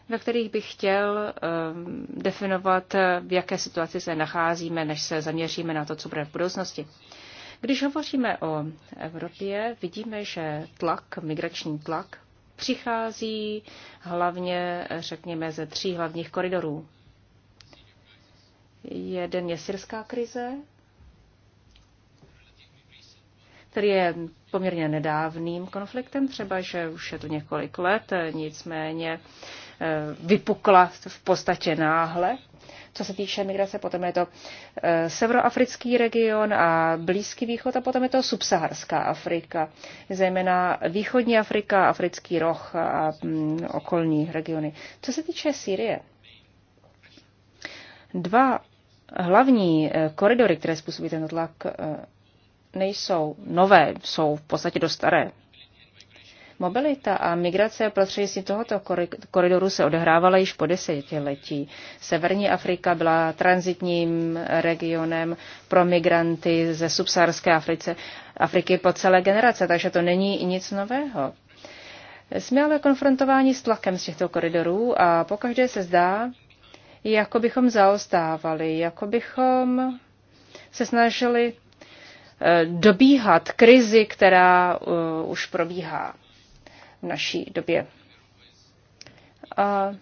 ve kterých bych chtěl ehm, definovat, eh, v jaké situaci se nacházíme, než se zaměříme na to, co bude v budoucnosti. Když hovoříme o Evropě, vidíme, že tlak, migrační tlak, přichází hlavně, řekněme, ze tří hlavních koridorů. Jeden je syrská krize, který je poměrně nedávným konfliktem, třeba že už je to několik let, nicméně Eh, vypukla v podstatě náhle. Co se týče migrace, potom je to eh, severoafrický region a Blízký východ a potom je to subsaharská Afrika, zejména východní Afrika, africký roh a mm, okolní regiony. Co se týče Syrie, dva hlavní eh, koridory, které způsobí ten tlak, nejsou nové, jsou v podstatě dost staré Mobilita a migrace prostřednictvím tohoto koridoru se odehrávala již po desetiletí. Severní Afrika byla transitním regionem pro migranty ze subsaharské Africe, Afriky po celé generace, takže to není nic nového. Jsme ale konfrontováni s tlakem z těchto koridorů a pokaždé se zdá, jako bychom zaostávali, jako bychom se snažili eh, dobíhat krizi, která eh, už probíhá v naší době. A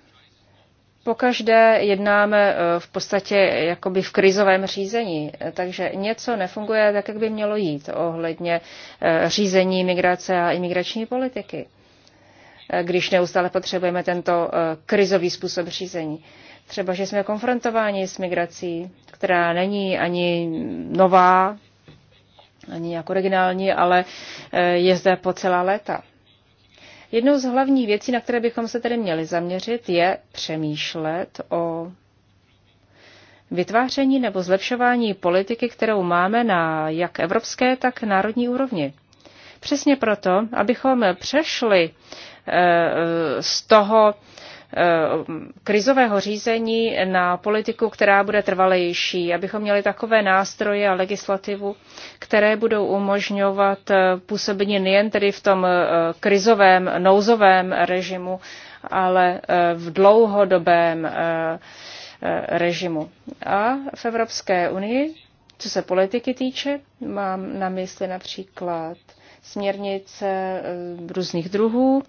pokaždé jednáme e, v podstatě jakoby v krizovém řízení, e, takže něco nefunguje tak, jak by mělo jít ohledně e, řízení migrace a imigrační politiky když neustále potřebujeme tento krizový způsob řízení. Třeba, že jsme konfrontováni s migrací, která není ani nová, ani jako originální, ale je zde po celá léta. Jednou z hlavních věcí, na které bychom se tedy měli zaměřit, je přemýšlet o vytváření nebo zlepšování politiky, kterou máme na jak evropské, tak národní úrovni. Přesně proto, abychom přešli eh, z toho Eh, krizového řízení na politiku, která bude trvalejší, abychom měli takové nástroje a legislativu, které budou umožňovat eh, působení nejen tedy v tom eh, krizovém, nouzovém režimu, ale v dlouhodobém režimu. A v Evropské unii, co se politiky týče, mám na mysli například směrnice různých druhů,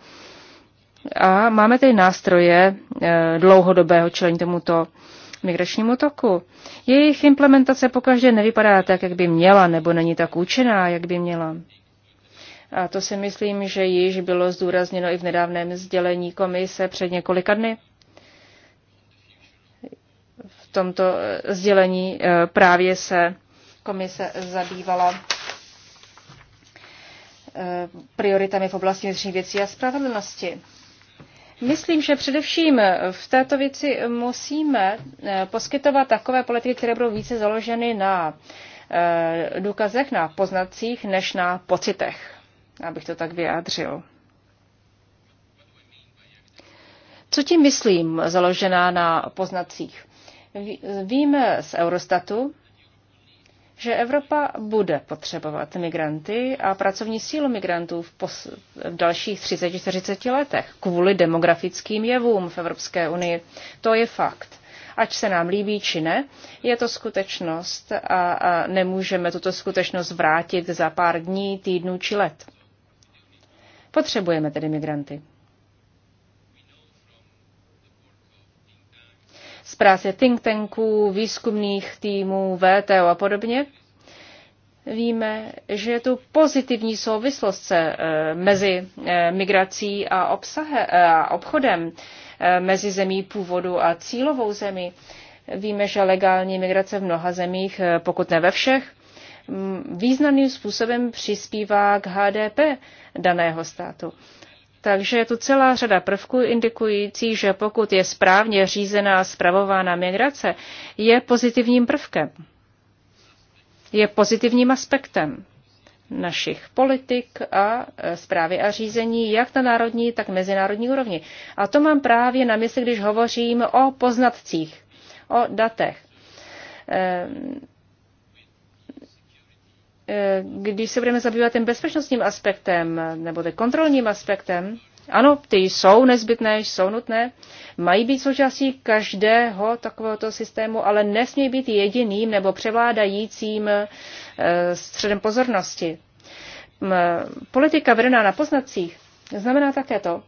a máme tady nástroje eh, dlouhodobého čelení tomuto migračnímu toku. Jejich implementace pokaždé nevypadá tak, jak by měla, nebo není tak účinná, jak by měla. A to si myslím, že již bylo zdůrazněno i v nedávném sdělení komise před několika dny. V tomto eh, sdělení eh, právě se komise zabývala prioritami v oblasti vnitřních věcí a spravedlnosti. Myslím, že především eh, v této věci musíme eh, poskytovat takové politiky, které budou více založeny na eh, důkazech, na poznacích, než na pocitech, abych to tak vyjádřil. Co tím myslím, založená na poznacích? Víme z Eurostatu, že Evropa bude potřebovat migranty a pracovní sílu migrantů v, pos- v dalších 30-40 letech kvůli demografickým jevům v Evropské unii. To je fakt. Ať se nám líbí či ne, je to skutečnost a, a nemůžeme tuto skutečnost vrátit za pár dní, týdnů či let. Potřebujeme tedy migranty. z práce think tanků, výzkumných týmů, VTO a podobně, víme, že je tu pozitivní souvislost eh, mezi eh, migrací a, obsahe, eh, a obchodem mezi zemí původu a cílovou zemí. Víme, že legální migrace v mnoha zemích, pokud ne ve všech, mm, významným způsobem přispívá k HDP daného státu. Takže je tu celá řada prvků indikující, že pokud je správně řízená a spravována migrace, je pozitivním prvkem. Je pozitivním aspektem našich politik a e, zprávy a řízení, jak na národní, tak mezinárodní úrovni. A to mám právě na mysli, když hovořím o poznatcích, o datech. Ehm, Eh, když se budeme zabývat tím bezpečnostním aspektem nebo tím kontrolním aspektem, ano, ty jsou nezbytné, jsou nutné, mají být součástí každého takovéhoto systému, ale nesmí být jediným nebo převládajícím eh, středem pozornosti. Politika vedená na poznacích znamená také to,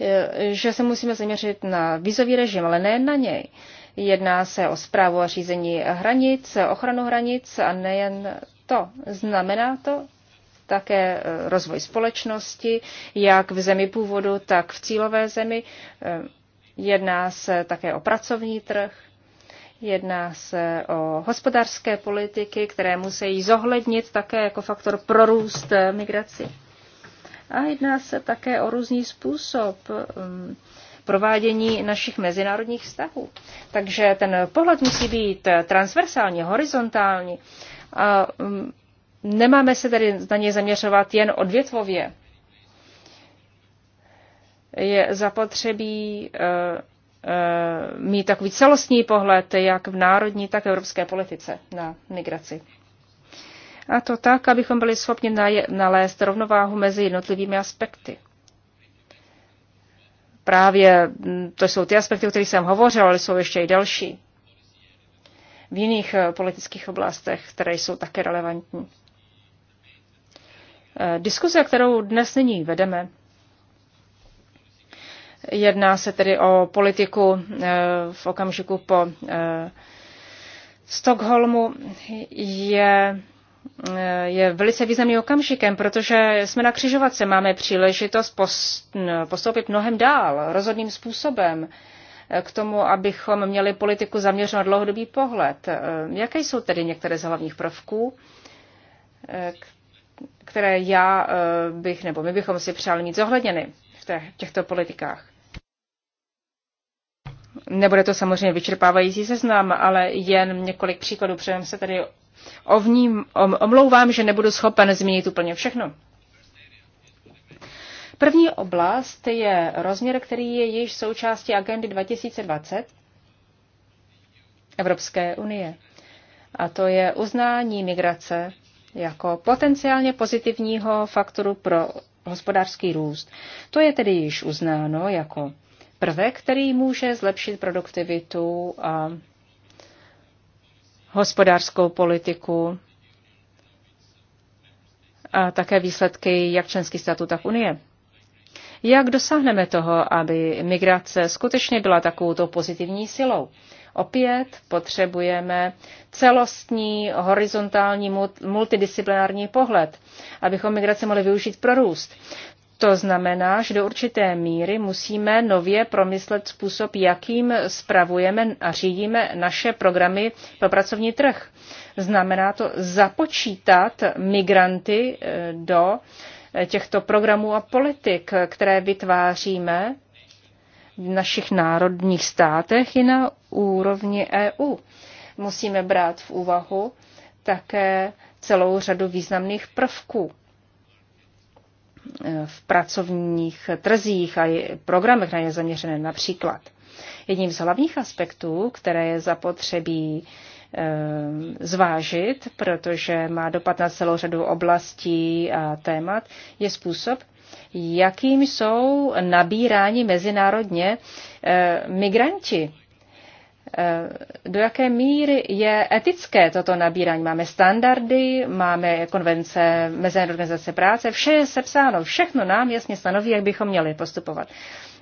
eh, že se musíme zaměřit na vízový režim, ale ne na něj. Jedná se o zprávu a řízení hranic, ochranu hranic a nejen to. Znamená to také e, rozvoj společnosti, jak v zemi původu, tak v cílové zemi. E, jedná se také o pracovní trh, jedná se o hospodářské politiky, které musí zohlednit také jako faktor pro růst e, migraci. A jedná se také o různý způsob provádění našich mezinárodních vztahů. Takže ten pohled musí být transversální, horizontální. A mm, nemáme se tedy na ně zaměřovat jen odvětvově. Je zapotřebí e, e, mít takový celostní pohled jak v národní, tak v evropské politice na migraci. A to tak, abychom byli schopni nalézt rovnováhu mezi jednotlivými aspekty právě mm, to jsou ty aspekty, o kterých jsem hovořil, ale jsou ještě i další v jiných eh, politických oblastech, které jsou také relevantní. Eh, diskuze, kterou dnes nyní vedeme, jedná se tedy o politiku eh, v okamžiku po Stockholmu, je je velice významným okamžikem, protože jsme na křižovatce, máme příležitost postoupit mnohem dál, rozhodným způsobem k tomu, abychom měli politiku zaměřenou na dlouhodobý pohled. Jaké jsou tedy některé z hlavních prvků, které já eh, bych, nebo my bychom si přáli mít zohledněny v těchto politikách? Nebude to samozřejmě vyčerpávající seznam, ale jen několik příkladů. Přejeme se tedy ovním, omlouvám, že nebudu schopen zmínit úplně všechno. První oblast je rozměr, který je již součástí agendy 2020 Evropské unie. A to je uznání migrace jako potenciálně pozitivního faktoru pro hospodářský růst. To je tedy již uznáno jako prvek, který může zlepšit produktivitu a hospodářskou politiku a také výsledky jak členský státu tak Unie. Jak dosáhneme toho, aby migrace skutečně byla takovou pozitivní silou? Opět potřebujeme celostní, horizontální, multidisciplinární pohled, abychom migrace mohli využít pro růst. To znamená, že do určité míry musíme nově promyslet způsob, jakým spravujeme a řídíme naše programy pro pracovní trh. Znamená to započítat migranty eh, do eh, těchto programů a politik, které vytváříme v našich národních státech i na úrovni EU. Musíme brát v úvahu také celou řadu významných prvků v pracovních trzích a programech na ně zaměřené například. Jedním z hlavních aspektů, které je zapotřebí eh, zvážit, protože má dopad na celou řadu oblastí a témat, je způsob, jakým jsou nabíráni mezinárodně eh, migranti Eh, do jaké míry je etické toto nabírání. Máme standardy, máme konvence Mezinárodní organizace práce, vše je sepsáno, všechno nám jasně stanoví, jak bychom měli postupovat.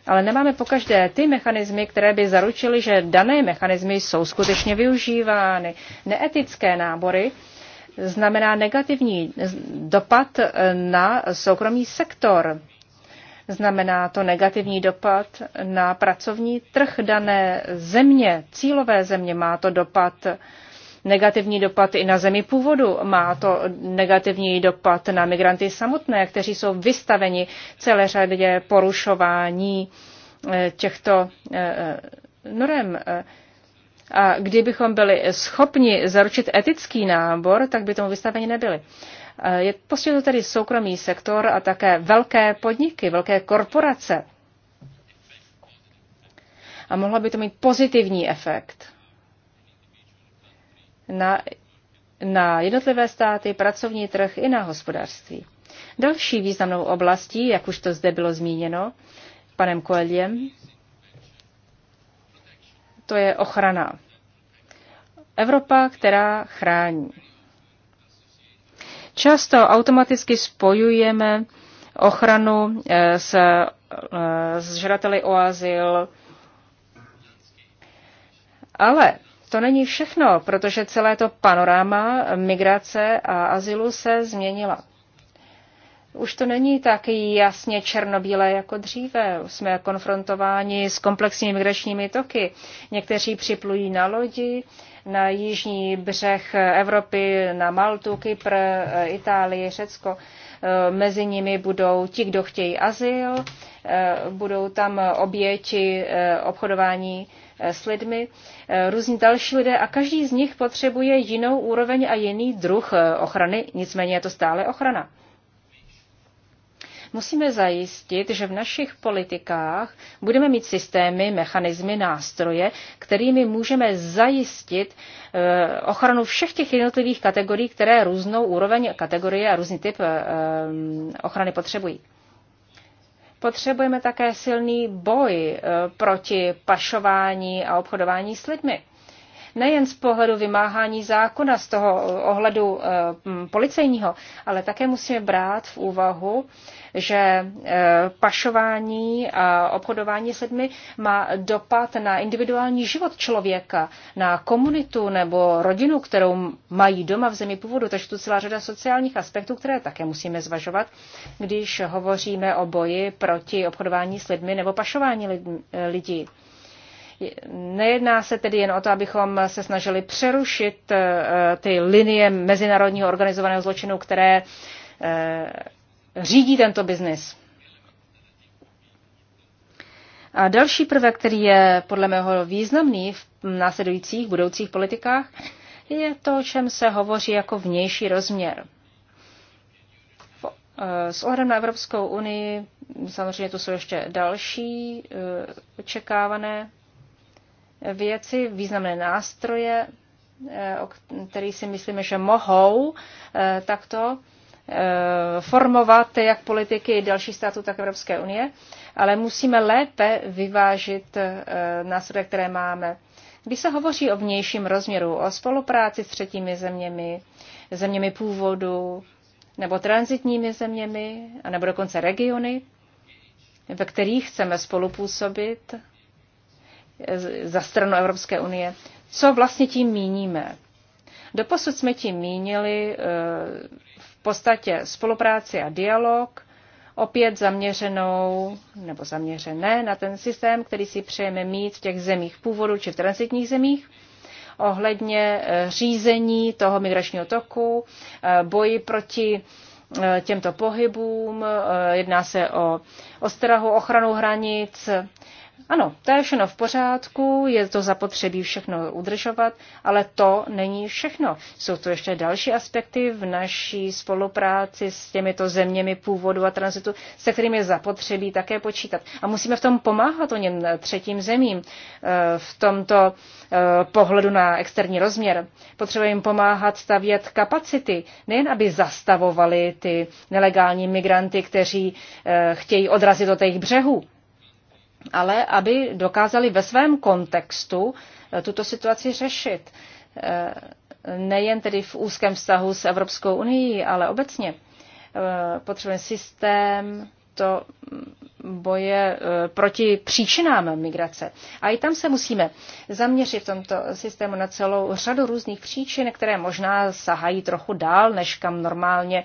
Ale nemáme pokaždé ty mechanismy, které by zaručily, že dané mechanismy jsou skutečně využívány. Neetické nábory znamená negativní dopad eh, na soukromý sektor Znamená to negativní dopad na pracovní trh dané země, cílové země. Má to dopad negativní dopad i na zemi původu. Má to negativní dopad na migranty samotné, kteří jsou vystaveni celé řadě porušování eh, těchto eh, eh, norem. A kdybychom byli schopni zaručit etický nábor, tak by tomu vystaveni nebyli. Eh, je to tedy soukromý sektor a také velké podniky, velké korporace. A mohla by to mít pozitivní efekt na, na jednotlivé státy, pracovní trh i na hospodářství. Další významnou oblastí, jak už to zde bylo zmíněno panem Koeliem, to je ochrana. Evropa, která chrání. Často automaticky spojujeme ochranu eh, s, eh, s žadateli o azyl, ale to není všechno, protože celé to panoráma migrace a azylu se změnila. Už to není tak jasně černobílé jako dříve. Jsme konfrontováni s komplexními migračními toky. Někteří připlují na lodi, na jižní břeh Evropy, na Maltu, Kypr, eh, Itálii, Řecko. Eh, mezi nimi budou ti, kdo chtějí azyl, eh, budou tam oběti obchodování s lidmi, různí další lidé a každý z nich potřebuje jinou úroveň a jiný druh ochrany, nicméně je to stále ochrana. Musíme zajistit, že v našich politikách budeme mít systémy, mechanismy, nástroje, kterými můžeme zajistit eh, ochranu všech těch jednotlivých kategorií, které různou úroveň kategorie a různý typ eh, eh, ochrany potřebují. Potřebujeme také silný boj proti pašování a obchodování s lidmi nejen z pohledu vymáhání zákona, z toho ohledu eh, policejního, ale také musíme brát v úvahu, že eh, pašování a obchodování s lidmi má dopad na individuální život člověka, na komunitu nebo rodinu, kterou mají doma v zemi původu. Takže tu celá řada sociálních aspektů, které také musíme zvažovat, když hovoříme o boji proti obchodování s lidmi nebo pašování lidí. Nejedná se tedy jen o to, abychom se snažili přerušit eh, ty linie mezinárodního organizovaného zločinu, které eh, řídí tento biznis. A další prvek, který je podle mého významný v následujících budoucích politikách, je to, o čem se hovoří jako vnější rozměr. Eh, s ohledem na Evropskou unii samozřejmě tu jsou ještě další očekávané věci, významné nástroje, eh, o který si myslíme, že mohou eh, takto eh, formovat jak politiky i další států, tak Evropské unie, ale musíme lépe vyvážit nástroje, které máme. Když se hovoří o vnějším rozměru, o spolupráci s třetími zeměmi, zeměmi původu nebo transitními zeměmi, nebo dokonce regiony, ve kterých chceme spolupůsobit, za stranu Evropské unie, co vlastně tím míníme. Doposud jsme tím mínili eh, v podstatě spolupráci a dialog, opět zaměřenou nebo zaměřené na ten systém, který si přejeme mít v těch zemích původu či v transitních zemích ohledně eh, řízení toho migračního toku, eh, boji proti těmto pohybům, jedná se o ostrahu, ochranu hranic, ano, to je všechno v pořádku, je to zapotřebí všechno udržovat, ale to není všechno. Jsou to ještě další aspekty v naší spolupráci s těmito zeměmi původu a transitu, se kterými je zapotřebí také počítat. A musíme v tom pomáhat o něm eh, třetím zemím eh, v tomto eh, pohledu na externí rozměr. Potřebujeme jim pomáhat stavět kapacity, nejen aby zastavovali ty nelegální migranty, kteří chtějí odrazit od jejich břehů, ale aby dokázali ve svém kontextu eh, tuto situaci řešit. Eh, nejen tedy v úzkém vztahu s Evropskou unii, ale obecně. Eh, potřebujeme systém to boje proti příčinám migrace. A i tam se musíme zaměřit v tomto systému na celou řadu různých příčin, které možná sahají trochu dál, než kam normálně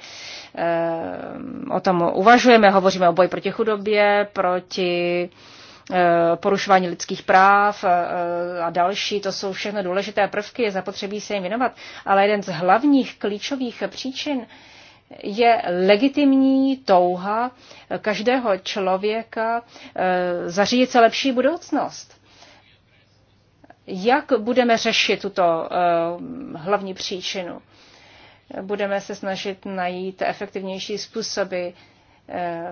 o tom uvažujeme. Hovoříme o boji proti chudobě, proti Eh, porušování lidských práv eh, eh, a další, to jsou všechno důležité prvky, je zapotřebí se jim věnovat. Ale jeden z hlavních klíčových příčin je legitimní touha každého člověka zařídit se lepší budoucnost. Jak budeme řešit tuto hlavní příčinu? Budeme se snažit najít efektivnější způsoby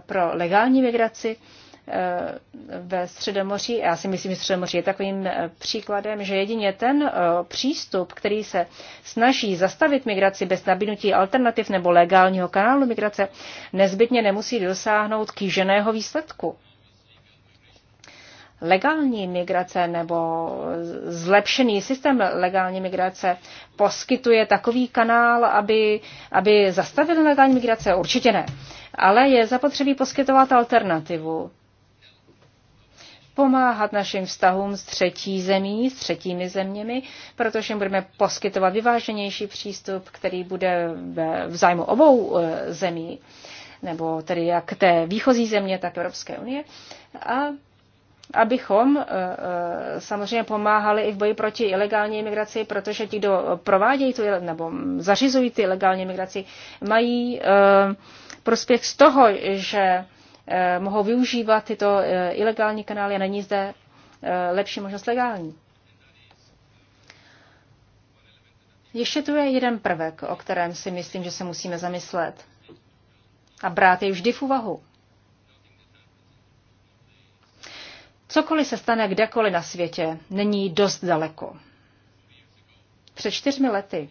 pro legální migraci ve Středomoří. Já si myslím, že Středomoří je takovým eh, příkladem, že jedině ten eh, přístup, který se snaží zastavit migraci bez nabídnutí alternativ nebo legálního kanálu migrace, nezbytně nemusí dosáhnout kýženého výsledku. Legální migrace nebo zlepšený systém legální migrace poskytuje takový kanál, aby, aby zastavil legální migrace? Určitě ne. Ale je zapotřebí poskytovat alternativu pomáhat našim vztahům s třetí zemí, s třetími zeměmi, protože jim budeme poskytovat vyváženější přístup, který bude v zájmu obou eh, zemí, nebo tedy jak té výchozí země, tak Evropské unie. A abychom eh, eh, samozřejmě pomáhali i v boji proti ilegální imigraci, protože ti, kdo provádějí tu, nebo zařizují ty ilegální imigraci, mají prospěch z toho, že Eh, mohou využívat tyto eh, ilegální kanály a není zde eh, lepší možnost legální. Ještě tu je jeden prvek, o kterém si myslím, že se musíme zamyslet a brát jej vždy v úvahu. Cokoliv se stane kdekoliv na světě, není dost daleko. Před čtyřmi lety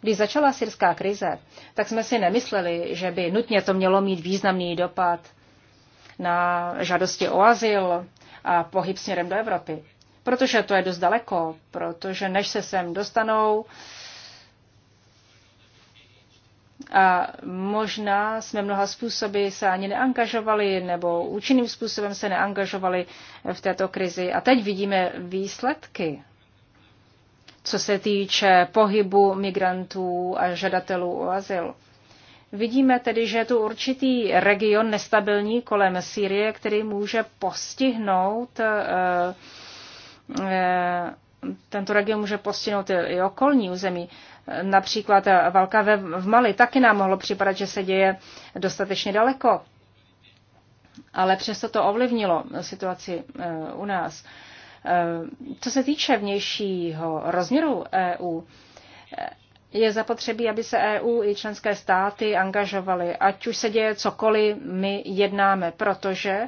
když začala syrská krize, tak jsme si nemysleli, že by nutně to mělo mít významný dopad na žádosti o azyl a pohyb směrem do Evropy. Protože to je dost daleko, protože než se sem dostanou, a možná jsme mnoha způsoby se ani neangažovali nebo účinným způsobem se neangažovali v této krizi. A teď vidíme výsledky co se týče pohybu migrantů a žadatelů o azyl. Vidíme tedy, že je tu určitý region nestabilní kolem Sýrie, který může postihnout eh, eh, tento region může postihnout i okolní území. Například válka v Mali taky nám mohlo připadat, že se děje dostatečně daleko. Ale přesto to ovlivnilo situaci eh, u nás. Eh, co se týče vnějšího rozměru EU, eh, je zapotřebí, aby se EU i členské státy angažovaly. Ať už se děje cokoliv, my jednáme, protože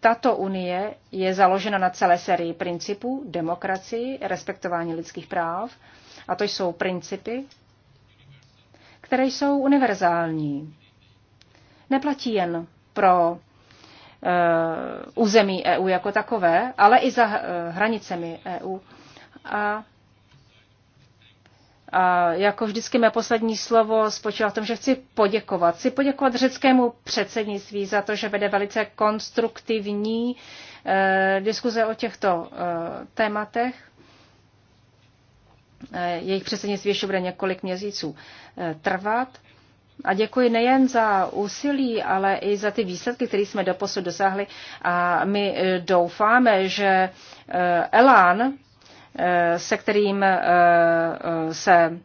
tato unie je založena na celé sérii principů demokracii, respektování lidských práv. A to jsou principy, které jsou univerzální. Neplatí jen pro Eh, území EU jako takové, ale i za eh, hranicemi EU. A, a jako vždycky mé poslední slovo spočívá v tom, že chci poděkovat. Chci poděkovat řeckému předsednictví za to, že vede velice konstruktivní eh, diskuze o těchto eh, tématech. Eh, jejich předsednictví ještě bude několik měsíců eh, trvat. Eh, a děkuji nejen za úsilí, ale i za ty výsledky, které jsme doposud dosáhli. A my e, doufáme, že e, Elán, e, se kterým se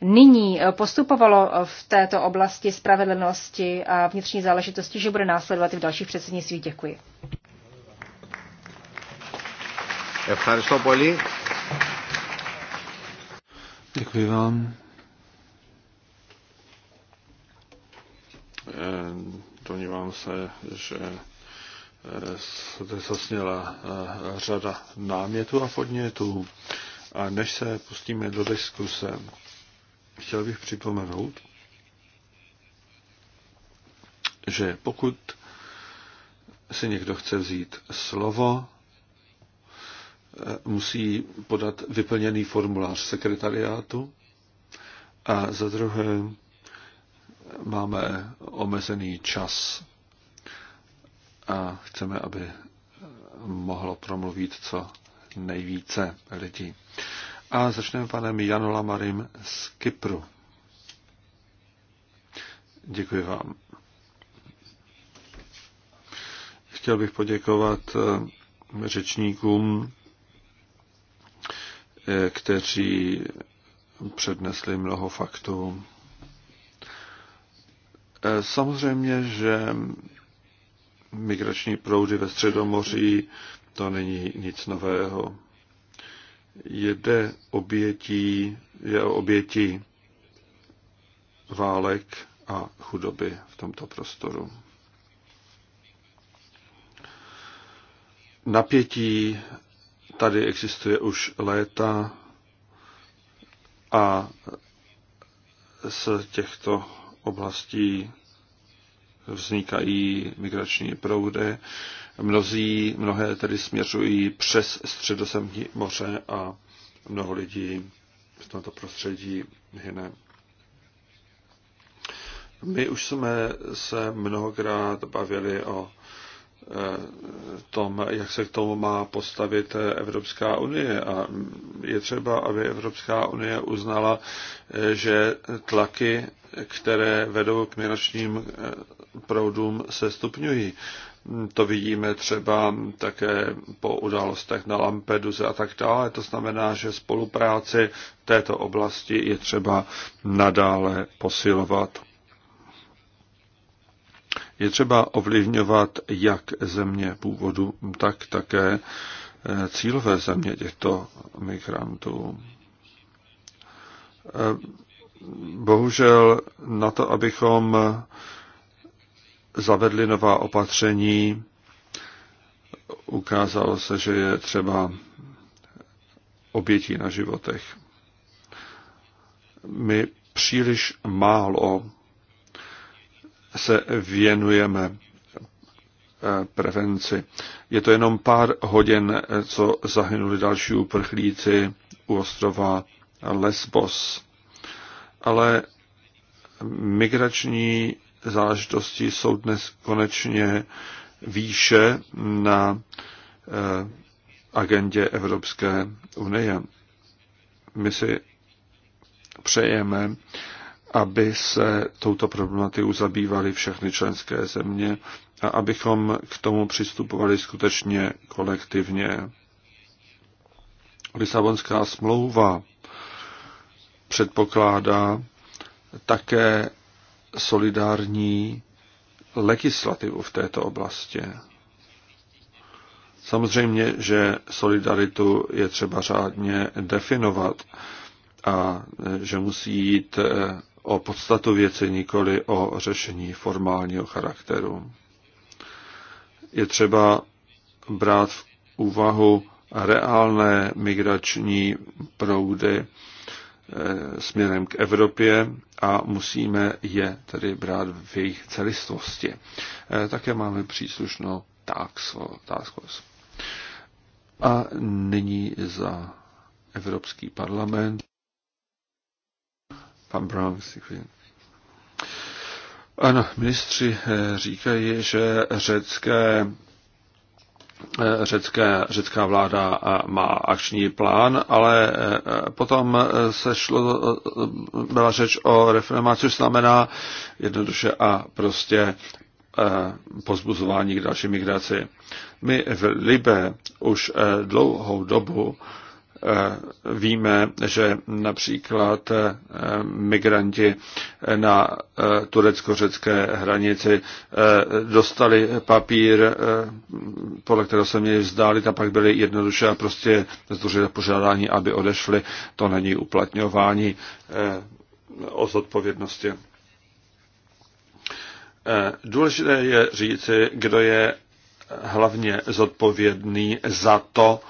nyní postupovalo v této oblasti spravedlnosti a vnitřní záležitosti, že bude následovat i v dalších předsednictvích. Děkuji. Děkuji vám. Domnívám se, že se eh, zasněla eh, řada námětů a podnětů. A než se pustíme do diskuse, chtěl bych připomenout, že pokud si někdo chce vzít slovo, eh, musí podat vyplněný formulář sekretariátu a za druhé máme omezený čas a chceme, aby mohlo promluvit co nejvíce lidí. A začneme panem Janu Lamarim z Kypru. Děkuji vám. Chtěl bych poděkovat eh, řečníkům, eh, kteří přednesli mnoho faktů. Eh, samozřejmě, že migrační proudy ve Středomoří to není nic nového. Jede obětí, je o obětí válek a chudoby v tomto prostoru. Napětí tady existuje už léta a z těchto oblastí vznikají migrační proudy. Mnozí, mnohé tedy směřují přes středozemní moře a mnoho lidí v tomto prostředí hyne. My už jsme se mnohokrát bavili o Eh, tom, jak se k tomu má postavit Evropská unie. A je třeba, aby Evropská unie uznala, eh, že tlaky, které vedou k měračním eh, proudům, se stupňují. To vidíme třeba také po událostech na Lampeduze a tak dále. To znamená, že spolupráci v této oblasti je třeba nadále posilovat. Je třeba ovlivňovat jak země původu, tak také eh, cílové země těchto migrantů. Eh, bohužel na to, abychom zavedli nová opatření, ukázalo se, že je třeba obětí na životech. My příliš málo se věnujeme eh, prevenci. Je to jenom pár hodin, eh, co zahynuli další uprchlíci u ostrova Lesbos. Ale migrační záležitosti jsou dnes konečně výše na eh, agendě Evropské unie. My si přejeme, aby se touto problematikou zabývaly všechny členské země a abychom k tomu přistupovali skutečně kolektivně. Lisabonská smlouva předpokládá také solidární legislativu v této oblasti. Samozřejmě, že solidaritu je třeba řádně definovat a že musí jít eh, o podstatu věci, nikoli o řešení formálního charakteru. Je třeba brát v úvahu reálné migrační proudy eh, směrem k Evropě a musíme je tedy brát v jejich celistvosti. Eh, také máme příslušnou taxos. A nyní za Evropský parlament Pan Brown děkuji. Ano, ministři eh, říkají, že řecké, eh, řecké, řecká vláda eh, má akční plán, ale potom se šlo, byla řeč o reformaci, což znamená jednoduše a prostě pozbuzování k další migraci. My v Libe už dlouhou dobu Eh, víme, že například eh, migranti eh, na turecko-řecké hranici dostali papír, podle kterého se měli vzdálit a pak byli jednoduše a prostě združili požádání, aby odešli. To není uplatňování o zodpovědnosti. Důležité je říci, kdo je hlavně zodpovědný za to,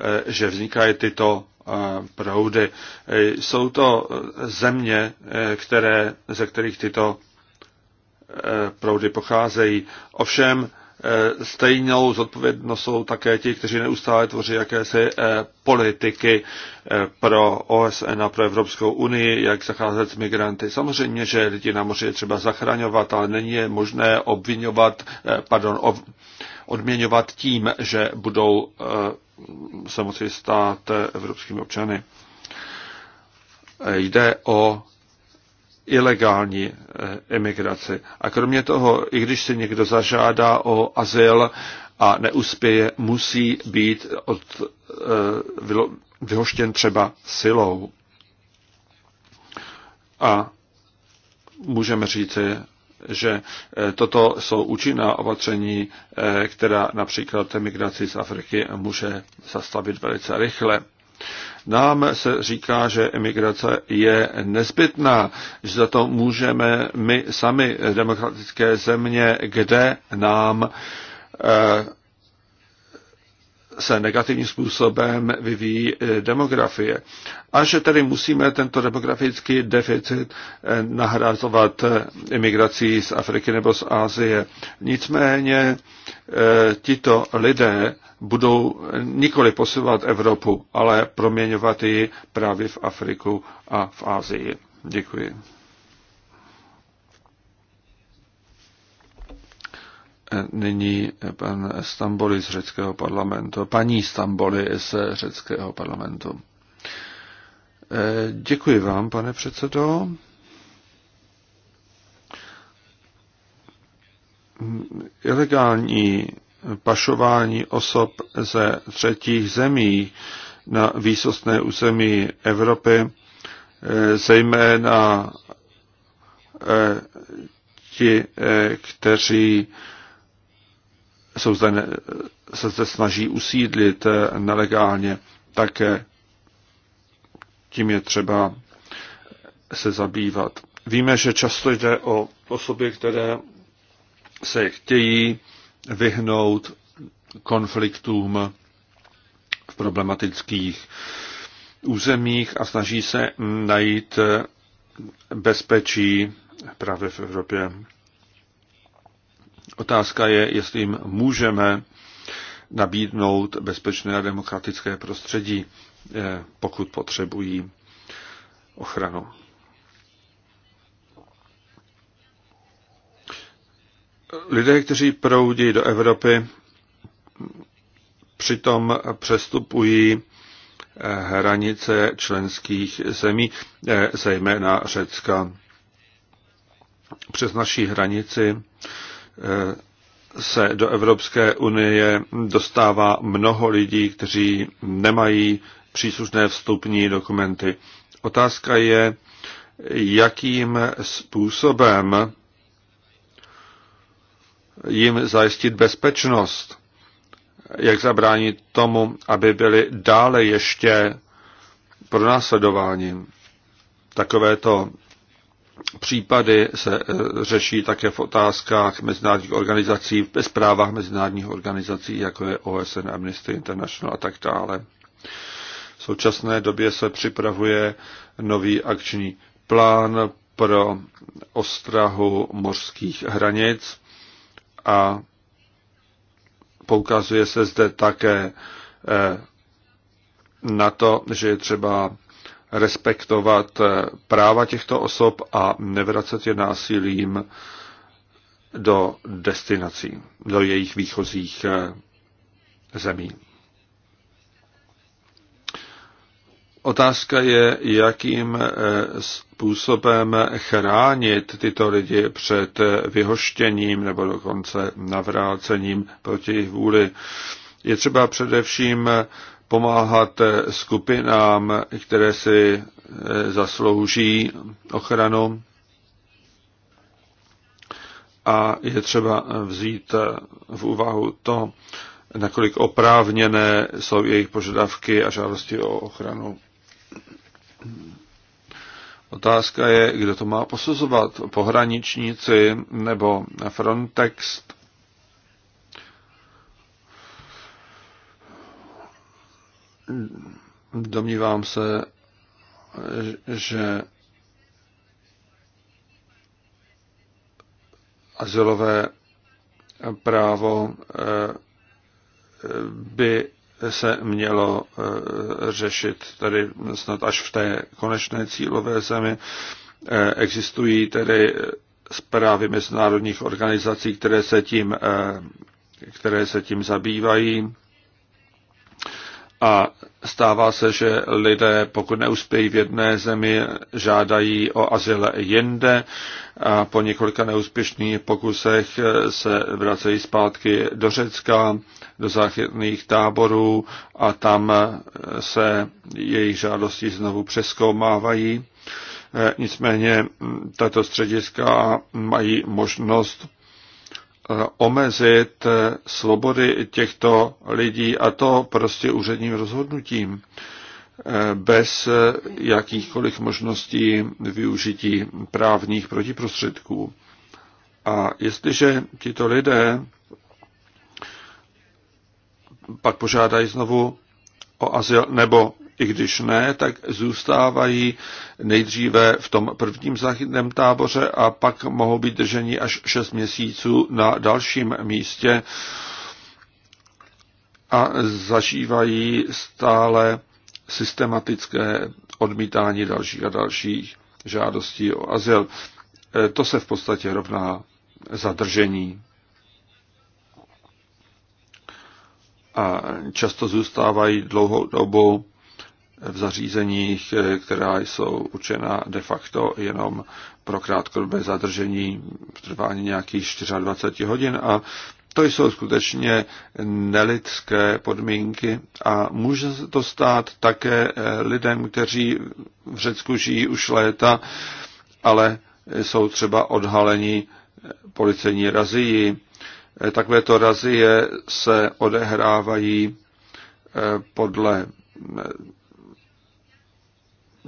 Eh, že vznikají tyto eh, proudy. Eh, jsou to země, které, ze kterých tyto proudy pocházejí. Ovšem stejnou zodpovědnost jsou také ti, kteří neustále tvoří jakési politiky pro OSN a pro Evropskou unii, jak zacházet s migranty. Samozřejmě, že lidi na moři je třeba zachraňovat, ale není je možné obvinovat, pardon, ob, odměňovat tím, že budou eh, se moci stát eh, evropskými občany. Eh, jde o ilegální emigraci. A kromě toho, i když se někdo zažádá o azyl a neuspěje, musí být od, vyhoštěn třeba silou. A můžeme říci, že eh, toto jsou účinná opatření, eh, která například migraci z Afriky může zastavit velice rychle. Nám se říká, že emigrace je nezbytná, že za to můžeme my sami, demokratické země, kde nám eh, se negativním způsobem vyvíjí eh, demografie. A že tedy musíme tento demografický deficit eh, nahrazovat eh, imigrací z Afriky nebo z Asie. Nicméně tito lidé budou nikoli posilovat Evropu, ale proměňovat ji právě v Afriku a v Asii. Děkuji. nyní pan Stamboli z řeckého parlamentu, paní Stamboli z řeckého parlamentu. Eh, děkuji vám, pane předsedo. Ilegální pašování osob ze třetích zemí na výsostné území Evropy, eh, zejména eh, ti, kteří jsou zde, se zde snaží usídlit eh, nelegálně, tak eh, tím je třeba se zabývat. Víme, že často jde o osoby, které se chtějí vyhnout konfliktům v problematických územích a snaží se najít eh, bezpečí právě v Evropě. Otázka je, jestli jim můžeme nabídnout bezpečné a demokratické prostředí, eh, pokud potřebují ochranu. Lidé, kteří proudí do Evropy, přitom přestupují eh, hranice členských zemí, eh, zejména Řecka. Přes naší hranici Eh, se do Evropské unie dostává mnoho lidí, kteří nemají příslušné vstupní dokumenty. Otázka je, jakým způsobem jim zajistit bezpečnost, jak zabránit tomu, aby byli dále ještě pronásledováni. Takovéto případy se eh, řeší také v otázkách mezinárodních organizací, ve zprávách mezinárodních organizací, jako je OSN, Amnesty International a tak dále. V současné době se připravuje nový akční plán pro ostrahu mořských hranic a poukazuje se zde také eh, na to, že je třeba respektovat eh, práva těchto osob a nevracet je násilím do destinací, do jejich výchozích eh, zemí. Otázka je, jakým eh, způsobem chránit tyto lidi před vyhoštěním nebo dokonce navrácením proti jejich vůli. Je třeba především pomáhat skupinám, které si e, zaslouží ochranu. A je třeba vzít e, v úvahu to, nakolik oprávněné jsou jejich požadavky a žádosti o ochranu. Otázka je, kdo to má posuzovat, pohraničníci nebo Frontex domnívám se, že azylové právo eh, by se mělo eh, řešit tady snad až v té konečné cílové zemi. Eh, existují tedy zprávy mezinárodních organizací, které se tím, které se tím zabývají a stává se, že lidé, pokud neuspějí v jedné zemi, žádají o azyl jinde a po několika neúspěšných pokusech se vracejí zpátky do Řecka, do záchytných táborů a tam se jejich žádosti znovu přeskoumávají. E, nicméně tato střediska mají možnost Eh, omezit eh, svobody těchto lidí a to prostě úředním rozhodnutím eh, bez jakýchkoliv možností využití právních protiprostředků. A jestliže tito lidé pak požádají znovu o azyl nebo i když ne, tak zůstávají nejdříve v tom prvním záchytném táboře a pak mohou být drženi až 6 měsíců na dalším místě a zažívají stále systematické odmítání dalších a dalších žádostí o azyl. E, to se v podstatě rovná zadržení. A často zůstávají dlouhou dobu v zařízeních, eh, která jsou učena de facto jenom pro krátkodobé zadržení v trvání nějakých 24 hodin a to jsou skutečně nelidské podmínky a může se to stát také eh, lidem, kteří v Řecku žijí už léta, ale jsou třeba odhaleni eh, policejní razii. Takovéto razie se odehrávají podle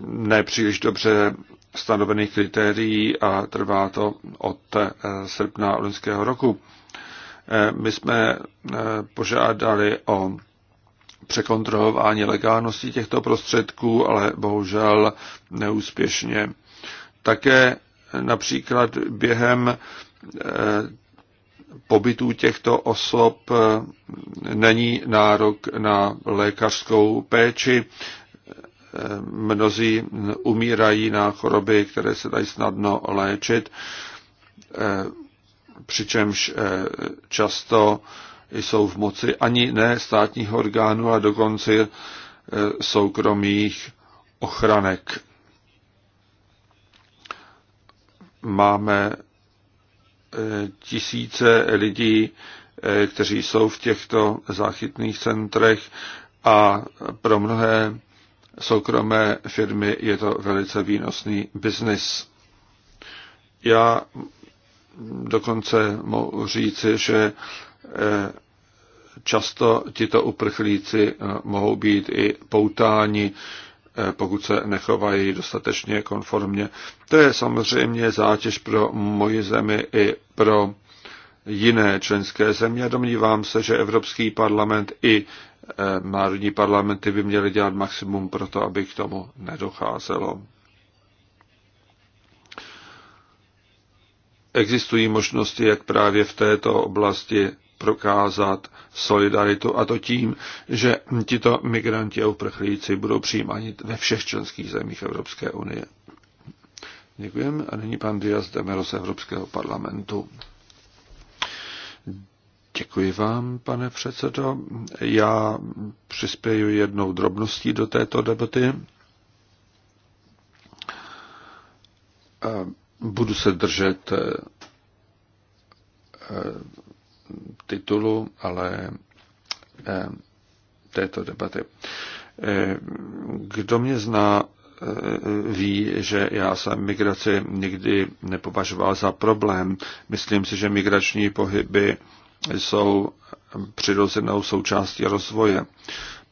nepříliš dobře stanovených kritérií a trvá to od eh, srpna loňského roku. Eh, my jsme eh, požádali o překontrolování legálnosti těchto prostředků, ale bohužel neúspěšně. Také například během pobytů těchto osob není nárok na lékařskou péči, mnozí umírají na choroby, které se dají snadno léčit, eh, přičemž eh, často jsou v moci ani ne státních orgánů, a dokonce eh, soukromých ochranek. Máme tisíce lidí, kteří jsou v těchto záchytných centrech a pro mnohé soukromé firmy je to velice výnosný biznis. Já dokonce mohu říci, že eh, často tito uprchlíci eh, mohou být i poutáni, eh, pokud se nechovají dostatečně konformně. To je samozřejmě zátěž pro moji zemi i pro jiné členské země. Domnívám se, že Evropský parlament i Eh, národní parlamenty by měly dělat maximum pro to, aby k tomu nedocházelo. Existují možnosti, jak právě v této oblasti prokázat solidaritu a to tím, že tito migranti a uprchlíci budou přijímáni ve všech členských zemích Evropské unie. Děkujeme a nyní pan Diaz Demero z Evropského parlamentu. Děkuji vám, pane předsedo. Já přispěju jednou drobností do této debaty. Budu se držet eh, eh, titulu, ale eh, této debaty. Kdo mě zná, ví, že já jsem migraci nikdy nepovažoval za problém. Myslím si, že migrační pohyby jsou přirozenou součástí rozvoje.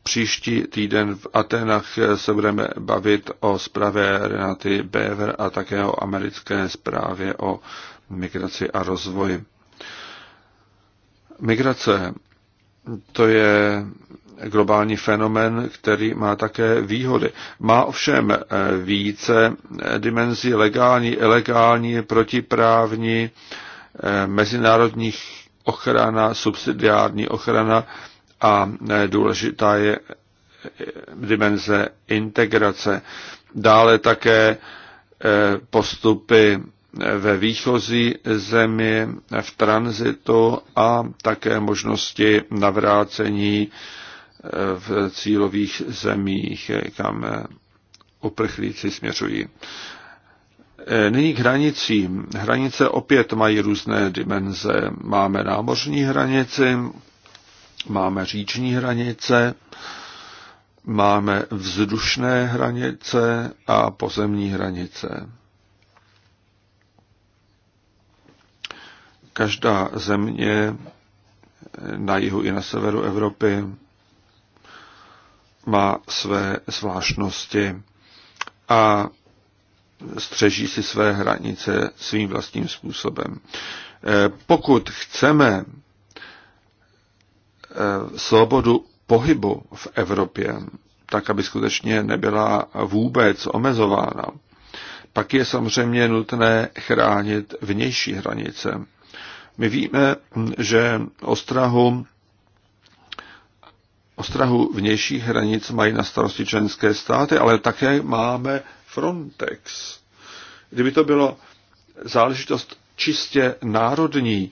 Příští týden v Atenách se budeme bavit o zprávě Renaty Bever a také o americké zprávě o migraci a rozvoji. Migrace to je globální fenomén, který má také výhody. Má ovšem eh, více eh, dimenzí legální, ilegální, protiprávní, eh, mezinárodních ochrana, subsidiární ochrana a e, důležitá je e, dimenze integrace. Dále také e, postupy ve výchozí zemi, v tranzitu a také možnosti navrácení v cílových zemích, kam uprchlíci směřují. Eh, nyní k hranicím. Hranice opět mají různé dimenze. Máme námořní hranici, máme říční hranice, máme vzdušné hranice a pozemní hranice. Každá země eh, na jihu i na severu Evropy má své zvláštnosti a střeží si své hranice svým vlastním způsobem. Eh, pokud chceme eh, svobodu pohybu v Evropě, tak aby skutečně nebyla vůbec omezována, pak je samozřejmě nutné chránit vnější hranice. My víme, že ostrahu, ostrahu vnějších hranic mají na starosti členské státy, ale také máme Frontex, kdyby to bylo záležitost čistě národní,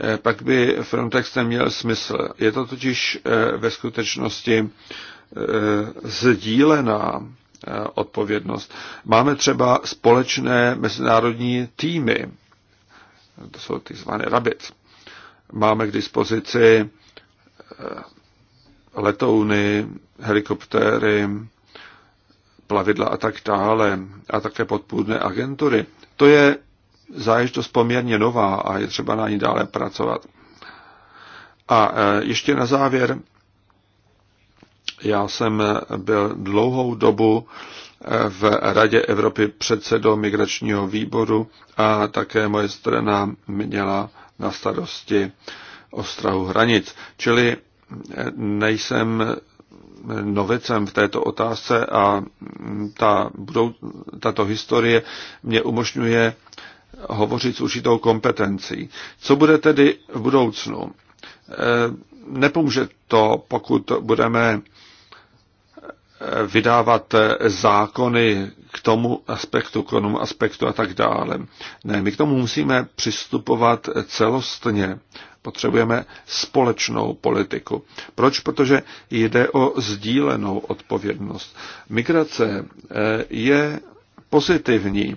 eh, pak by Frontex neměl smysl. Je to totiž eh, ve skutečnosti eh, sdílená odpovědnost. Máme třeba společné mezinárodní týmy, to jsou ty zvané rabic. Máme k dispozici letouny, helikoptéry, plavidla a tak dále a také podpůrné agentury. To je záležitost poměrně nová a je třeba na ní dále pracovat. A e, ještě na závěr, já jsem byl dlouhou dobu e, v Radě Evropy předsedou migračního výboru a také moje strana měla na starosti ostrahu hranic. Čili e, nejsem Novicem v této otázce a ta budou, tato historie mě umožňuje hovořit s určitou kompetencí. Co bude tedy v budoucnu? Eh, nepomůže to, pokud budeme eh, vydávat zákony k tomu aspektu, k tomu aspektu a tak dále. Ne, my k tomu musíme přistupovat celostně Potřebujeme společnou politiku. Proč? Protože jde o sdílenou odpovědnost. Migrace eh, je pozitivní,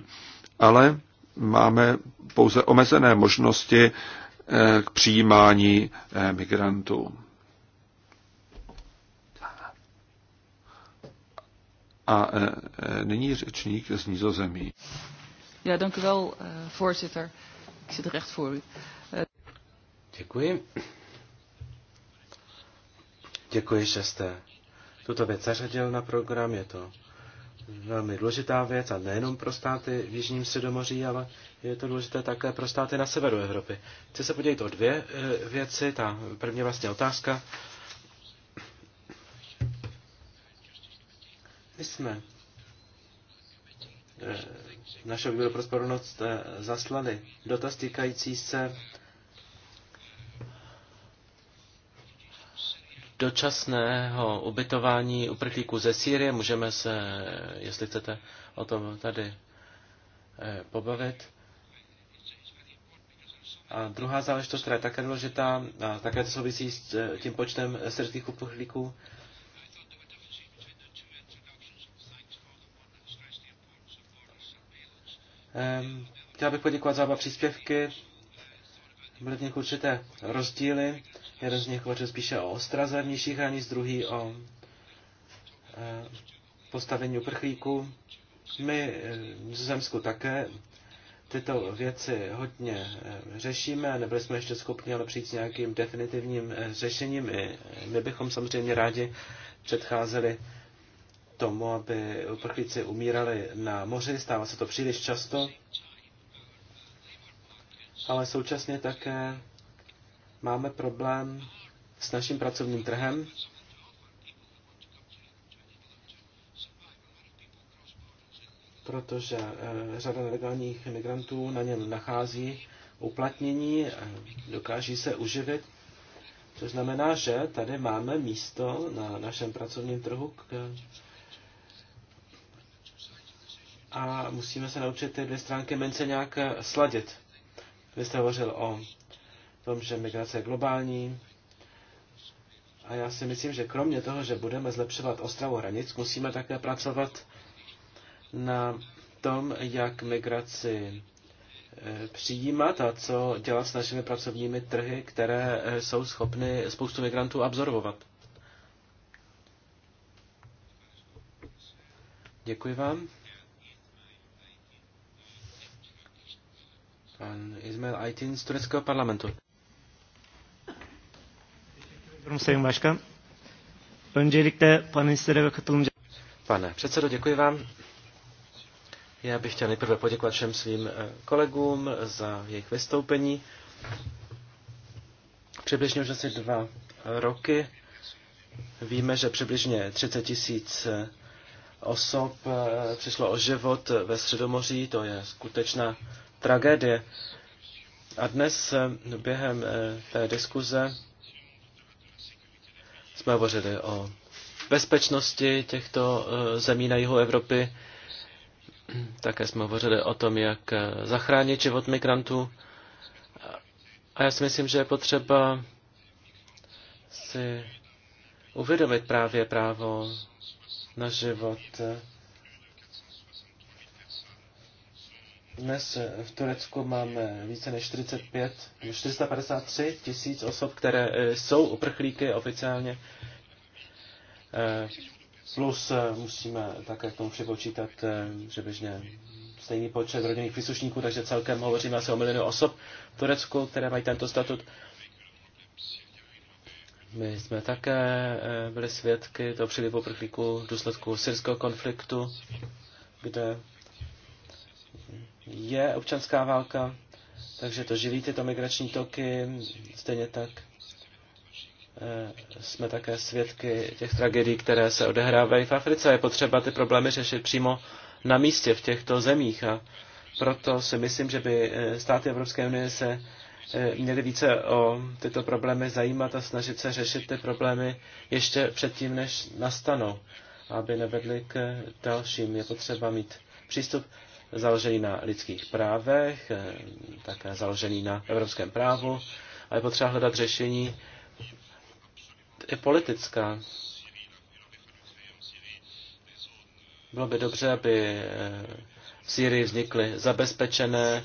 ale máme pouze omezené možnosti eh, k přijímání eh, migrantů. A nyní řečník z Nizozemí. Ja, dank u wel, voorzitter. Ik zit er recht voor u. Děkuji. Děkuji, že jste tuto věc zařadil na program. Je to velmi důležitá věc a nejenom pro státy v Jižním Sedomoří, ale je to důležité také pro státy na severu Evropy. Chci se podívat o dvě eh, věci. Ta první vlastně otázka. My jsme eh, našeho výboru pro spravedlnost eh, zaslali dotaz týkající se dočasného ubytování uprchlíků ze Sýrie. Můžeme se, jestli chcete, o tom tady eh, pobavit. A druhá záležitost, která je také důležitá, a také to souvisí s eh, tím počtem srdských uprchlíků, ehm, Chtěl bych poděkovat za oba příspěvky. Byly v nich určité rozdíly. Jeden z nich hovořil spíše o ostraze vnějších hranic, druhý o eh, postavení uprchlíků. My eh, v Zemsku také tyto věci hodně eh, řešíme a nebyli jsme ještě schopni ale přijít s nějakým definitivním řešením. I, my bychom samozřejmě rádi předcházeli tomu, aby uprchlíci umírali na moři. Stává se to příliš často. Ale současně také máme problém s naším pracovním trhem. protože eh, řada nelegálních migrantů na něm nachází uplatnění, eh, dokáží se uživit, což znamená, že tady máme místo na našem pracovním trhu k, a musíme se naučit ty dvě stránky mince nějak sladit. Vy jste hovořil o tom, že migrace je globální. A já si myslím, že kromě toho, že budeme zlepšovat ostravu hranic, musíme také pracovat na tom, jak migraci eh, přijímat a co dělat s našimi pracovními trhy, které eh, jsou schopny spoustu migrantů absorbovat. Děkuji vám. Pan Ismail Aitin z tureckého parlamentu. Teşekkür Sayın Başkan. Öncelikle panelistlere ve katılımcı... Pane předsedo, děkuji vám. Já bych chtěl nejprve poděkovat všem svým eh, kolegům za jejich vystoupení. Přibližně už asi dva roky víme, že přibližně 30 tisíc eh, osob eh, přišlo o život ve Středomoří. To je skutečná tragédie. A dnes během té diskuze jsme hovořili o bezpečnosti těchto e, zemí na jihu Evropy. Také jsme hovořili o tom, jak e, zachránit život migrantů. A já si myslím, že je potřeba si uvědomit právě právo na život Dnes v Turecku máme více než 45, 453 tisíc osob, které eh, jsou uprchlíky oficiálně. Eh, plus eh, musíme také k tomu připočítat přibližně stejný počet rodinných příslušníků, takže celkem hovoříme asi o milionu osob v Turecku, které mají tento statut. My jsme také byli svědky toho přílivu uprchlíků v důsledku syrského konfliktu, kde je občanská válka, takže to živí tyto migrační toky, stejně tak eh, jsme také svědky těch tragédií, které se odehrávají v Africe. Je potřeba ty problémy řešit přímo na místě v těchto zemích a proto si myslím, že by eh, státy Evropské unie se eh, měly více o tyto problémy zajímat a snažit se řešit ty problémy ještě předtím, než nastanou, aby nevedly k dalším. Je potřeba mít přístup založený na lidských právech, eh, také založený na evropském právu a je potřeba hledat řešení i politická. Bylo by dobře, aby eh, v Sýrii vznikly zabezpečené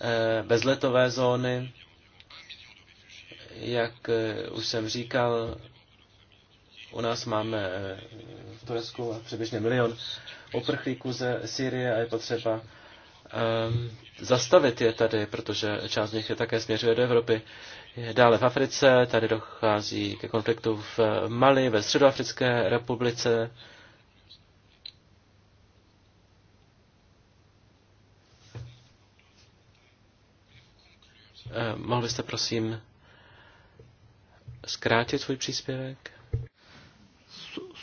eh, bezletové zóny. Jak už jsem říkal, u nás máme v Turecku přibližně milion uprchlíků ze Syrie a je potřeba um, zastavit je tady, protože část z nich je také směřuje do Evropy. Dále v Africe, tady dochází ke konfliktu v Mali, ve Středoafrické republice. Ehm, mohl byste prosím zkrátit svůj příspěvek?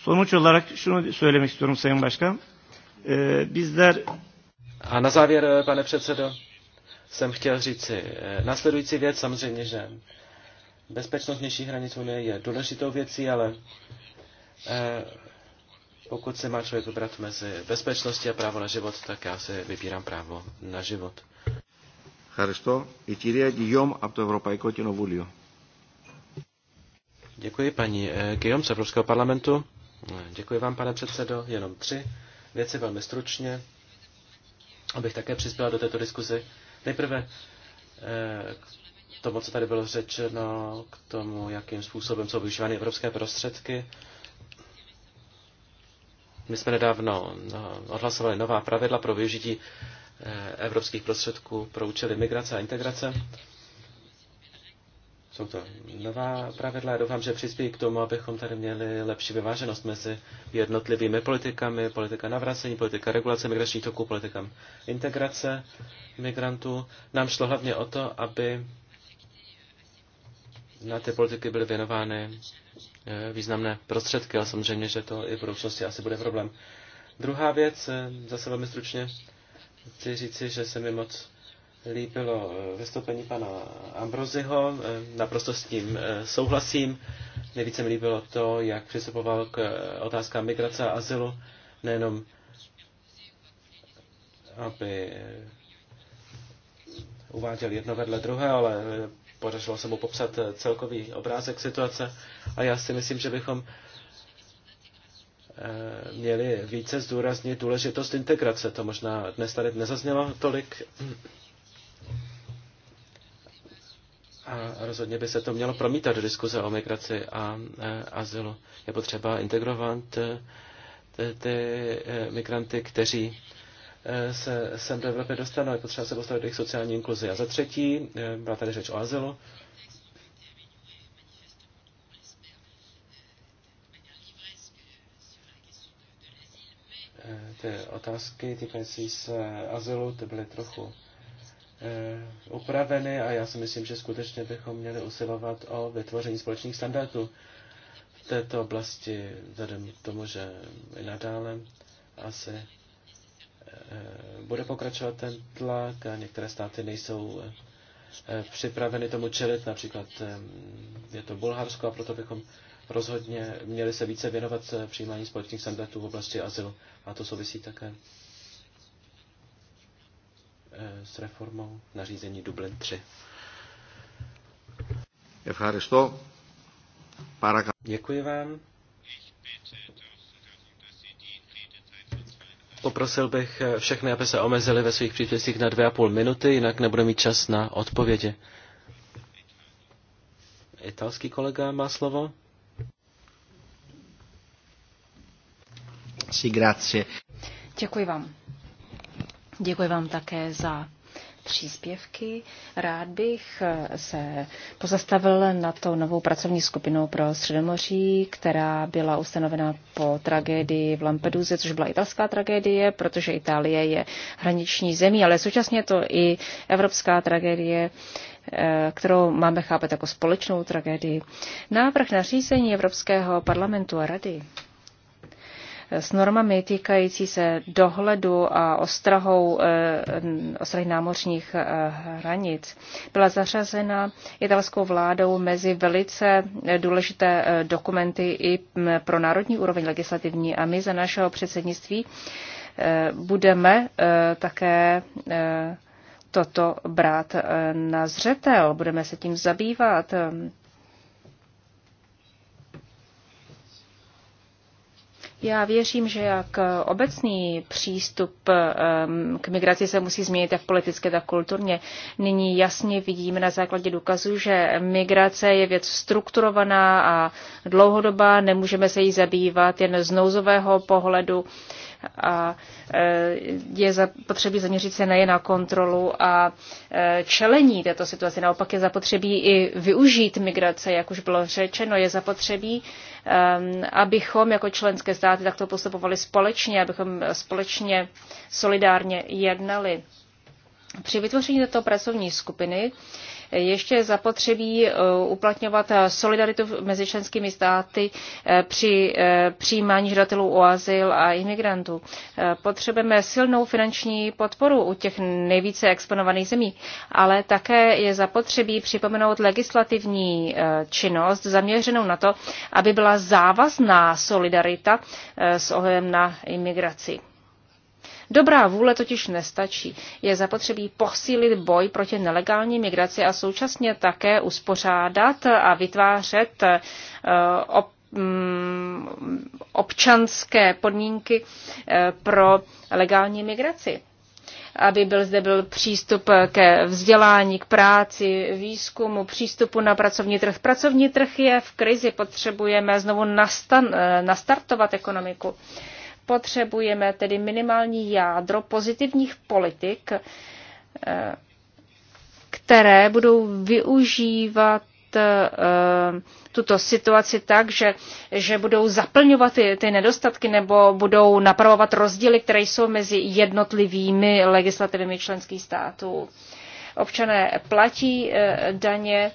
Sonuç olarak şunu söylemek istiyorum Sayın Başkan. Eh, a na závěr, eh, pane předsedo, jsem chtěl říci eh, následující věc, samozřejmě, že bezpečnost vnějších hranic Unie je důležitou věcí, ale pokud se má člověk vybrat mezi bezpečností a právo na život, tak já si vybírám právo na život. Ευχαριστώ. Η κυρία Γκυγιόμ από το Děkuji paní Guillaume z Evropského parlamentu. Děkuji vám, pane předsedo. Jenom tři věci velmi stručně, abych také přispěla do této diskuzi. Nejprve eh, k tomu, co tady bylo řečeno, k tomu, jakým způsobem jsou využívány evropské prostředky. My jsme nedávno no, odhlasovali nová pravidla pro využití eh, evropských prostředků pro účely migrace a integrace. Jsou to nová pravidla. Doufám, že přispějí k tomu, abychom tady měli lepší vyváženost mezi jednotlivými politikami, politika navracení, politika regulace migračních toků, politika integrace migrantů. Nám šlo hlavně o to, aby na ty politiky byly věnovány eh, významné prostředky, ale samozřejmě, že to i v budoucnosti asi bude problém. Druhá věc, eh, zase velmi stručně, chci říci, že se mi moc líbilo eh, vystoupení pana Ambroziho, eh, naprosto s tím eh, souhlasím. Nejvíce mi líbilo to, jak přistupoval k otázkám migrace a azylu, nejenom aby uváděl jedno vedle druhé, ale podařilo se mu popsat celkový obrázek situace a já si myslím, že bychom měli více zdůraznit důležitost integrace. To možná dnes tady nezaznělo tolik. A rozhodně by se to mělo promítat do diskuze o migraci a e, azylu. Je potřeba integrovat e, ty, ty e, migranty, kteří e, se sem do Evropy dostanou, je potřeba se postavit jejich sociální inkluzi. A za třetí, byla tady řeč o azylu, ty otázky týkající se azylu, ty byly trochu Eh, upraveny a já si myslím, že skutečně bychom měli usilovat o vytvoření společných standardů v této oblasti, vzhledem k tomu, že i nadále asi eh, bude pokračovat ten tlak a některé státy nejsou eh, připraveny tomu čelit, například je to Bulharsko a proto bychom rozhodně měli se více věnovat přijímání společných standardů v oblasti azylu a to souvisí také s reformou nařízení Dublin 3. Děkuji vám. Poprosil bych všechny, aby se omezili ve svých příspěvcích na dvě a půl minuty, jinak nebude mít čas na odpovědi. Italský kolega má slovo. Sì, grazie. Děkuji vám. Děkuji vám také za příspěvky. Rád bych eh, se pozastavil na to novou pracovní skupinou pro Středomoří, která byla ustanovena po tragédii v Lampeduze, což byla italská tragédie, protože Itálie je hraniční zemí, ale současně to i evropská tragédie eh, kterou máme chápat jako společnou tragédii. Návrh nařízení Evropského parlamentu a rady s normami týkající se dohledu a ostrahou, eh, ostrahy námořních eh, hranic. Byla zařazena italskou vládou mezi velice eh, důležité dokumenty i pro národní úroveň legislativní a my za našeho předsednictví budeme také toto brát na zřetel, budeme se tím zabývat. Já věřím, že jak obecný přístup k migraci se musí změnit jak politicky, tak kulturně. Nyní jasně vidíme na základě důkazů, že migrace je věc strukturovaná a dlouhodobá, nemůžeme se jí zabývat jen z nouzového pohledu a e, je zapotřebí zaměřit se nejen na kontrolu a e, čelení této situace. Naopak je zapotřebí i využít migrace, jak už bylo řečeno, je zapotřebí, e, abychom jako členské státy takto postupovali společně, abychom společně solidárně jednali. Při vytvoření této pracovní skupiny ještě zapotřebí e, uplatňovat solidaritu mezi členskými státy e, při e, přijímání žadatelů o azyl a imigrantů. Potřebujeme silnou finanční podporu u těch nejvíce exponovaných zemí, ale také je zapotřebí připomenout legislativní činnost zaměřenou na to, aby byla závazná solidarita s ohledem na imigraci. Dobrá vůle totiž nestačí. Je zapotřebí posílit boj proti nelegální migraci a současně také uspořádat a vytvářet eh, mm, občanské podmínky eh, pro legální migraci aby byl zde byl přístup ke vzdělání, k práci, výzkumu, přístupu na pracovní trh. Pracovní trh je v krizi, potřebujeme znovu nastan, nastartovat ekonomiku. Potřebujeme tedy minimální jádro pozitivních politik, eh, které budou využívat eh, tuto situaci tak, že, že budou zaplňovat ty, ty nedostatky nebo budou napravovat rozdíly, které jsou mezi jednotlivými legislativami členských států. Občané platí eh, daně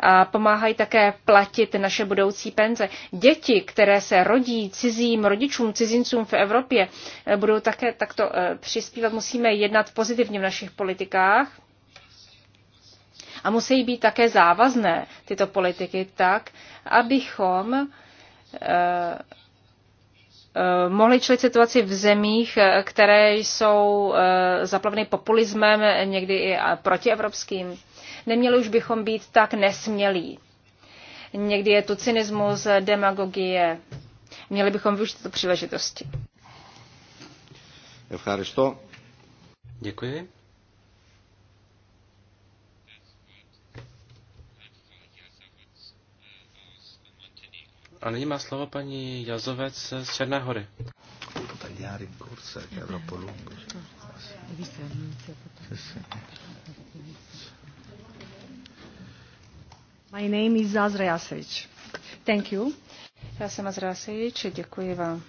a pomáhají také platit naše budoucí penze. Děti, které se rodí cizím rodičům, cizincům v Evropě, eh, budou také takto eh, přispívat. Musíme jednat pozitivně v našich politikách a musí být také závazné tyto politiky tak, abychom eh, mohli čelit situaci v zemích, které jsou zaplaveny populismem, někdy i protievropským neměli už bychom být tak nesmělí. Někdy je to cynismus, demagogie. Měli bychom využít tyto příležitosti. Děkuji. A nyní má slovo paní Jazovec z Černé hory. My name is Azra Jasevič. Thank you. Já jsem Azra Jasevič, děkuji vám.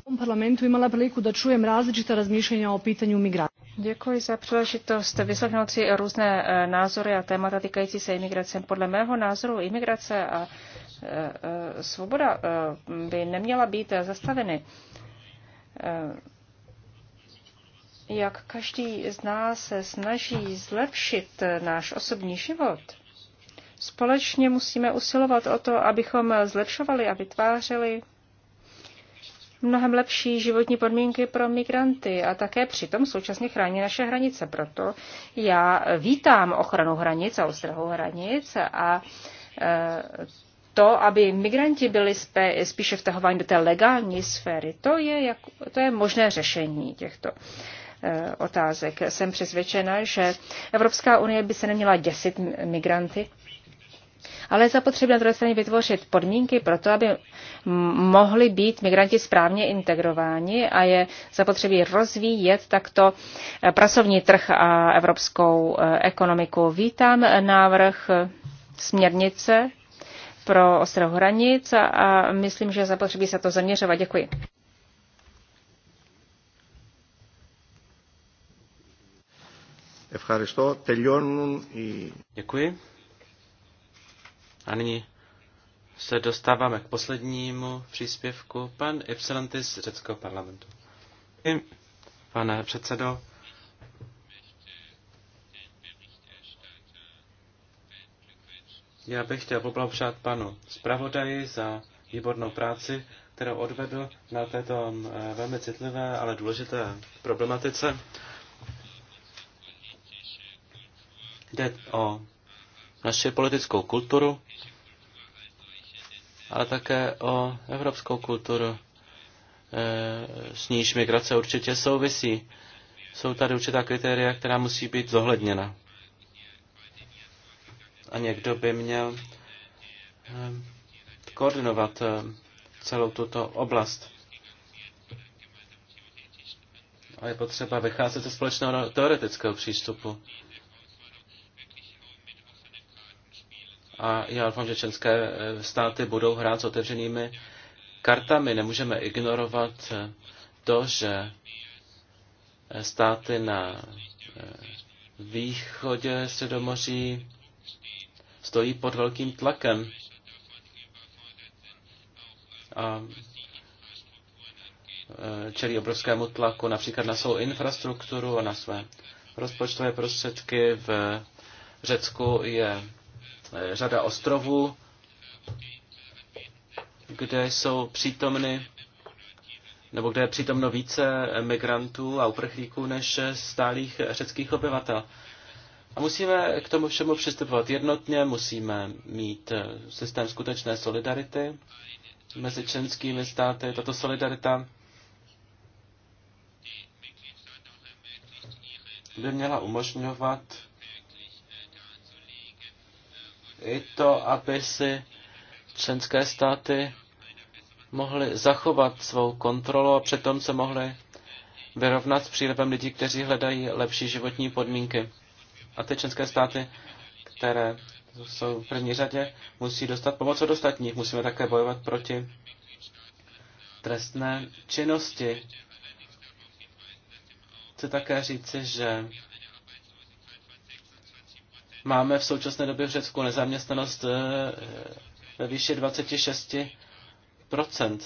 V tom parlamentu imala priliku da čujem različitá rozmýšlení o pitanju migrace. Děkuji za příležitost vyslechnout si různé e, názory a témata týkající se imigrace. Podle mého názoru imigrace a e, e, svoboda by neměla být zastaveny. Jak každý z nás se snaží zlepšit náš osobní život – Společně musíme usilovat o to, abychom zlepšovali a vytvářeli mnohem lepší životní podmínky pro migranty a také přitom současně chrání naše hranice. Proto já vítám ochranu hranic a ostrahu hranic a e, to, aby migranti byli spíše vtahováni do té legální sféry, to je, jak, to je možné řešení těchto e, otázek. Jsem přesvědčena, že Evropská unie by se neměla děsit migranty, ale je zapotřebí na druhé straně vytvořit podmínky pro to, aby mohli být migranti správně integrováni a je zapotřebí rozvíjet takto eh, pracovní trh a evropskou eh, ekonomiku. Vítám eh, návrh směrnice pro ostrov hranic a myslím, že je zapotřebí se to zaměřovat. Děkuji. Děkuji. A nyní se dostáváme k poslednímu příspěvku. Pan Ypsilantis z řeckého parlamentu. Pane předsedo, já bych chtěl poblahopřát panu zpravodaji za výbornou práci, kterou odvedl na této mm, velmi citlivé, ale důležité problematice. Jde o naši politickou kulturu, ale také o evropskou kulturu, e, s níž migrace určitě souvisí. Jsou tady určitá kritéria, která musí být zohledněna. A někdo by měl e, koordinovat e, celou tuto oblast. A je potřeba vycházet ze společného teoretického přístupu. a já doufám, že členské eh, státy budou hrát s otevřenými kartami. Nemůžeme ignorovat eh, to, že eh, státy na východě Středomoří stojí pod velkým tlakem. A čelí obrovskému tlaku například na svou infrastrukturu a na své rozpočtové prostředky. V Řecku je Eh, řada ostrovů, kde jsou přítomny nebo kde je přítomno více migrantů a uprchlíků než stálých řeckých obyvatel. A musíme k tomu všemu přistupovat jednotně, musíme mít eh, systém skutečné solidarity mezi členskými státy. Tato solidarita by měla umožňovat i to, aby si členské státy mohly zachovat svou kontrolu a přitom se mohly vyrovnat s přílivem lidí, kteří hledají lepší životní podmínky. A ty členské státy, které jsou v první řadě, musí dostat pomoc od ostatních. Musíme také bojovat proti trestné činnosti. Chci také říci, že Máme v současné době v Řecku nezaměstnanost eh, ve výši 26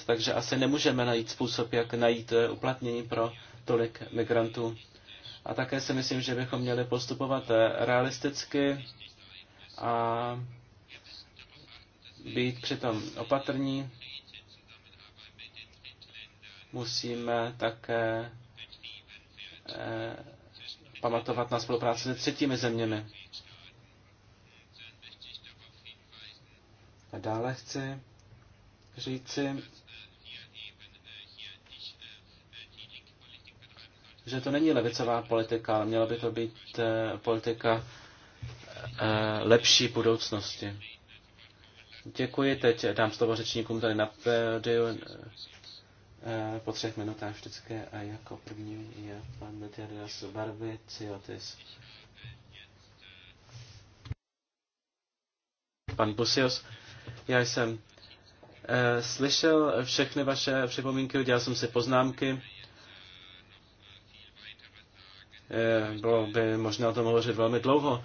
takže asi nemůžeme najít způsob, jak najít eh, uplatnění pro tolik migrantů. A také si myslím, že bychom měli postupovat eh, realisticky a být přitom opatrní. Musíme také pamatovat na spolupráci se třetími zeměmi. A dále chci říci, že to není levicová politika, ale měla by to být eh, politika eh, lepší budoucnosti. Děkuji, teď dám slovo řečníkům tady na pódiu eh, po třech minutách vždycky a jako první je pan Metiarias Barvy Ciotis. Pan Busios. Já jsem eh, slyšel všechny vaše připomínky, udělal jsem si poznámky. Eh, bylo by možná o tom hovořit velmi dlouho.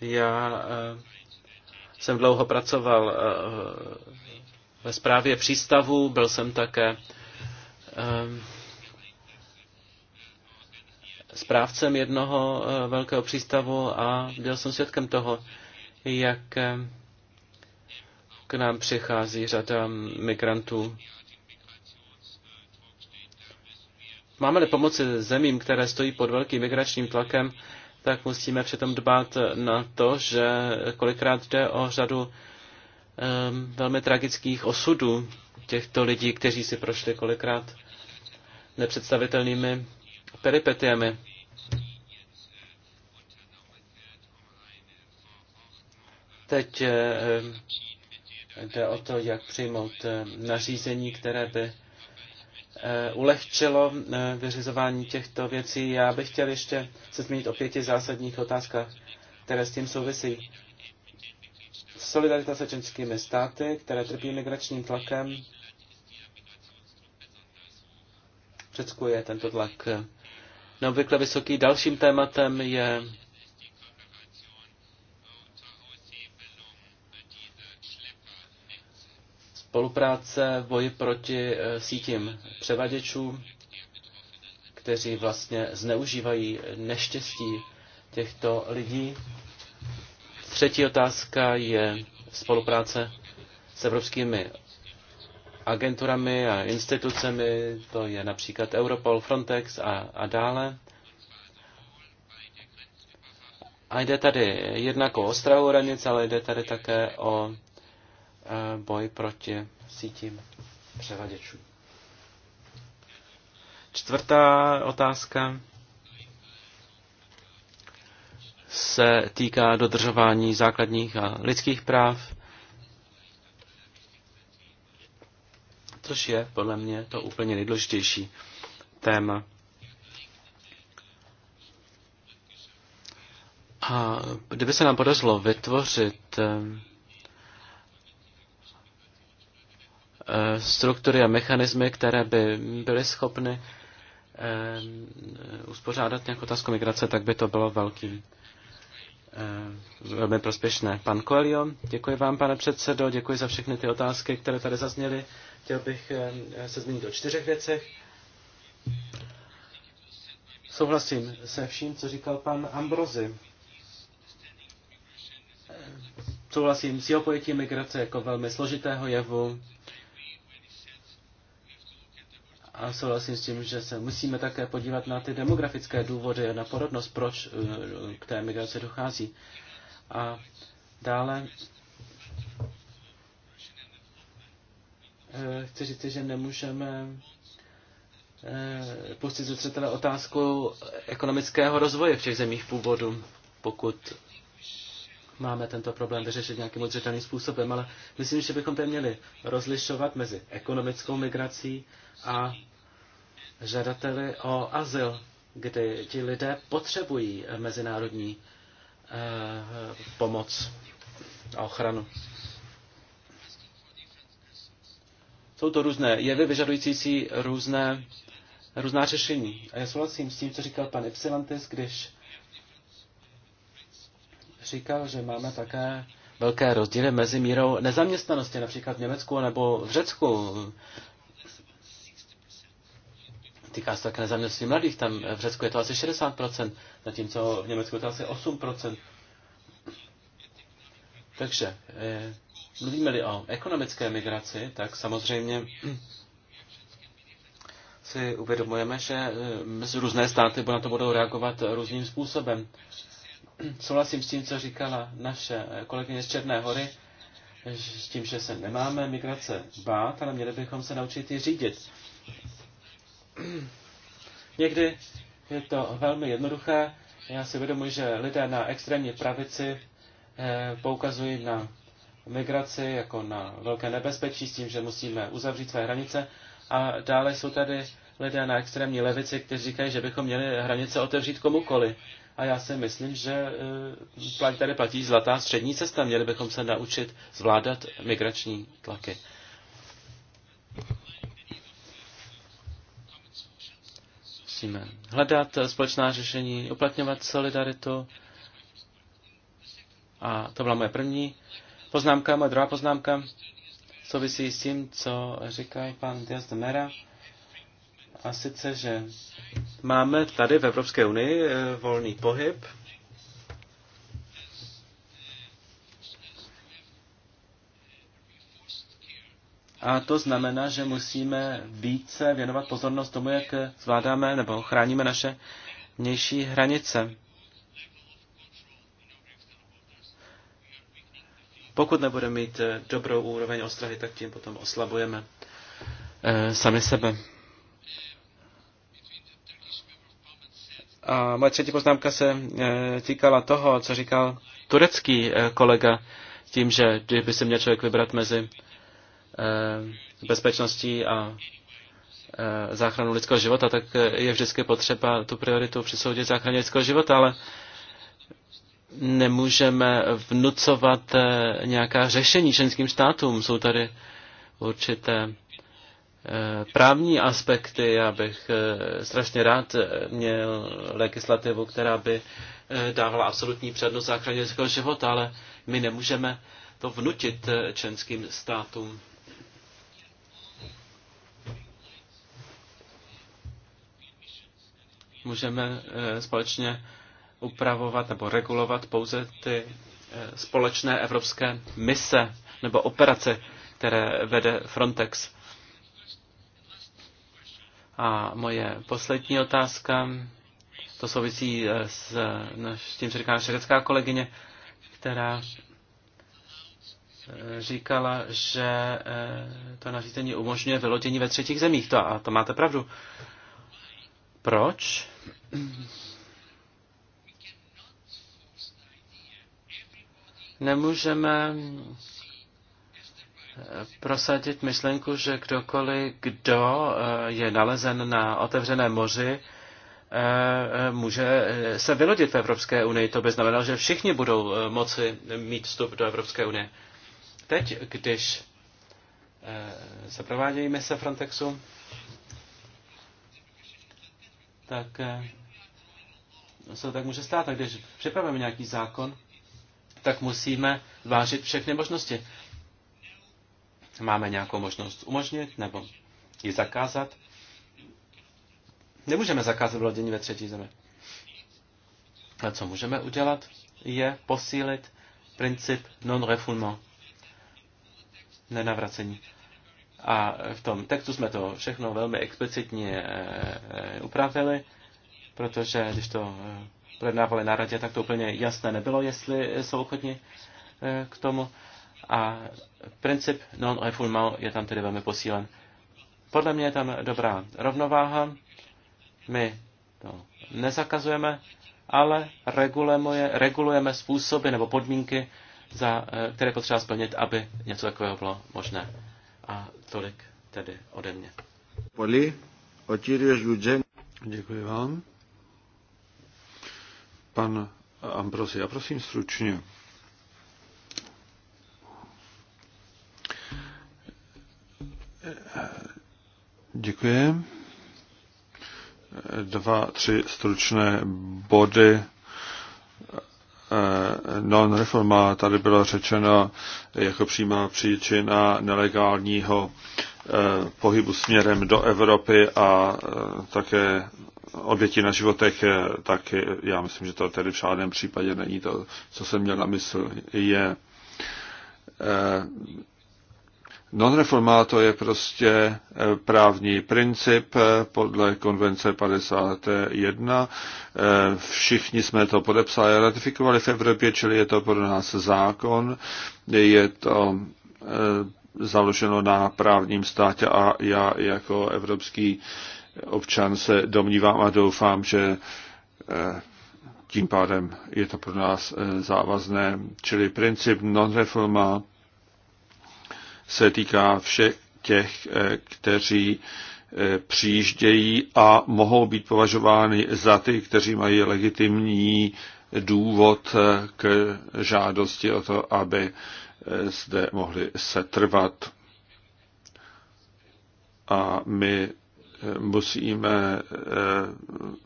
Já eh, jsem dlouho pracoval ve správě přístavu, byl jsem také správcem jednoho eh, velkého přístavu a byl jsem svědkem toho, jak eh, k nám přichází řada migrantů. Máme-li pomoci zemím, které stojí pod velkým migračním tlakem, tak musíme přitom dbát na to, že kolikrát jde o řadu ehm, velmi tragických osudů těchto lidí, kteří si prošli kolikrát nepředstavitelnými peripetiemi. Teď eh, eh, jde o to, jak přijmout eh, nařízení, které by ulehčilo vyřizování těchto věcí. Já bych chtěl ještě se zmínit o pěti zásadních otázkách, které s tím souvisí. Solidarita se členskými státy, které trpí migračním tlakem. V Řecku je tento tlak neobvykle vysoký. Dalším tématem je spolupráce v boji proti eh, sítím převaděčů, kteří vlastně zneužívají neštěstí těchto lidí. Třetí otázka je spolupráce s evropskými agenturami a institucemi, to je například Europol, Frontex a, a dále. A jde tady jednak o ostrahu hranic, ale jde tady také o Eh, boj proti sítím převaděčů. Čtvrtá otázka se týká dodržování základních a lidských práv, což je podle mě to úplně nejdůležitější téma. A kdyby se nám podařilo vytvořit eh, Eh, struktury a mechanismy, které by byly schopny eh, uspořádat nějakou otázku migrace, tak by to bylo velký, eh, velmi prospěšné. Pan Coelho, děkuji vám, pane předsedo, děkuji za všechny ty otázky, které tady zazněly. Chtěl bych se zmínit o čtyřech věcech. Souhlasím se vším, co říkal pan Ambrozy. Souhlasím s jeho pojetím migrace jako velmi složitého jevu, a souhlasím s tím, že se musíme také podívat na ty demografické důvody a na porodnost, proč eh, k té migraci dochází. A dále eh, chci říct, že nemůžeme eh, pustit ze otázku ekonomického rozvoje v těch zemích původu, pokud máme tento problém vyřešit nějakým udržitelným způsobem, ale myslím, že bychom tady měli rozlišovat mezi ekonomickou migrací a žadateli o azyl, kdy ti lidé potřebují mezinárodní eh, pomoc a ochranu. Jsou to různé jevy vyžadující si různé, různá řešení. A já souhlasím s tím, co říkal pan Ypsilantis, když říkal, že máme také velké rozdíly mezi mírou nezaměstnanosti, například v Německu nebo v Řecku. Týká se také nezaměstnosti mladých, tam v Řecku je to asi 60%, zatímco v Německu je to asi 8%. Takže eh, mluvíme-li o ekonomické migraci, tak samozřejmě si uvědomujeme, že eh, různé státy na to budou reagovat různým způsobem souhlasím s tím, co říkala naše kolegyně z Černé hory, s tím, že se nemáme migrace bát, ale měli bychom se naučit ji řídit. Někdy je to velmi jednoduché. Já si vědomuji, že lidé na extrémní pravici eh, poukazují na migraci jako na velké nebezpečí s tím, že musíme uzavřít své hranice. A dále jsou tady lidé na extrémní levici, kteří říkají, že bychom měli hranice otevřít komukoli. A já si myslím, že eh, tady platí zlatá střední cesta. Měli bychom se naučit zvládat migrační tlaky. Musíme hledat společná řešení, uplatňovat solidaritu. A to byla moje první poznámka. Moje druhá poznámka souvisí s tím, co říká pan Diaz de Mera. A sice, že Máme tady v Evropské unii eh, volný pohyb. A to znamená, že musíme více věnovat pozornost tomu, jak zvládáme nebo chráníme naše vnější hranice. Pokud nebudeme mít eh, dobrou úroveň ostrahy, tak tím potom oslabujeme eh, sami sebe. A moje třetí poznámka se e, týkala toho, co říkal turecký e, kolega, tím, že kdyby se měl člověk vybrat mezi e, bezpečností a záchranu lidského života, tak je vždycky potřeba tu prioritu přisoudit záchraně lidského života, ale nemůžeme vnucovat nějaká řešení členským státům. Jsou tady určité Eh, právní aspekty. Já bych eh, strašně rád eh, měl legislativu, která by dávala absolutní přednost záchraně lidského života, ale my nemůžeme to vnutit členským státům. Můžeme společně upravovat nebo regulovat pouze ty společné evropské mise nebo operace, které vede Frontex. A moje poslední otázka, to souvisí eh, s, no, s tím, co říká řecká kolegyně, která eh, říkala, že eh, to nařízení umožňuje vylodění ve třetích zemích. To, a to máte pravdu. Proč? Nemůžeme prosadit myšlenku, že kdokoliv, kdo eh, je nalezen na otevřené moři, eh, eh, může se vylodit v Evropské unii. To by znamenalo, že všichni budou moci mít vstup do Evropské unie. Teď, když se provádějí mise Frontexu, tak se tak může stát. A když připravíme nějaký zákon, tak musíme vážit všechny možnosti máme nějakou možnost umožnit nebo ji zakázat. Nemůžeme zakázat vlodění ve třetí zemi. A co můžeme udělat, je posílit princip non-refoulement, nenavracení. A v tom textu jsme to všechno velmi explicitně eh, eh, upravili, protože když to eh, projednávali na radě, tak to úplně jasné nebylo, jestli jsou ochotni k tomu. A princip non refoulement je tam tedy velmi posílen. Podle mě je tam dobrá rovnováha. My to nezakazujeme, ale regulujeme, regulujeme způsoby nebo podmínky, za, eh, které potřeba splnit, aby něco takového bylo možné. A tolik tedy ode mě. Poli, Děkuji vám. Pan Ambrosi, já prosím stručně. Děkuji. Dva, tři stručné body eh, non-reforma, tady bylo řečeno, jako přímá příčina nelegálního eh, pohybu směrem do Evropy a eh, také oběti na životech, tak já myslím, že to tedy v žádném případě není to, co jsem měl na mysl, je Non-reforma to je prostě eh, právní princip eh, podle konvence 51. Eh, všichni jsme to podepsali a ratifikovali v Evropě, čili je to pro nás zákon. Je to založeno na právním státě a já jako evropský občan se domnívám a doufám, že tím pádem je to pro nás závazné, čili princip non-reforma se týká všech těch, eh, kteří eh, přijíždějí a mohou být považováni za ty, kteří mají legitimní důvod eh, k žádosti o to, aby zde mohli setrvat. A my musíme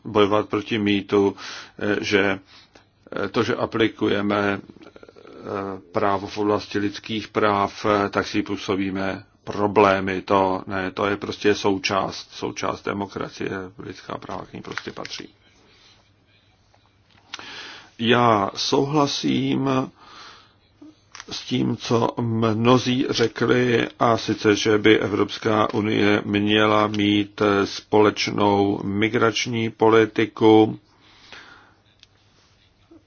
bojovat proti mýtu, že to, že aplikujeme právo v oblasti lidských práv, eh, tak si působíme problémy. To, ne, to je prostě součást, součást demokracie, lidská práva k ní prostě patří. Já souhlasím s tím, co mnozí řekli, a sice, že by Evropská unie měla mít společnou migrační politiku,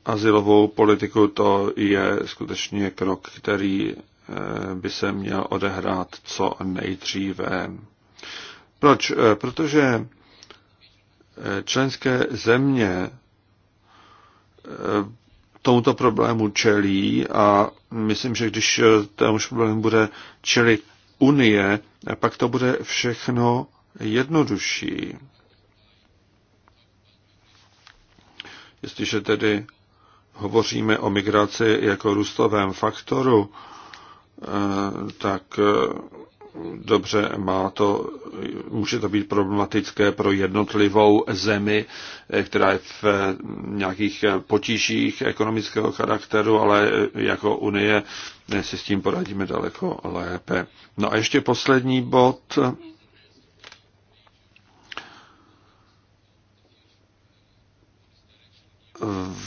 azylovou politiku, to je skutečně krok, který eh, by se měl odehrát co nejdříve. Proč? Eh, protože eh, členské země tomuto problému čelí a myslím, že když tomu problému bude čelit Unie, pak to bude všechno jednodušší. Jestliže tedy hovoříme o migraci jako růstovém faktoru, eh, tak eh, dobře, má to, může to být problematické pro jednotlivou zemi, eh, která je v nějakých potížích ekonomického charakteru, ale jako Unie si s tím poradíme daleko lépe. No a ještě poslední bod.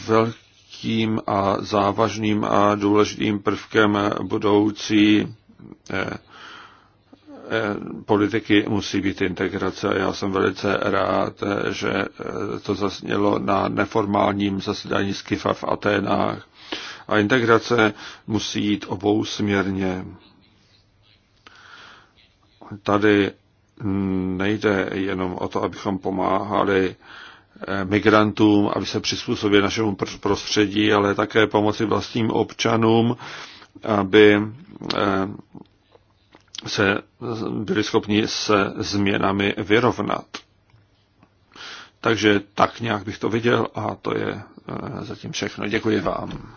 Velký těžkým a závažným a důležitým prvkem budoucí eh, eh, politiky musí být integrace. Já jsem velice rád, eh, že to zasnělo na neformálním zasedání Kifa v Aténách. A integrace musí jít obou směrně. Tady nejde jenom o to, abychom pomáhali Eh, migrantům, aby se přizpůsobili našemu prostředí, ale také pomoci vlastním občanům, aby eh, se byli schopni se změnami vyrovnat. Takže tak nějak bych to viděl a to je eh, zatím všechno. Děkuji vám.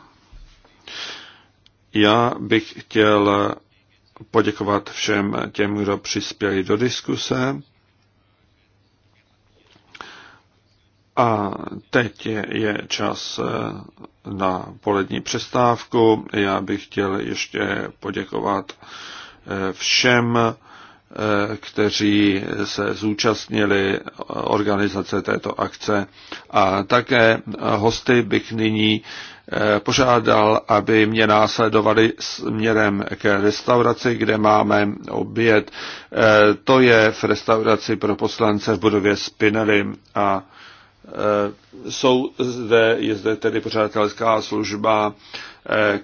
Já bych chtěl poděkovat všem těm, kdo přispěli do diskuse. A teď je čas eh, na polední přestávku. Já bych chtěl ještě poděkovat eh, všem, eh, kteří se zúčastnili organizace této akce. A také hosty bych nyní požádal, aby mě následovali směrem k restauraci, kde máme oběd. To je v restauraci pro poslance v budově Spinelli a Eh, jsou zde, je zde tedy pořádatelská služba, eh,